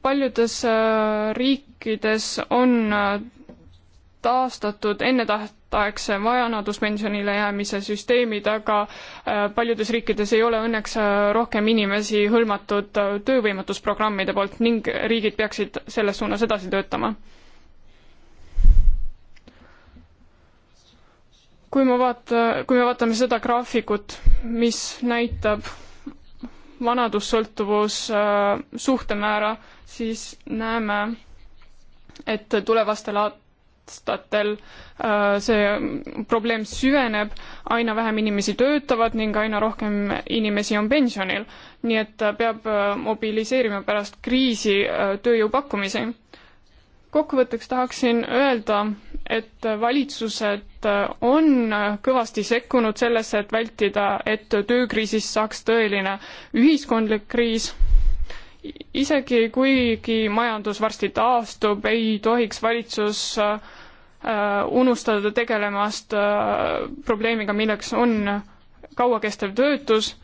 paljudes äh, riikides on äh, taastatud ennetähtaegse vanaduspensionile jäämise süsteemid, aga äh, paljudes riikides ei ole õnneks rohkem inimesi hõlmatud töövõimetusprogrammide poolt ning riigid peaksid selles suunas edasi töötama. kui ma vaata, kui me vaatame seda graafikut, mis näitab vanadussõltuvussuhtemäära, äh, siis näeme, et tulevastel aastatel äh, see probleem süveneb, aina vähem inimesi töötavad ning aina rohkem inimesi on pensionil. nii et äh, peab mobiliseerima pärast kriisi tööjõu pakkumisi. kokkuvõtteks tahaksin öelda, et valitsused on kõvasti sekkunud sellesse, et vältida, et töökriisist saaks tõeline ühiskondlik kriis. isegi kuigi majandus varsti taastub, ei tohiks valitsus äh, unustada tegelemast äh, probleemiga, milleks on kauakestev töötus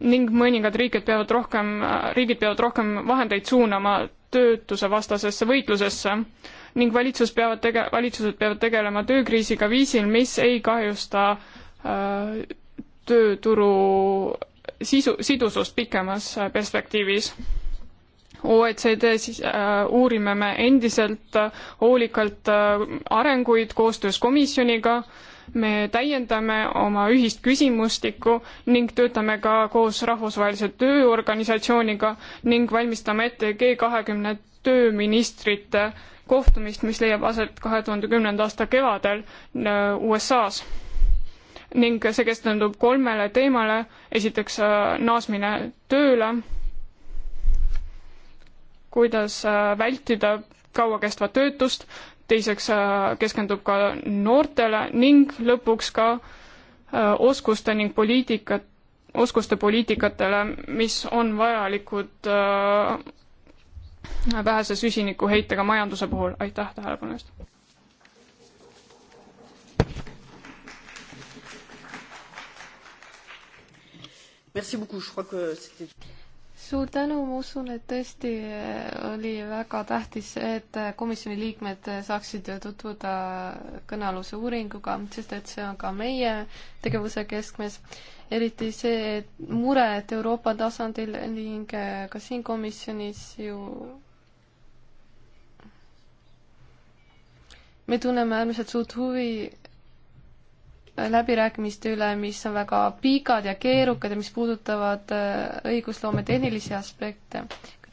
ning mõningad riigid peavad rohkem, riigid peavad rohkem vahendeid suunama töötuse vastasesse võitlusesse ning valitsus peavad tege-, valitsused peavad tegelema töökriisiga viisil, mis ei kahjusta äh, tööturu sisu, sidusust pikemas äh, perspektiivis. OECD siis äh, uurime me endiselt äh, hoolikalt äh, arenguid koostöös komisjoniga, me täiendame oma ühist küsimustikku ning töötame ka koos Rahvusvahelise Tööorganisatsiooniga ning valmistame ette G kahekümne tööministrite äh, kohtumist, mis leiab aset kahe tuhande kümnenda aasta kevadel äh, USA-s. ning see keskendub kolmele teemale, esiteks äh, naasmine tööle, kuidas äh, vältida kauakestvat töötust, teiseks keskendub ka noortele ning lõpuks ka oskuste ning poliitikat, oskuste poliitikatele, mis on vajalikud vähese süsinikuheitega majanduse puhul, aitäh tähelepanu eest! suur tänu, ma usun, et tõesti eh, oli väga tähtis, et eh, komisjoni liikmed eh, saaksid tutvuda kõnealuse uuringuga, sest et see on ka meie tegevuse keskmes eriti see mure, et Euroopa tasandil ning äh, ka siin komisjonis ju me tunneme äärmiselt suurt huvi läbirääkimiste üle, mis on väga pikad ja keerukad ja mis puudutavad äh, õigusloome tehnilisi aspekte.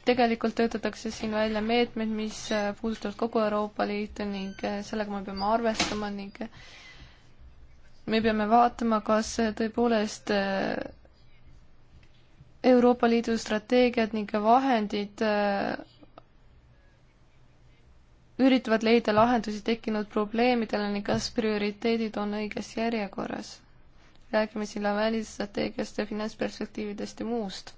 tegelikult töötatakse siin välja meetmed, mis äh, puudutavad kogu Euroopa Liitu ning sellega me peame arvestama ning me peame vaatama, kas tõepoolest äh, Euroopa Liidu strateegiad ning vahendid äh, üritavad leida lahendusi tekkinud probleemidele ning kas prioriteedid on õiges järjekorras. räägime siin välisstrateegiast ja finantsperspektiividest ja muust.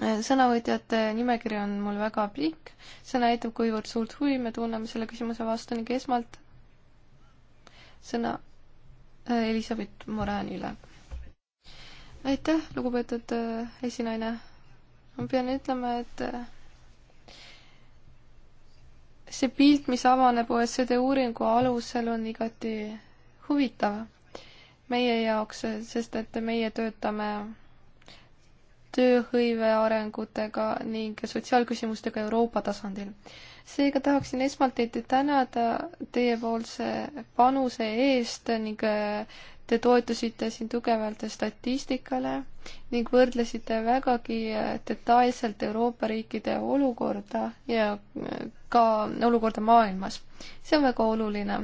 Äh, sõnavõtjate nimekiri on mul väga pikk, see näitab, kuivõrd suurt huvi me tunneme selle küsimuse vastu ning esmalt sõna Elisabeth Moranile. aitäh, lugupeetud äh, esinaine. ma pean ütlema, et äh, see pilt, mis avaneb OECD uuringu alusel, on igati huvitav meie jaoks, sest et meie töötame tööhõive arengutega ning sotsiaalküsimustega Euroopa tasandil seega tahaksin esmalt teid tänada teiepoolse panuse eest ning äh, te toetusite siin tugevalt statistikale ning võrdlesite vägagi äh, detailselt Euroopa riikide olukorda ja äh, ka olukorda maailmas. see on väga oluline.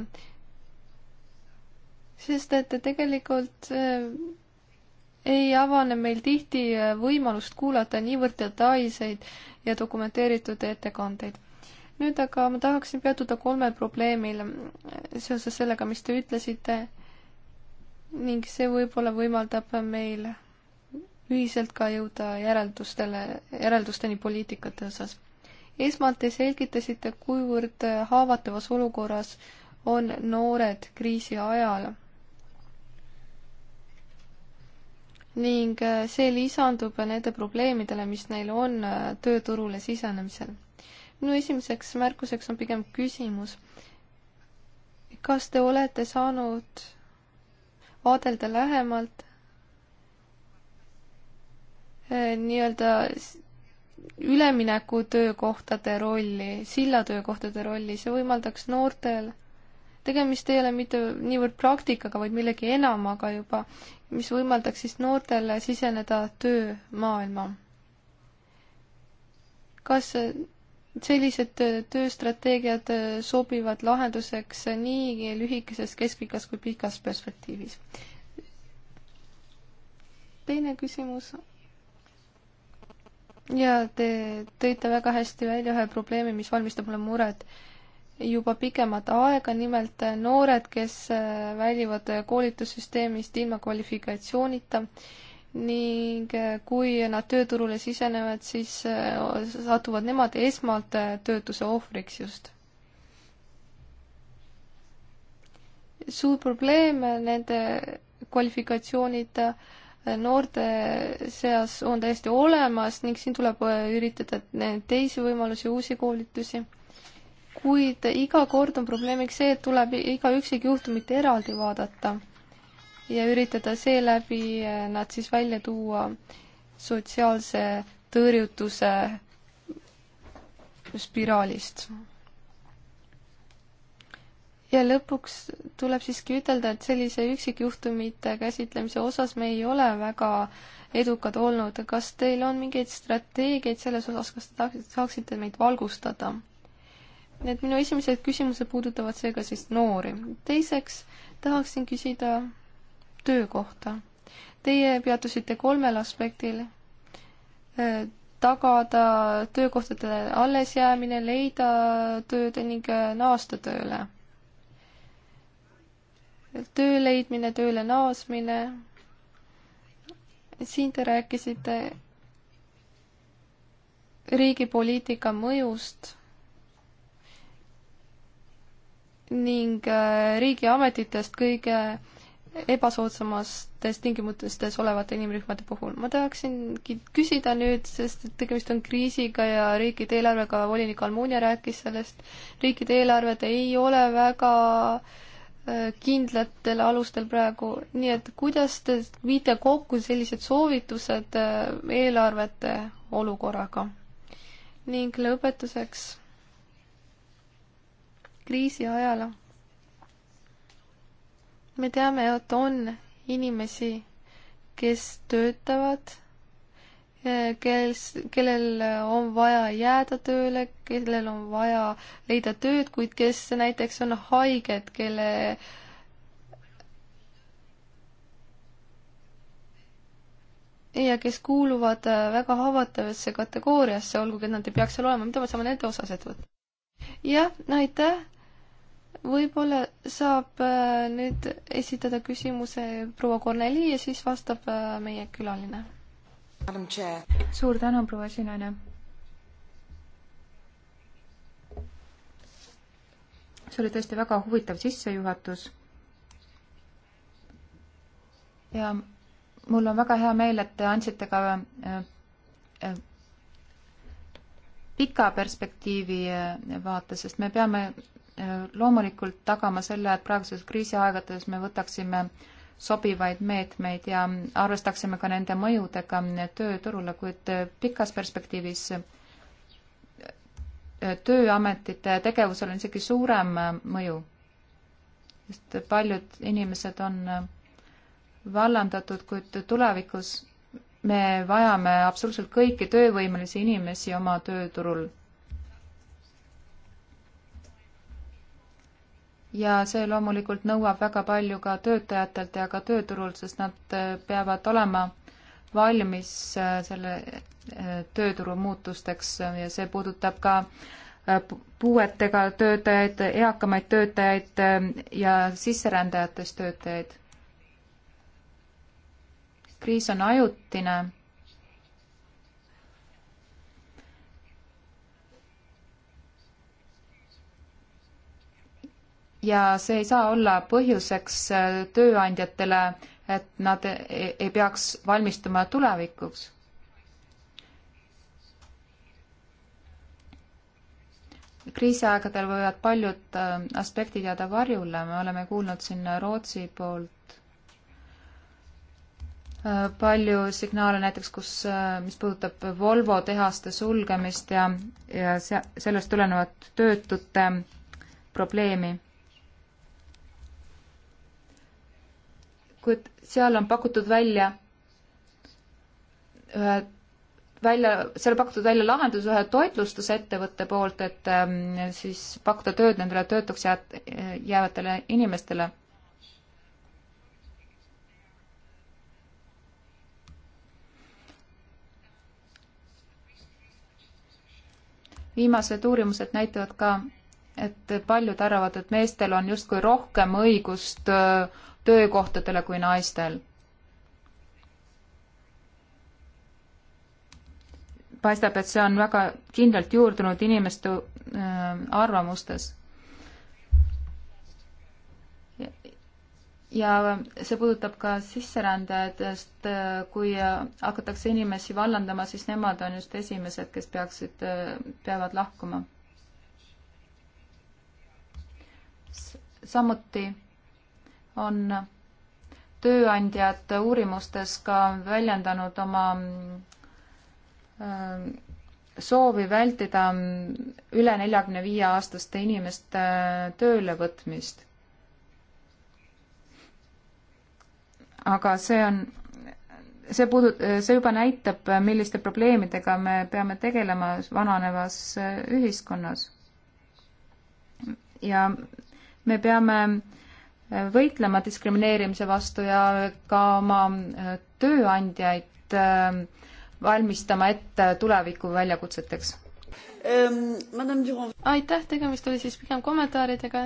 sest et tegelikult ei avane meil tihti võimalust kuulata niivõrd detailseid ja dokumenteeritud ettekandeid nüüd aga ma tahaksin peatuda kolmel probleemil seoses sellega, mis te ütlesite ning see võib-olla võimaldab meil ühiselt ka jõuda järeldustele, järeldusteni poliitikate osas. esmalt te selgitasite, kuivõrd haavatavas olukorras on noored kriisi ajal ning see lisandub nende probleemidele, mis neil on tööturule sisenemisel minu esimeseks märkuseks on pigem küsimus. kas te olete saanud vaadelda lähemalt eh, nii-öelda üleminekutöökohtade rolli, sillatöökohtade rolli, see võimaldaks noortel, tegemist ei ole mitte niivõrd praktikaga, vaid millegi enamaga juba, mis võimaldaks siis noortele siseneda töömaailma. kas eh, sellised äh, tööstrateegiad äh, sobivad lahenduseks äh, nii lühikeses, keskpikas kui pikas perspektiivis. teine küsimus. ja te tõite väga hästi välja ühe probleemi, mis valmistab mulle muret juba pikemat aega, nimelt noored, kes väljuvad koolitussüsteemist ilma kvalifikatsioonita ning eh, kui nad tööturule sisenevad, siis eh, satuvad nemad esmalt eh, töötuse ohvriks just. suur probleem nende kvalifikatsioonide noorte seas on täiesti olemas ning siin tuleb üritada teisi võimalusi, uusi koolitusi. kuid iga kord on probleemiks see, et tuleb iga üksikjuhtumit eraldi vaadata ja üritada seeläbi eh, nad siis välja tuua sotsiaalse tõrjutuse spiraalist. ja lõpuks tuleb siiski ütelda, et sellise üksikjuhtumite käsitlemise osas me ei ole väga edukad olnud. kas teil on mingeid strateegiaid selles osas, kas te saaksite meid valgustada? Need minu esimesed küsimused puudutavad seega siis noori. teiseks tahaksin küsida töökohta. Teie peatusite kolmel aspektil. Äh, tagada töökohtadele allesjäämine, leida tööd ning äh, naasta tööle. töö leidmine, tööle naasmine. siin te rääkisite riigi poliitika mõjust ning äh, riigiametitest kõige ebasoodsamates tingimustes olevate inimrühmade puhul. ma tahaksingi küsida nüüd, sest et tegemist on kriisiga ja riikide eelarvega, volinik Almunia rääkis sellest, riikide eelarved ei ole väga äh, kindlatel alustel praegu, nii et kuidas te viite kokku sellised soovitused äh, eelarvete olukorraga? ning lõpetuseks kriisi ajal me teame, et on inimesi, kes töötavad, eh, kes, kellel on vaja jääda tööle, kellel on vaja leida tööd, kuid kes näiteks on haiged, kelle ja kes kuuluvad eh, väga haavatavasse kategooriasse, olgugi et nad ei peaks seal olema, mida me saame nende osas ette võtta? jah, aitäh, võib-olla saab äh, nüüd esitada küsimuse proua Korneli ja siis vastab äh, meie külaline. suur tänu, proua esinaine. see oli tõesti väga huvitav sissejuhatus. ja mul on väga hea meel, et te andsite ka äh, äh, pika perspektiivi äh, vaate, sest me peame Äh, loomulikult tagama selle, et praeguses kriisiaegades me võtaksime sobivaid meetmeid ja arvestaksime ka nende mõjudega äh, tööturule, kuid äh, pikas perspektiivis tööametite tegevusel on isegi suurem mõju. sest paljud inimesed on vallandatud, kuid tulevikus me vajame absoluutselt kõiki töövõimelisi inimesi oma tööturul ja see loomulikult nõuab väga palju ka töötajatelt ja ka tööturult, sest nad äh, peavad olema valmis äh, selle äh, tööturu muutusteks ja see puudutab ka puuetega töötajaid, eakamaid töötajaid ja sisserändajatest töötajaid. kriis on ajutine ja see ei saa olla põhjuseks äh, tööandjatele, et nad e-, e-, ei peaks valmistuma tulevikuks. kriisiaegadel võivad paljud äh, aspektid jääda varjule, me oleme kuulnud siin Rootsi poolt äh, palju signaale näiteks, kus, mis puudutab Volvo tehaste sulgemist ja, ja se-, sellest tulenevat töötute probleemi kuid seal on pakutud välja ühe välja, seal on pakutud välja lahendus ühe toitlustusettevõtte poolt, et ähm, siis pakkuda tööd nendele töötuks jääd, jäävatele inimestele. viimased uurimused näitavad ka, et paljud arvavad, et meestel on justkui rohkem õigust äh, töökohtadele kui naistel. paistab, et see on väga kindlalt juurdunud inimeste äh, arvamustes. ja see puudutab ka sisserändajaid, sest äh, kui äh, hakatakse inimesi vallandama, siis nemad on just esimesed, kes peaksid, peavad lahkuma. samuti on tööandjad uurimustes ka väljendanud oma ähm, soovi vältida üle neljakümne viie aastaste inimeste äh, töölevõtmist. aga see on, see puudu-, see juba näitab, milliste probleemidega me peame tegelema vananevas äh, ühiskonnas. ja me peame äh, võitlema diskrimineerimise vastu ja ka oma äh, tööandjaid äh, valmistama ette tuleviku väljakutseteks ähm,? aitäh, tegemist oli siis pigem kommentaaridega.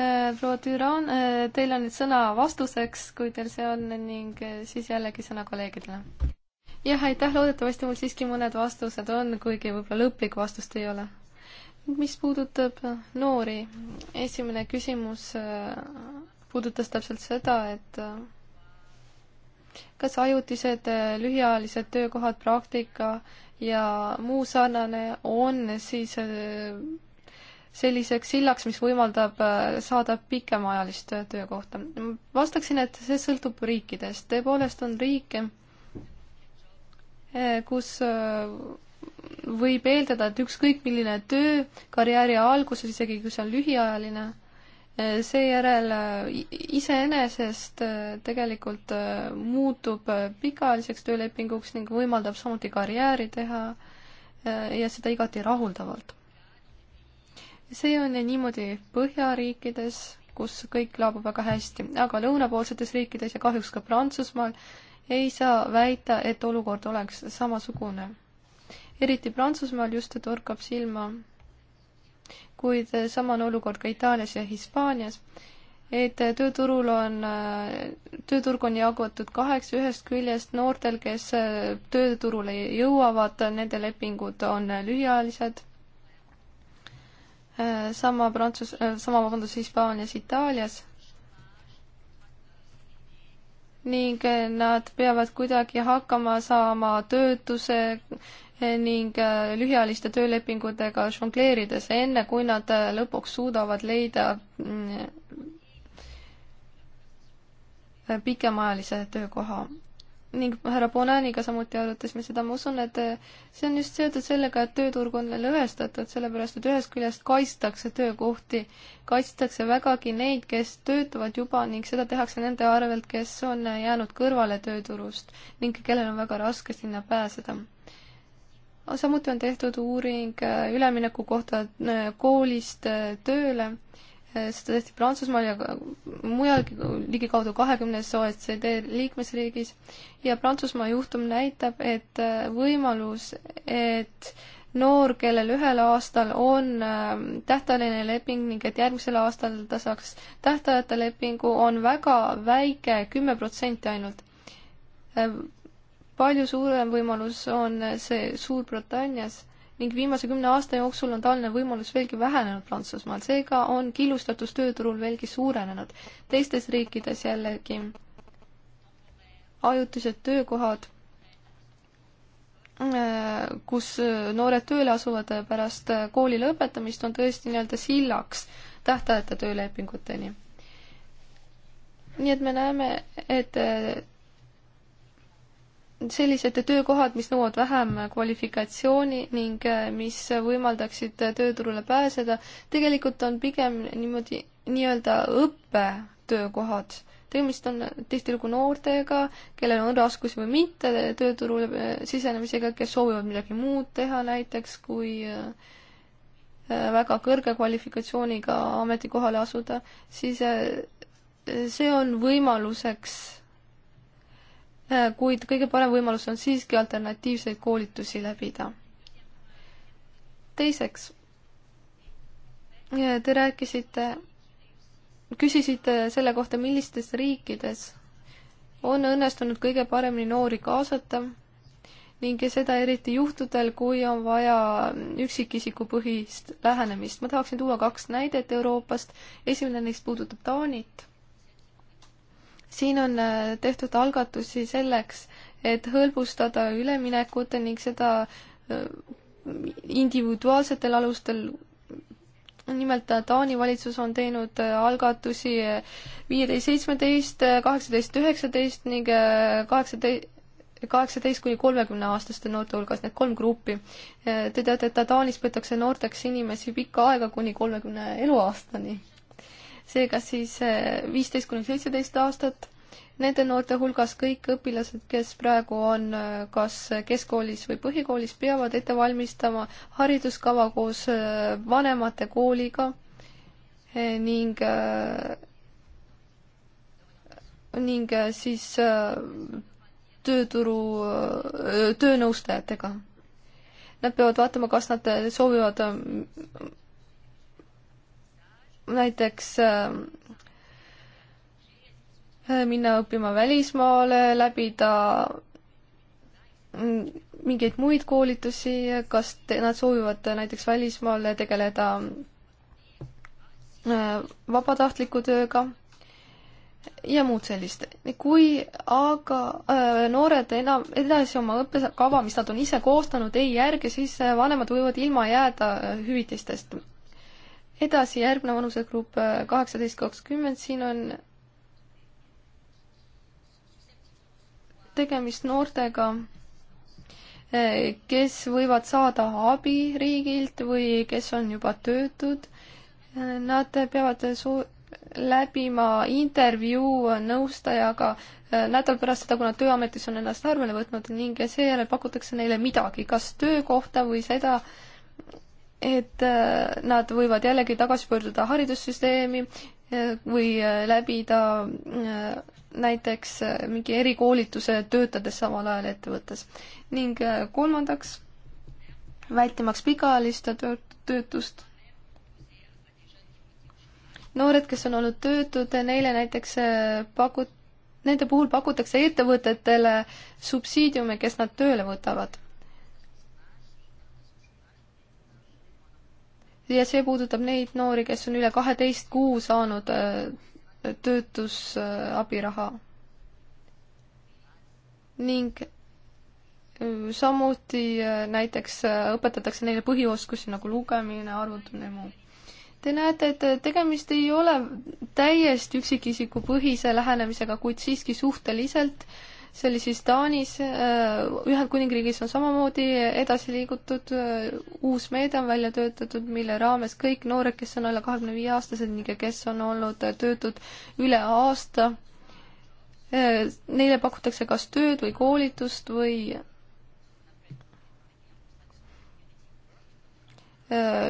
Äh, proua Düran, teil on nüüd sõna vastuseks, kui teil see on ning siis jällegi sõna kolleegidele. jah, aitäh, loodetavasti mul siiski mõned vastused on, kuigi võib-olla lõplikku vastust ei ole mis puudutab noori, esimene küsimus puudutas täpselt seda, et äh, kas ajutised äh, lühiajalised töökohad, praktika ja muu sarnane on siis äh, selliseks sillaks, mis võimaldab saada pikemaajalist töökohta. vastaksin, et see sõltub riikidest. tõepoolest on riike, kus võib eeldada, et ükskõik milline töö karjääri alguses, isegi kui see on lühiajaline, seejärel äh, iseenesest äh, tegelikult äh, muutub pikaajaliseks töölepinguks ning võimaldab samuti karjääri teha ja seda igati rahuldavalt. see on niimoodi Põhjariikides, kus kõik laabub väga hästi, aga lõunapoolsetes riikides ja kahjuks ka Prantsusmaal ei saa väita, et olukord oleks samasugune. eriti Prantsusmaal just torkab silma kuid sama on olukord ka Itaalias ja Hispaanias, et tööturul on, tööturg on jagatud kaheks, ühest küljest noortel, kes tööturule jõuavad, nende lepingud on lühiajalised, sama Prantsus-, sama vabandust, Hispaanias, Itaalias ning nad peavad kuidagi hakkama saama töötuse ning äh, lühiajaliste töölepingutega žongleerides, enne kui nad äh, lõpuks suudavad leida mm, pikemaajalise töökoha. ning härra Bonaniga samuti arutasime seda, ma usun, et äh, see on just seotud sellega, et tööturg on lõhestatud, sellepärast et ühest küljest kaitstakse töökohti, kaitstakse vägagi neid, kes töötavad juba ning seda tehakse nende arvelt, kes on jäänud kõrvale tööturust ning kellel on väga raske sinna pääseda samuti on tehtud uuring äh, ülemineku kohta äh, koolist äh, tööle, seda tehti Prantsusmaal ja mujal ligikaudu kahekümnes OECD liikmesriigis ja Prantsusmaa juhtum näitab, et võimalus, et noor, kellel ühel aastal on tähtajaline leping ning et järgmisel aastal ta saaks tähtajata lepingu, on väga väike, kümme protsenti ainult palju suurem võimalus on see Suurbritannias ning viimase kümne aasta jooksul on taoline võimalus veelgi vähenenud Prantsusmaal, seega on killustatus tööturul veelgi suurenenud. teistes riikides jällegi ajutised töökohad, äh, kus noored tööle asuvad pärast kooli lõpetamist, on tõesti nii-öelda sillaks tähtajate töölepinguteni. nii et me näeme, et äh, sellised töökohad, mis nõuavad vähem kvalifikatsiooni ning äh, mis võimaldaksid äh, tööturule pääseda, tegelikult on pigem niimoodi nii-öelda õppetöökohad. tegemist on tihtilugu noortega, kellel on raskusi või mitte tööturule äh, sisenemisega, kes soovivad midagi muud teha näiteks, kui väga kõrge kvalifikatsiooniga ametikohale asuda, siis see on võimaluseks kuid kõige parem võimalus on siiski alternatiivseid koolitusi läbida. teiseks, te rääkisite, küsisite selle kohta, millistes riikides on õnnestunud kõige paremini noori kaasata ning seda eriti juhtudel, kui on vaja üksikisiku põhist lähenemist. ma tahaksin tuua kaks näidet Euroopast. esimene neist puudutab Taanit siin on äh, tehtud algatusi selleks, et hõlbustada üleminekut ning seda äh, individuaalsetel alustel. nimelt äh, Taani valitsus on teinud algatusi viieteist, seitsmeteist, kaheksateist, üheksateist ning kaheksateist, kaheksateist kuni kolmekümne aastaste noorte hulgas, need kolm gruppi. Te teate, et Taanis peetakse noorteks inimesi pikka aega kuni kolmekümne eluaastani seega siis eh, viisteist kuni seitseteist aastat. Nende noorte hulgas kõik õpilased, kes praegu on eh, kas keskkoolis või põhikoolis, peavad ette valmistama hariduskava koos eh, vanemate kooliga ning ning siis tööturu, töönõustajatega. Nad peavad vaatama, kas nad soovivad mm, näiteks äh, äh, minna õppima välismaale, läbida mingeid muid koolitusi, kas te, nad soovivad näiteks välismaal tegeleda äh, vabatahtliku tööga ja muud sellist. kui aga noored enam edasi oma õppekava, mis nad on ise koostanud, ei järgi, siis vanemad võivad ilma jääda hüvitistest edasi, järgmine vanusegrupp äh, kaheksateist, kakskümmend, siin on tegemist noortega, äh, kes võivad saada abi riigilt või kes on juba töötud. Äh, nad peavad soo-, läbima intervjuu nõustajaga nädal pärast seda, kui nad tööametis on ennast arvele võtnud ning seejärel pakutakse neile midagi, kas töökohta või seda äh,, et äh, nad võivad jällegi tagasi pöörduda haridussüsteemi äh, või äh, läbida näiteks mingi erikoolituse töötades samal ajal ettevõttes. ning kolmandaks, vältimaks pikaajalist töötust. noored, kes on olnud töötud, neile näiteks pakut-, nende puhul pakutakse ettevõtetele subsiidiume, kes nad tööle võtavad ja see puudutab neid noori, kes on üle kaheteist kuu saanud äh, töötusabiraha. ning äh, samuti äh, näiteks õpetatakse neile põhioskusi nagu lugemine, arvutamine ja muu. Te näete, et tegemist ei ole täiesti üksikisiku põhise lähenemisega, kuid siiski suhteliselt äh, see oli siis Taanis, äh, Ühendkuningriigis on samamoodi edasi liigutud, äh, uus meede on välja töötatud, mille raames kõik noored, kes on alla kahekümne viie aastased ning kes on olnud töötud üle aasta, äh, neile pakutakse kas tööd või koolitust või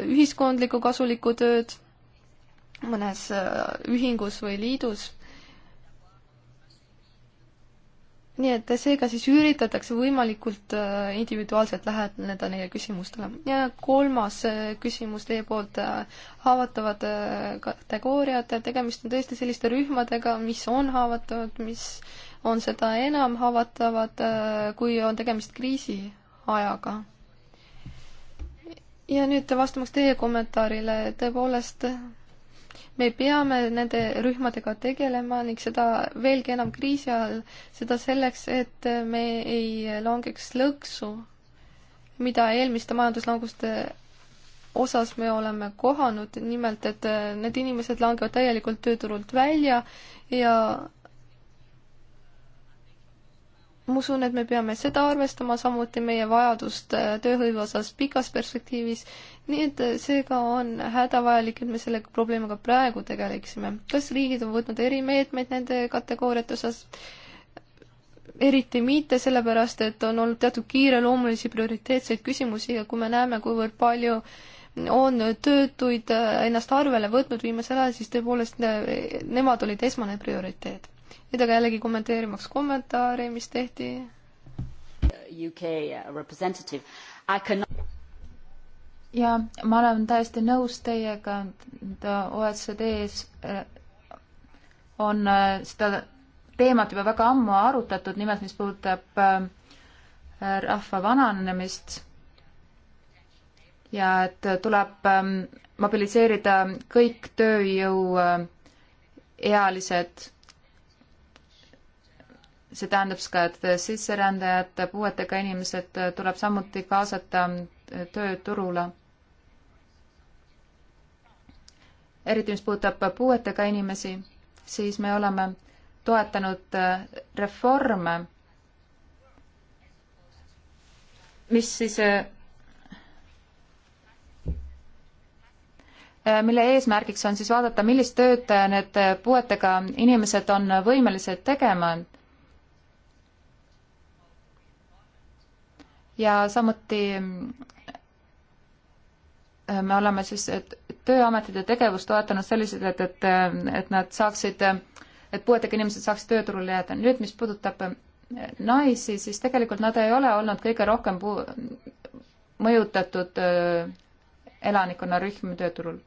ühiskondlikku kasulikku tööd mõnes ühingus või liidus nii et seega siis üritatakse võimalikult äh, individuaalselt läheneda neile küsimustele. ja kolmas äh, küsimus teie poolt, äh, haavatavad kategooriad, tegemist on tõesti selliste rühmadega, mis on haavatavad, mis on seda enam haavatavad, kui on tegemist kriisiajaga. ja nüüd vastamaks teie kommentaarile, tõepoolest me peame nende rühmadega tegelema ning seda veelgi enam kriisi ajal, seda selleks, et me ei langeks lõksu, mida eelmiste majanduslanguste osas me oleme kohanud, nimelt et need inimesed langevad täielikult tööturult välja ja ma usun, et me peame seda arvestama, samuti meie vajadust tööhõive osas pikas perspektiivis nii et seega on hädavajalik, et me selle probleemiga praegu tegeleksime. kas riigid on võtnud erimeetmeid nende kategooriate osas? eriti mitte, sellepärast et on olnud teatud kiireloomulisi prioriteetseid küsimusi ja kui me näeme, kuivõrd palju on töötuid ennast arvele võtnud viimasel ajal, siis tõepoolest ne, nemad olid esmane prioriteet. nüüd aga jällegi kommenteerimaks kommentaari, mis tehti. UK representative. I cannot ja ma olen täiesti nõus teiega, et OECD-s äh, on äh, seda teemat juba väga ammu arutatud, nimelt mis puudutab äh, rahva vananemist ja et tuleb ähm, mobiliseerida kõik tööjõuealised, see tähendab siis ka, et sisserändajad, puuetega inimesed tuleb samuti kaasata tööturule. eriti mis puudutab puuetega inimesi, siis me oleme toetanud äh, reforme, mis siis, äh, äh, mille eesmärgiks on siis vaadata, millist tööd need puuetega inimesed on võimelised tegema. ja samuti me oleme siis tööametite tegevust toetanud selliselt, et, et, et nad saaksid, et puuetega inimesed saaksid tööturule jääda. nüüd, mis puudutab naisi, siis tegelikult nad ei ole olnud kõige rohkem puu-, mõjutatud äh, elanikkonnarühm tööturul.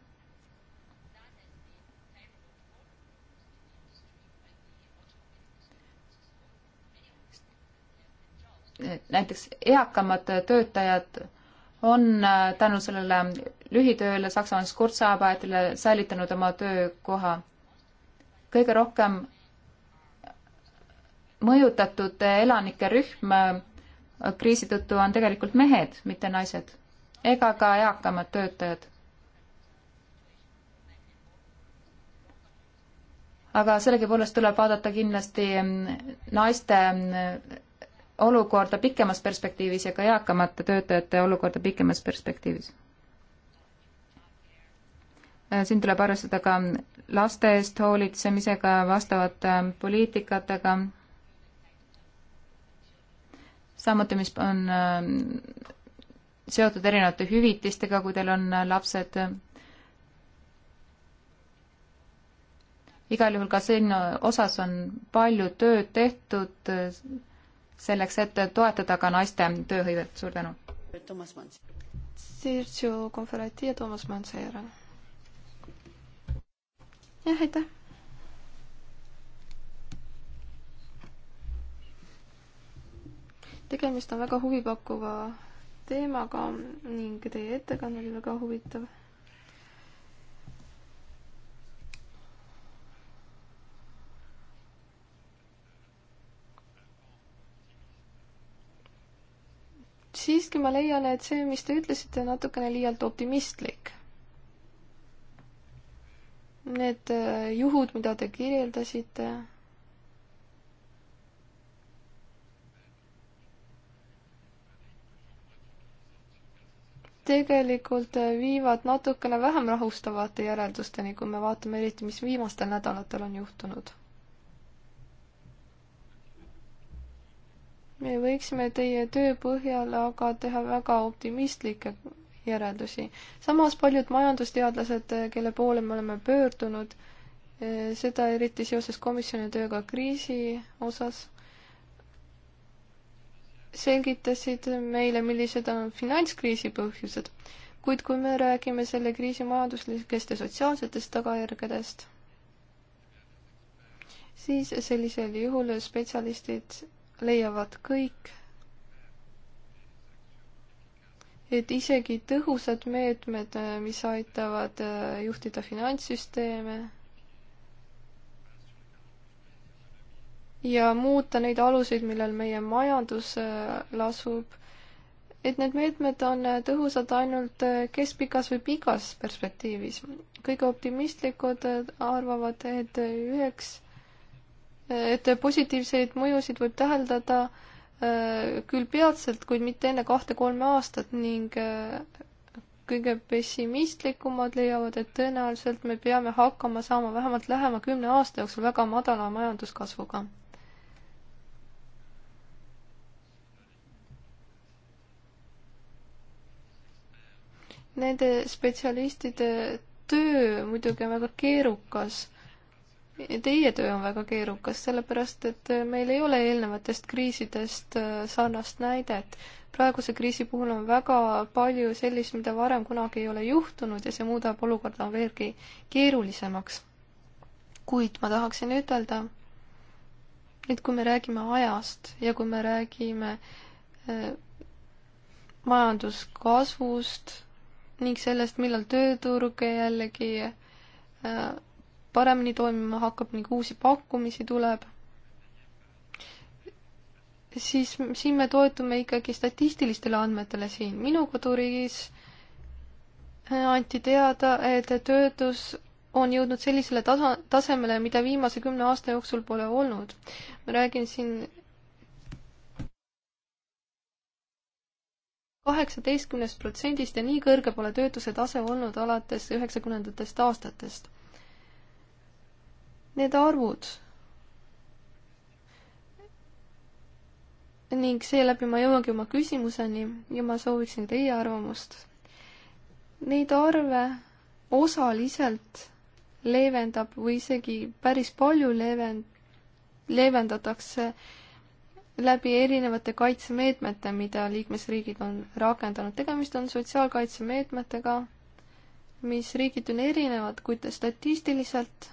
näiteks eakamad töötajad on äh, tänu sellele lühitööle Saksamaal Kurzarbeitile säilitanud oma töökoha. kõige rohkem mõjutatud elanike rühm äh, kriisi tõttu on tegelikult mehed, mitte naised ega ka eakamad töötajad. aga sellegipoolest tuleb vaadata kindlasti mm, naiste mm, olukorda pikemas perspektiivis ja ka eakamate töötajate olukorda pikemas perspektiivis. Äh, siin tuleb arvestada ka laste eest hoolitsemisega, vastavate äh, poliitikatega, samuti mis on äh, seotud erinevate hüvitistega, kui teil on lapsed igal juhul ka siin osas on palju tööd tehtud, selleks, et toetada ka naiste tööhõivet, suur tänu. Sergio Conferati ja Toomas Mann seejärel. jah, aitäh. tegemist on väga huvipakkuva teemaga ning teie ettekanne oli väga huvitav siiski ma leian, et see, mis te ütlesite, natukene liialt optimistlik. Need äh, juhud, mida te kirjeldasite, tegelikult äh, viivad natukene vähem rahustavate järeldusteni, kui me vaatame eriti, mis viimastel nädalatel on juhtunud me võiksime teie töö põhjal aga teha väga optimistlikke järeldusi. samas paljud majandusteadlased, kelle poole me oleme pöördunud, eh, seda eriti seoses komisjoni tööga kriisi osas, selgitasid meile, millised on finantskriisi põhjused, kuid kui me räägime selle kriisi majanduslikest ja sotsiaalsetest tagajärgedest, siis sellisel juhul spetsialistid leiavad kõik, et isegi tõhusad meetmed, mis aitavad äh, juhtida finantssüsteeme ja muuta neid aluseid, millel meie majandus äh, lasub, et need meetmed on äh, tõhusad ainult keskpikas või pikas perspektiivis. kõige optimistlikud arvavad, et üheks et positiivseid mõjusid võib täheldada äh, küll peatselt, kuid mitte enne kahte-kolme aastat ning äh, kõige pessimistlikumad leiavad, et tõenäoliselt me peame hakkama saama vähemalt lähema kümne aasta jooksul väga madala majanduskasvuga. Nende spetsialistide töö muidugi on väga keerukas Teie töö on väga keerukas, sellepärast et meil ei ole eelnevatest kriisidest äh, sarnast näidet. praeguse kriisi puhul on väga palju sellist, mida varem kunagi ei ole juhtunud ja see muudab olukorda veelgi keerulisemaks. kuid ma tahaksin ütelda, et kui me räägime ajast ja kui me räägime äh, majanduskasvust ning sellest, millal tööturg jällegi äh, paremini toimima hakkab ning uusi pakkumisi tuleb, siis siin me toetume ikkagi statistilistele andmetele siin. minu koduriigis äh, anti teada, et töötus on jõudnud sellisele tasa, tasemele, mida viimase kümne aasta jooksul pole olnud. ma räägin siin kaheksateistkümnest protsendist ja nii kõrge pole töötuse tase olnud alates üheksakümnendatest aastatest Need arvud ning seeläbi ma jõuangi oma küsimuseni ja ma sooviksin teie arvamust. Neid arve osaliselt leevendab või isegi päris palju leevend-, leevendatakse läbi erinevate kaitsemeetmete, mida liikmesriigid on rakendanud. tegemist on sotsiaalkaitsemeetmetega, mis riigiti on erinevad, kuid statistiliselt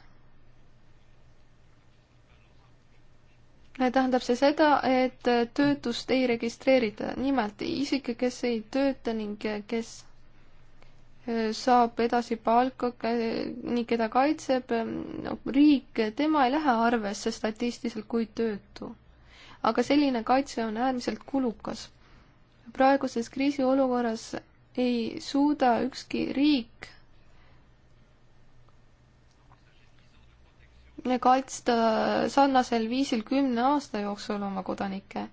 tähendab see seda, et töötust ei registreerita. nimelt isik, kes ei tööta ning kes äh, saab edasi palka ning keda kaitseb ähm, no, riik, tema ei lähe arvesse statistiliselt kui töötu. aga selline kaitse on äärmiselt kulukas. praeguses kriisiolukorras ei suuda ükski riik kaitsta sarnasel viisil kümne aasta jooksul oma kodanikke.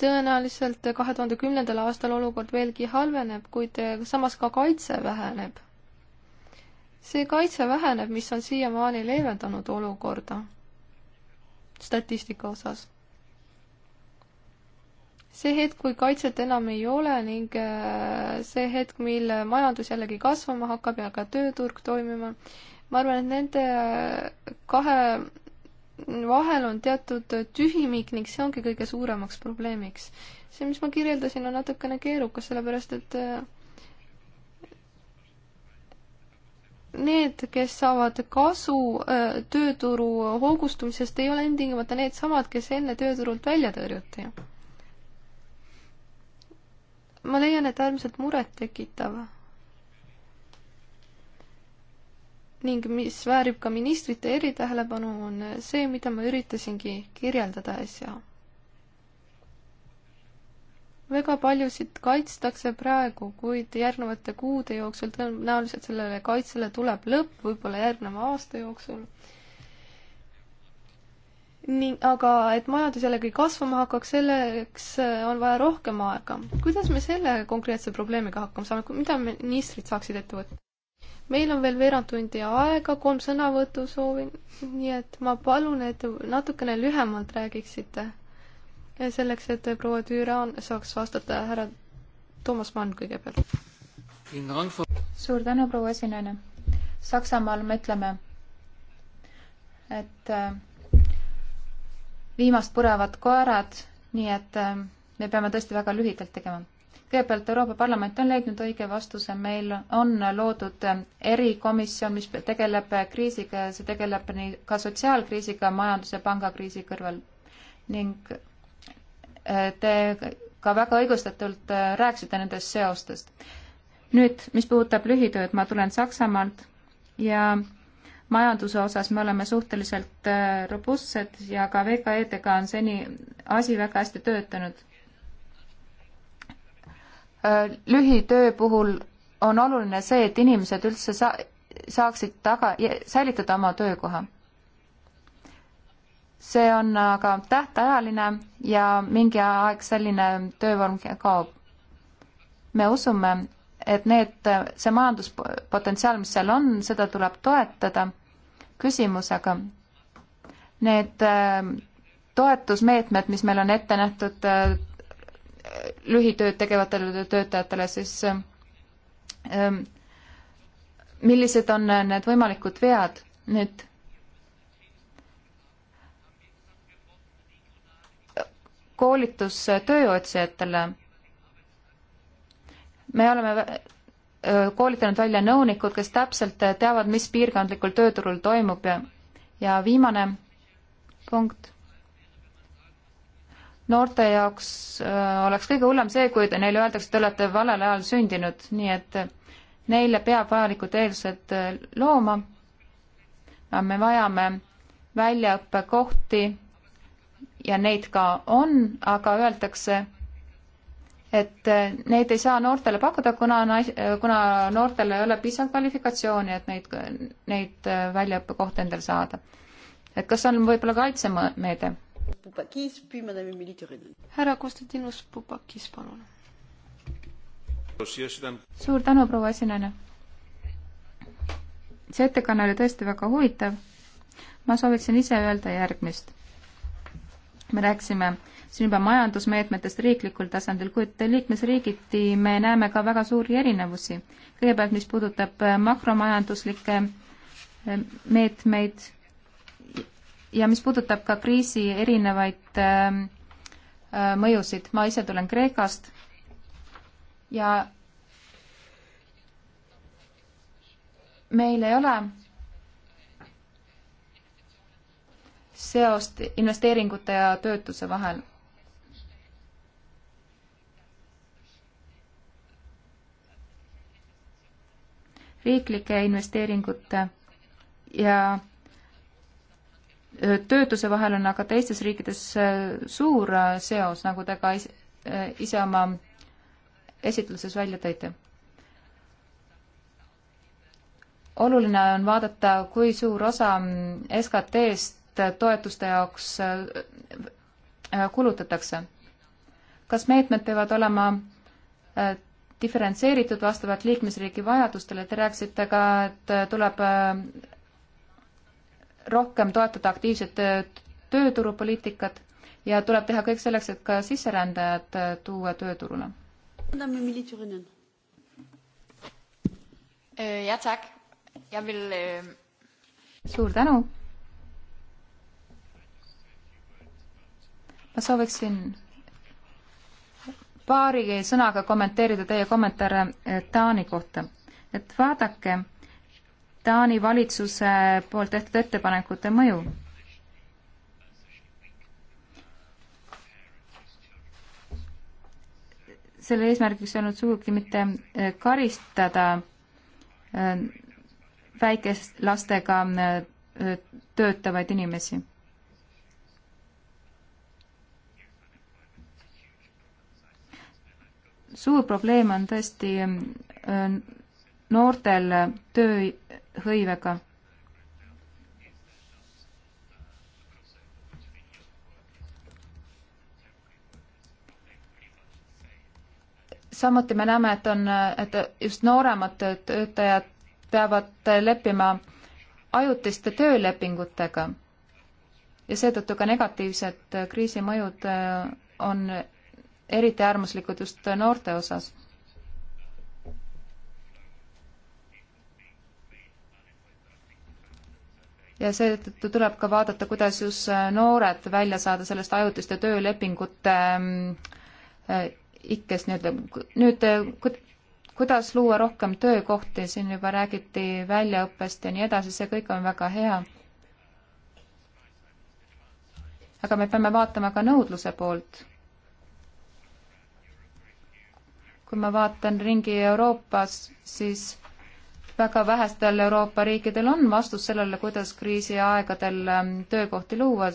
tõenäoliselt kahe tuhande kümnendal aastal olukord veelgi halveneb, kuid samas ka kaitse väheneb. see kaitse väheneb, mis on siiamaani leevendanud olukorda statistika osas see hetk, kui kaitset enam ei ole ning äh, see hetk, mil majandus jällegi kasvama hakkab ja ka tööturg toimima, ma arvan, et nende äh, kahe vahel on teatud tühimik ning see ongi kõige suuremaks probleemiks. see, mis ma kirjeldasin, on natukene keerukas, sellepärast et äh, need, kes saavad kasu tööturu hoogustumisest, ei ole ilmtingimata needsamad, kes enne tööturult välja tõrjuti ma leian, et äärmiselt murettekitav. ning mis väärib ka ministrite eritähelepanu, on see, mida ma üritasingi kirjeldada äsja. väga paljusid kaitstakse praegu, kuid järgnevate kuude jooksul tõenäoliselt sellele kaitsele tuleb lõpp, võib-olla järgneva aasta jooksul nii, aga et majandus jällegi kasvama hakkaks, selleks äh, on vaja rohkem aega. kuidas me selle konkreetse probleemiga hakkama saame, mida ministrid saaksid ette võtta? meil on veel veerand tundi aega, kolm sõnavõttu soovin, nii et ma palun, et natukene lühemalt räägiksite. selleks, et proua Tüüran saaks vastata, härra Toomas Mann kõigepealt. suur tänu, proua esinaine. Saksamaal me ütleme, et äh, viimast purevad koerad, nii et ähm, me peame tõesti väga lühidalt tegema. kõigepealt Euroopa Parlament on leidnud õige vastuse, meil on loodud ähm, erikomisjon, mis tegeleb äh, kriisiga ja see tegeleb nii ka sotsiaalkriisiga majandus- ja pangakriisi kõrval. ning äh, te ka väga õigustatult äh, rääkisite nendest seostest. nüüd, mis puudutab lühitööd, ma tulen Saksamaalt ja majanduse osas me oleme suhteliselt äh, robustsed ja ka VKE-dega on seni asi väga hästi töötanud. Äh, lühitöö puhul on oluline see, et inimesed üldse sa-, saaksid taga, säilitada oma töökoha. see on aga tähtajaline ja mingi aeg selline töövorm kaob. me usume, et need, see majanduspotentsiaal, mis seal on, seda tuleb toetada. küsimus aga, need äh, toetusmeetmed, mis meil on ette nähtud äh, lühitööd tegevatele töötajatele, siis äh, ähm, millised on need võimalikud vead nüüd? koolitus tööotsijatele me oleme koolitanud välja nõunikud, kes täpselt teavad, mis piirkondlikul tööturul toimub ja, ja viimane punkt. noorte jaoks oleks kõige hullem see, kui neile öeldakse, et te olete valel ajal sündinud, nii et neile peab vajalikud eeldused looma. me vajame väljaõppekohti ja neid ka on, aga öeldakse, et äh, neid ei saa noortele pakkuda, kuna nais-, äh, kuna noortel ei ole piisavalt kvalifikatsiooni, et neid, neid äh, väljaõppekohti endale saada. et kas on võib-olla kaitsemeede? härra Konstantinus Pupakis, palun. suur tänu, proua esinaine. see ettekanne oli tõesti väga huvitav. ma sooviksin ise öelda järgmist. me rääkisime äh, siin juba majandusmeetmetest riiklikul tasandil, kuid liikmesriigiti me näeme ka väga suuri erinevusi. kõigepealt, mis puudutab äh, makromajanduslikke äh, meetmeid ja mis puudutab ka kriisi erinevaid ähm, äh, mõjusid, ma ise tulen Kreekast ja meil ei ole seost investeeringute ja töötuse vahel riiklike investeeringute ja töötuse vahel on aga teistes riikides suur seos, nagu te ka ise oma esitluses välja tõite. oluline on vaadata, kui suur osa SKT-st toetuste jaoks kulutatakse. kas meetmed peavad olema diferentseeritud vastavalt liikmesriigi vajadustele, te rääkisite ka, et tuleb äh, rohkem toetada aktiivset äh, tööturupoliitikat ja tuleb teha kõik selleks, et ka sisserändajad äh, tuua tööturule. suur tänu. ma sooviksin paari sõnaga kommenteerida teie kommentaare eh, Taani kohta. et vaadake Taani valitsuse poolt tehtud ettepanekute mõju. selle eesmärgiks ei olnud sugugi mitte eh, karistada eh, väikest lastega töötavaid inimesi suur probleem on tõesti äh, noortel tööhõivega. samuti me näeme, et on, et just nooremad töötajad peavad leppima ajutiste töölepingutega ja seetõttu ka negatiivsed kriisi mõjud äh, on eriti äärmuslikud just noorte osas. ja seetõttu tuleb ka vaadata, kuidas just noored välja saada sellest ajutiste töölepingute äh, ikkest nii-öelda. nüüd, nüüd eh, kuidas luua rohkem töökohti, siin juba räägiti väljaõppest ja nii edasi, see kõik on väga hea. aga me peame vaatama ka nõudluse poolt kui ma vaatan ringi Euroopas, siis väga vähestel Euroopa riikidel on vastus sellele, kuidas kriisiaegadel ähm, töökohti luua.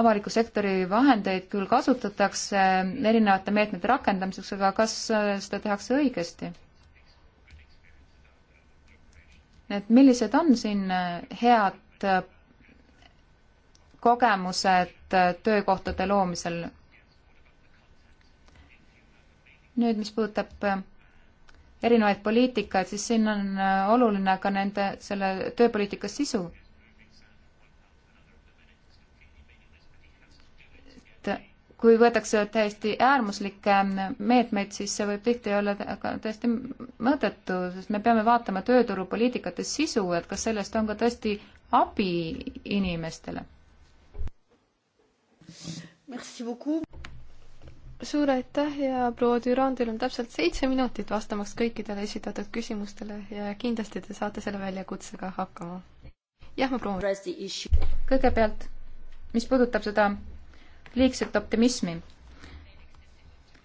avaliku sektori vahendeid küll kasutatakse ähm, erinevate meetmete rakendamiseks, aga kas äh, seda tehakse õigesti? et millised on siin äh, head äh, kogemused töökohtade loomisel nüüd, mis puudutab äh, erinevaid poliitikaid, siis siin on äh, oluline ka nende, selle tööpoliitika sisu. et kui võetakse täiesti äärmuslikke äh, meetmeid, siis see võib tihti olla täiesti mõttetu, sest me peame vaatama tööturupoliitikate sisu, et kas sellest on ka tõesti abi inimestele suur aitäh ja proua Düran, teil on täpselt seitse minutit vastamaks kõikidele esitatud küsimustele ja kindlasti te saate selle väljakutsega hakkama. jah, ma proovin. kõigepealt, mis puudutab seda liigset optimismi.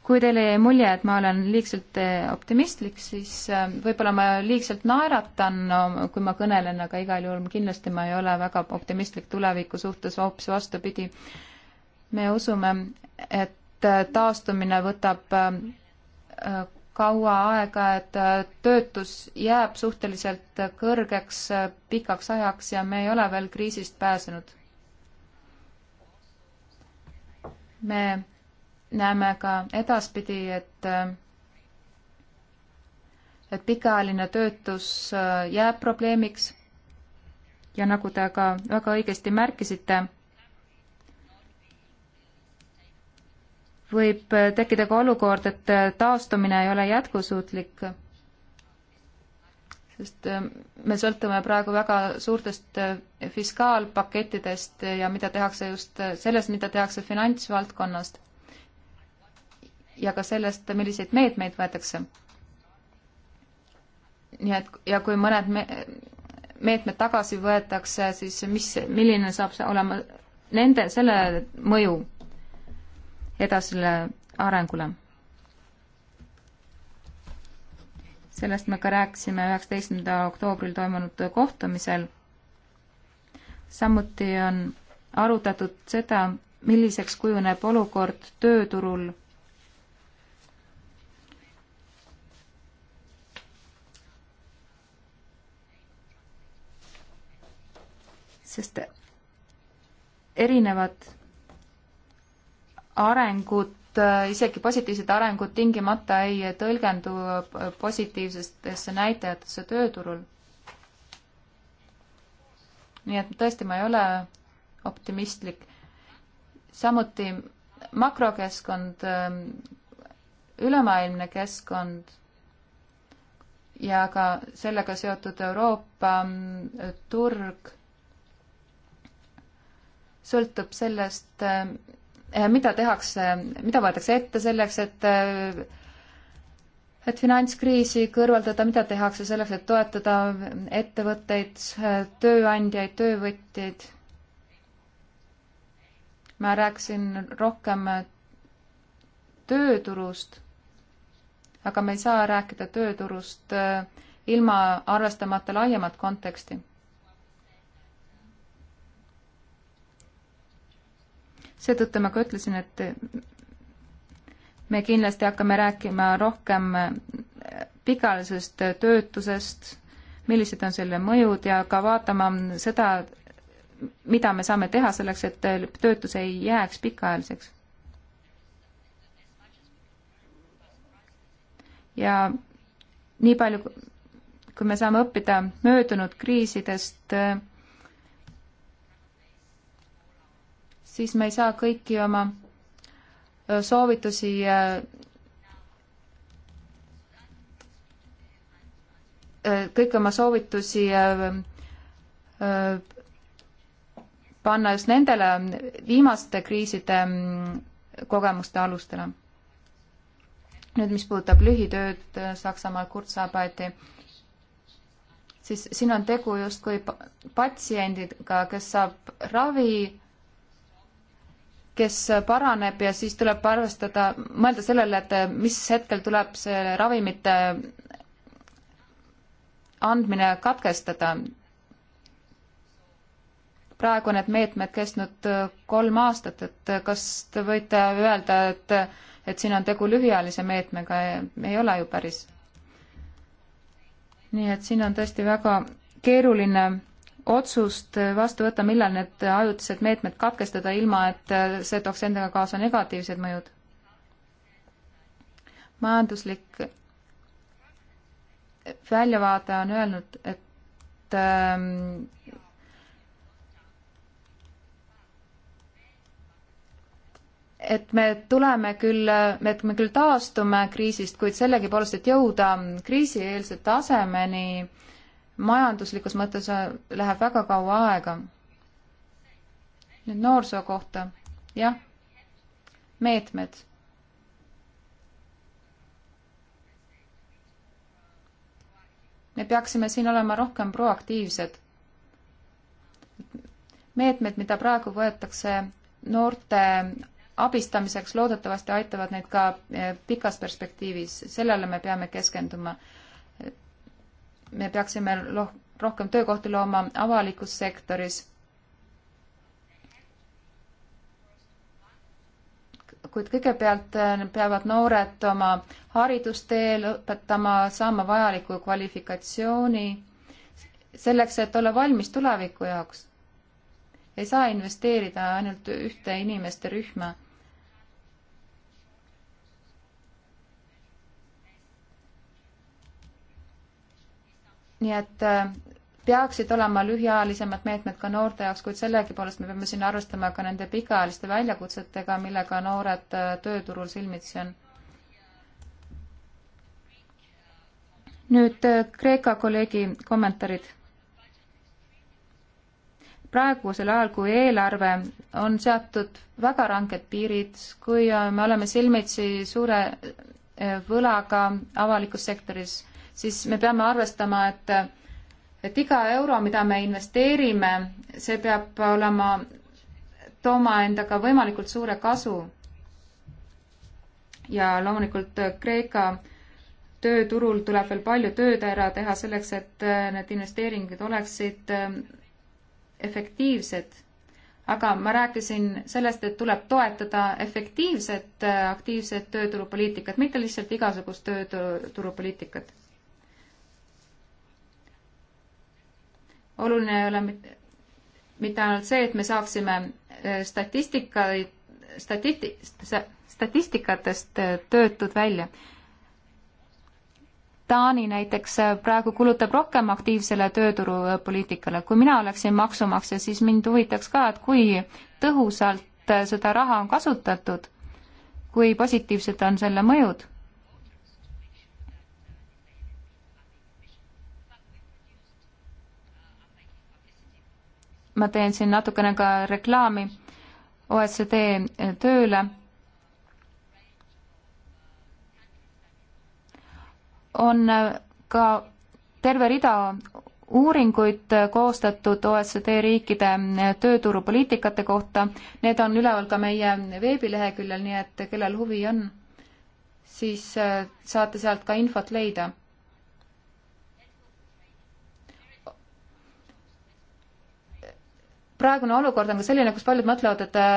kui teile jäi mulje, et ma olen liigselt eh, optimistlik, siis eh, võib-olla ma liigselt naeratan no,, kui ma kõnelen, aga igal juhul kindlasti ma ei ole väga optimistlik tuleviku suhtes, hoopis vastupidi. me usume, et et äh, taastumine võtab äh, äh, kaua aega, et töötus jääb suhteliselt kõrgeks pikaks ajaks ja me ei ole veel kriisist pääsenud. me näeme ka edaspidi, et et pikaajaline töötus jääb probleemiks ja nagu te ka väga õigesti märkisite võib äh, tekkida ka olukord, et äh, taastumine ei ole jätkusuutlik. sest äh, me sõltume praegu väga suurtest fiskaalpakettidest ja mida tehakse just sellest, mida tehakse finantsvaldkonnast ja ka sellest, milliseid meetmeid võetakse. nii et ja kui mõned me meetmed tagasi võetakse, siis mis, milline saab see olema nende, selle mõju edasile arengule. sellest me ka rääkisime üheksateistkümnendal oktoobril toimunud kohtumisel. samuti on arutatud seda, milliseks kujuneb olukord tööturul sest erinevad arengut, isegi positiivset arengut tingimata ei tõlgendu positiivsetesse näitajatesse tööturul. nii et tõesti, ma ei ole optimistlik. samuti makrokeskkond, ülemaailmne keskkond ja ka sellega seotud Euroopa turg sõltub sellest, Eh, mida tehakse, mida võetakse ette selleks, et eh, et finantskriisi kõrvaldada, mida tehakse selleks, et toetada ettevõtteid, eh, tööandjaid, töövõtjaid? ma rääkisin rohkem tööturust, aga me ei saa rääkida tööturust ilma arvestamata laiemat konteksti seetõttu ma ka ütlesin, et me kindlasti hakkame rääkima rohkem äh, pikaajalisest töötusest, millised on selle mõjud ja ka vaatama seda, mida me saame teha selleks, et töötus ei jääks pikaajaliseks. ja nii palju, kui me saame õppida möödunud kriisidest, siis me ei saa kõiki oma soovitusi kõiki oma soovitusi panna just nendele viimaste kriiside mm, kogemuste alustele. nüüd, mis puudutab lühitööd Saksamaal Kurzarbeiti, siis siin on tegu justkui patsiendiga, kes saab ravi kes paraneb ja siis tuleb arvestada, mõelda sellele, et mis hetkel tuleb see ravimite andmine katkestada. praegu on need meetmed kestnud kolm aastat, et kas te võite öelda, et, et siin on tegu lühiajalise meetmega, ei ole ju päris. nii et siin on tõesti väga keeruline otsust vastu võtta, millal need ajutised meetmed katkestada, ilma et see tooks endaga kaasa negatiivsed mõjud. majanduslik väljavaade on öelnud, et ähm, et me tuleme küll, et me küll taastume kriisist, kuid sellegipoolest, et jõuda kriisieelse tasemeni äh,, majanduslikus mõttes äh, läheb väga kaua aega. nüüd noorsoo kohta, jah, meetmed. me peaksime siin olema rohkem proaktiivsed. meetmed, mida praegu võetakse noorte abistamiseks, loodetavasti aitavad neid ka äh, pikas perspektiivis, sellele me peame keskenduma me peaksime loh-, rohkem töökohti looma avalikus sektoris. kuid kõigepealt äh, peavad noored oma haridusteel õpetama, saama vajaliku kvalifikatsiooni selleks, et olla valmis tuleviku jaoks. ei saa investeerida ainult ühte inimeste rühma nii et äh, peaksid olema lühiajalisemad meetmed ka noorte jaoks, kuid sellegipoolest me peame siin arvestama ka nende pikaajaliste väljakutsetega, millega noored äh, tööturul silmitsi on. nüüd äh, Kreeka kolleegi kommentaarid. praegusel ajal, kui eelarve on seatud väga ranged piirid, kui me oleme silmitsi suure võlaga avalikus sektoris siis me peame arvestama, et, et iga euro, mida me investeerime, see peab olema, tooma endaga võimalikult suure kasu. ja loomulikult Kreeka tööturul tuleb veel palju tööd ära teha selleks, et eh, need investeeringud oleksid eh, efektiivsed aga ma rääkisin sellest, et tuleb toetada efektiivset, eh, aktiivset tööturupoliitikat, mitte lihtsalt igasugust tööturupoliitikat. oluline ei ole mitte ainult see, et me saaksime äh, statistika, statisti-, statistikatest äh, töötud välja. Taani näiteks äh, praegu kulutab rohkem aktiivsele tööturupoliitikale. kui mina oleksin maksumaksja, siis mind huvitaks ka, et kui tõhusalt seda raha on kasutatud, kui positiivsed on selle mõjud ma teen siin natukene ka reklaami OECD tööle, on ka terve rida uuringuid koostatud OECD riikide tööturupoliitikate kohta, need on üleval ka meie veebileheküljel, nii et kellel huvi on, siis äh, saate sealt ka infot leida praegune olukord on ka selline, kus paljud mõtlevad, et äh,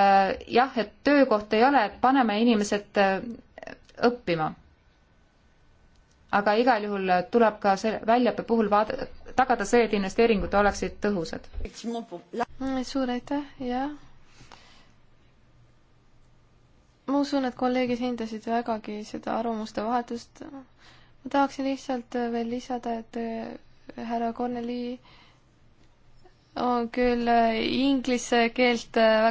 jah, et töökohta ei ole, et paneme inimesed äh, õppima. aga igal juhul tuleb ka selle väljaõppe puhul vaada-, tagada see, et investeeringud oleksid tõhusad. suur aitäh, jah. ma usun, et kolleegid hindasid vägagi seda arvamuste vahetust. ma tahaksin lihtsalt äh, veel lisada, et äh, härra Korneli äh, on küll äh, inglise keelt äh, väga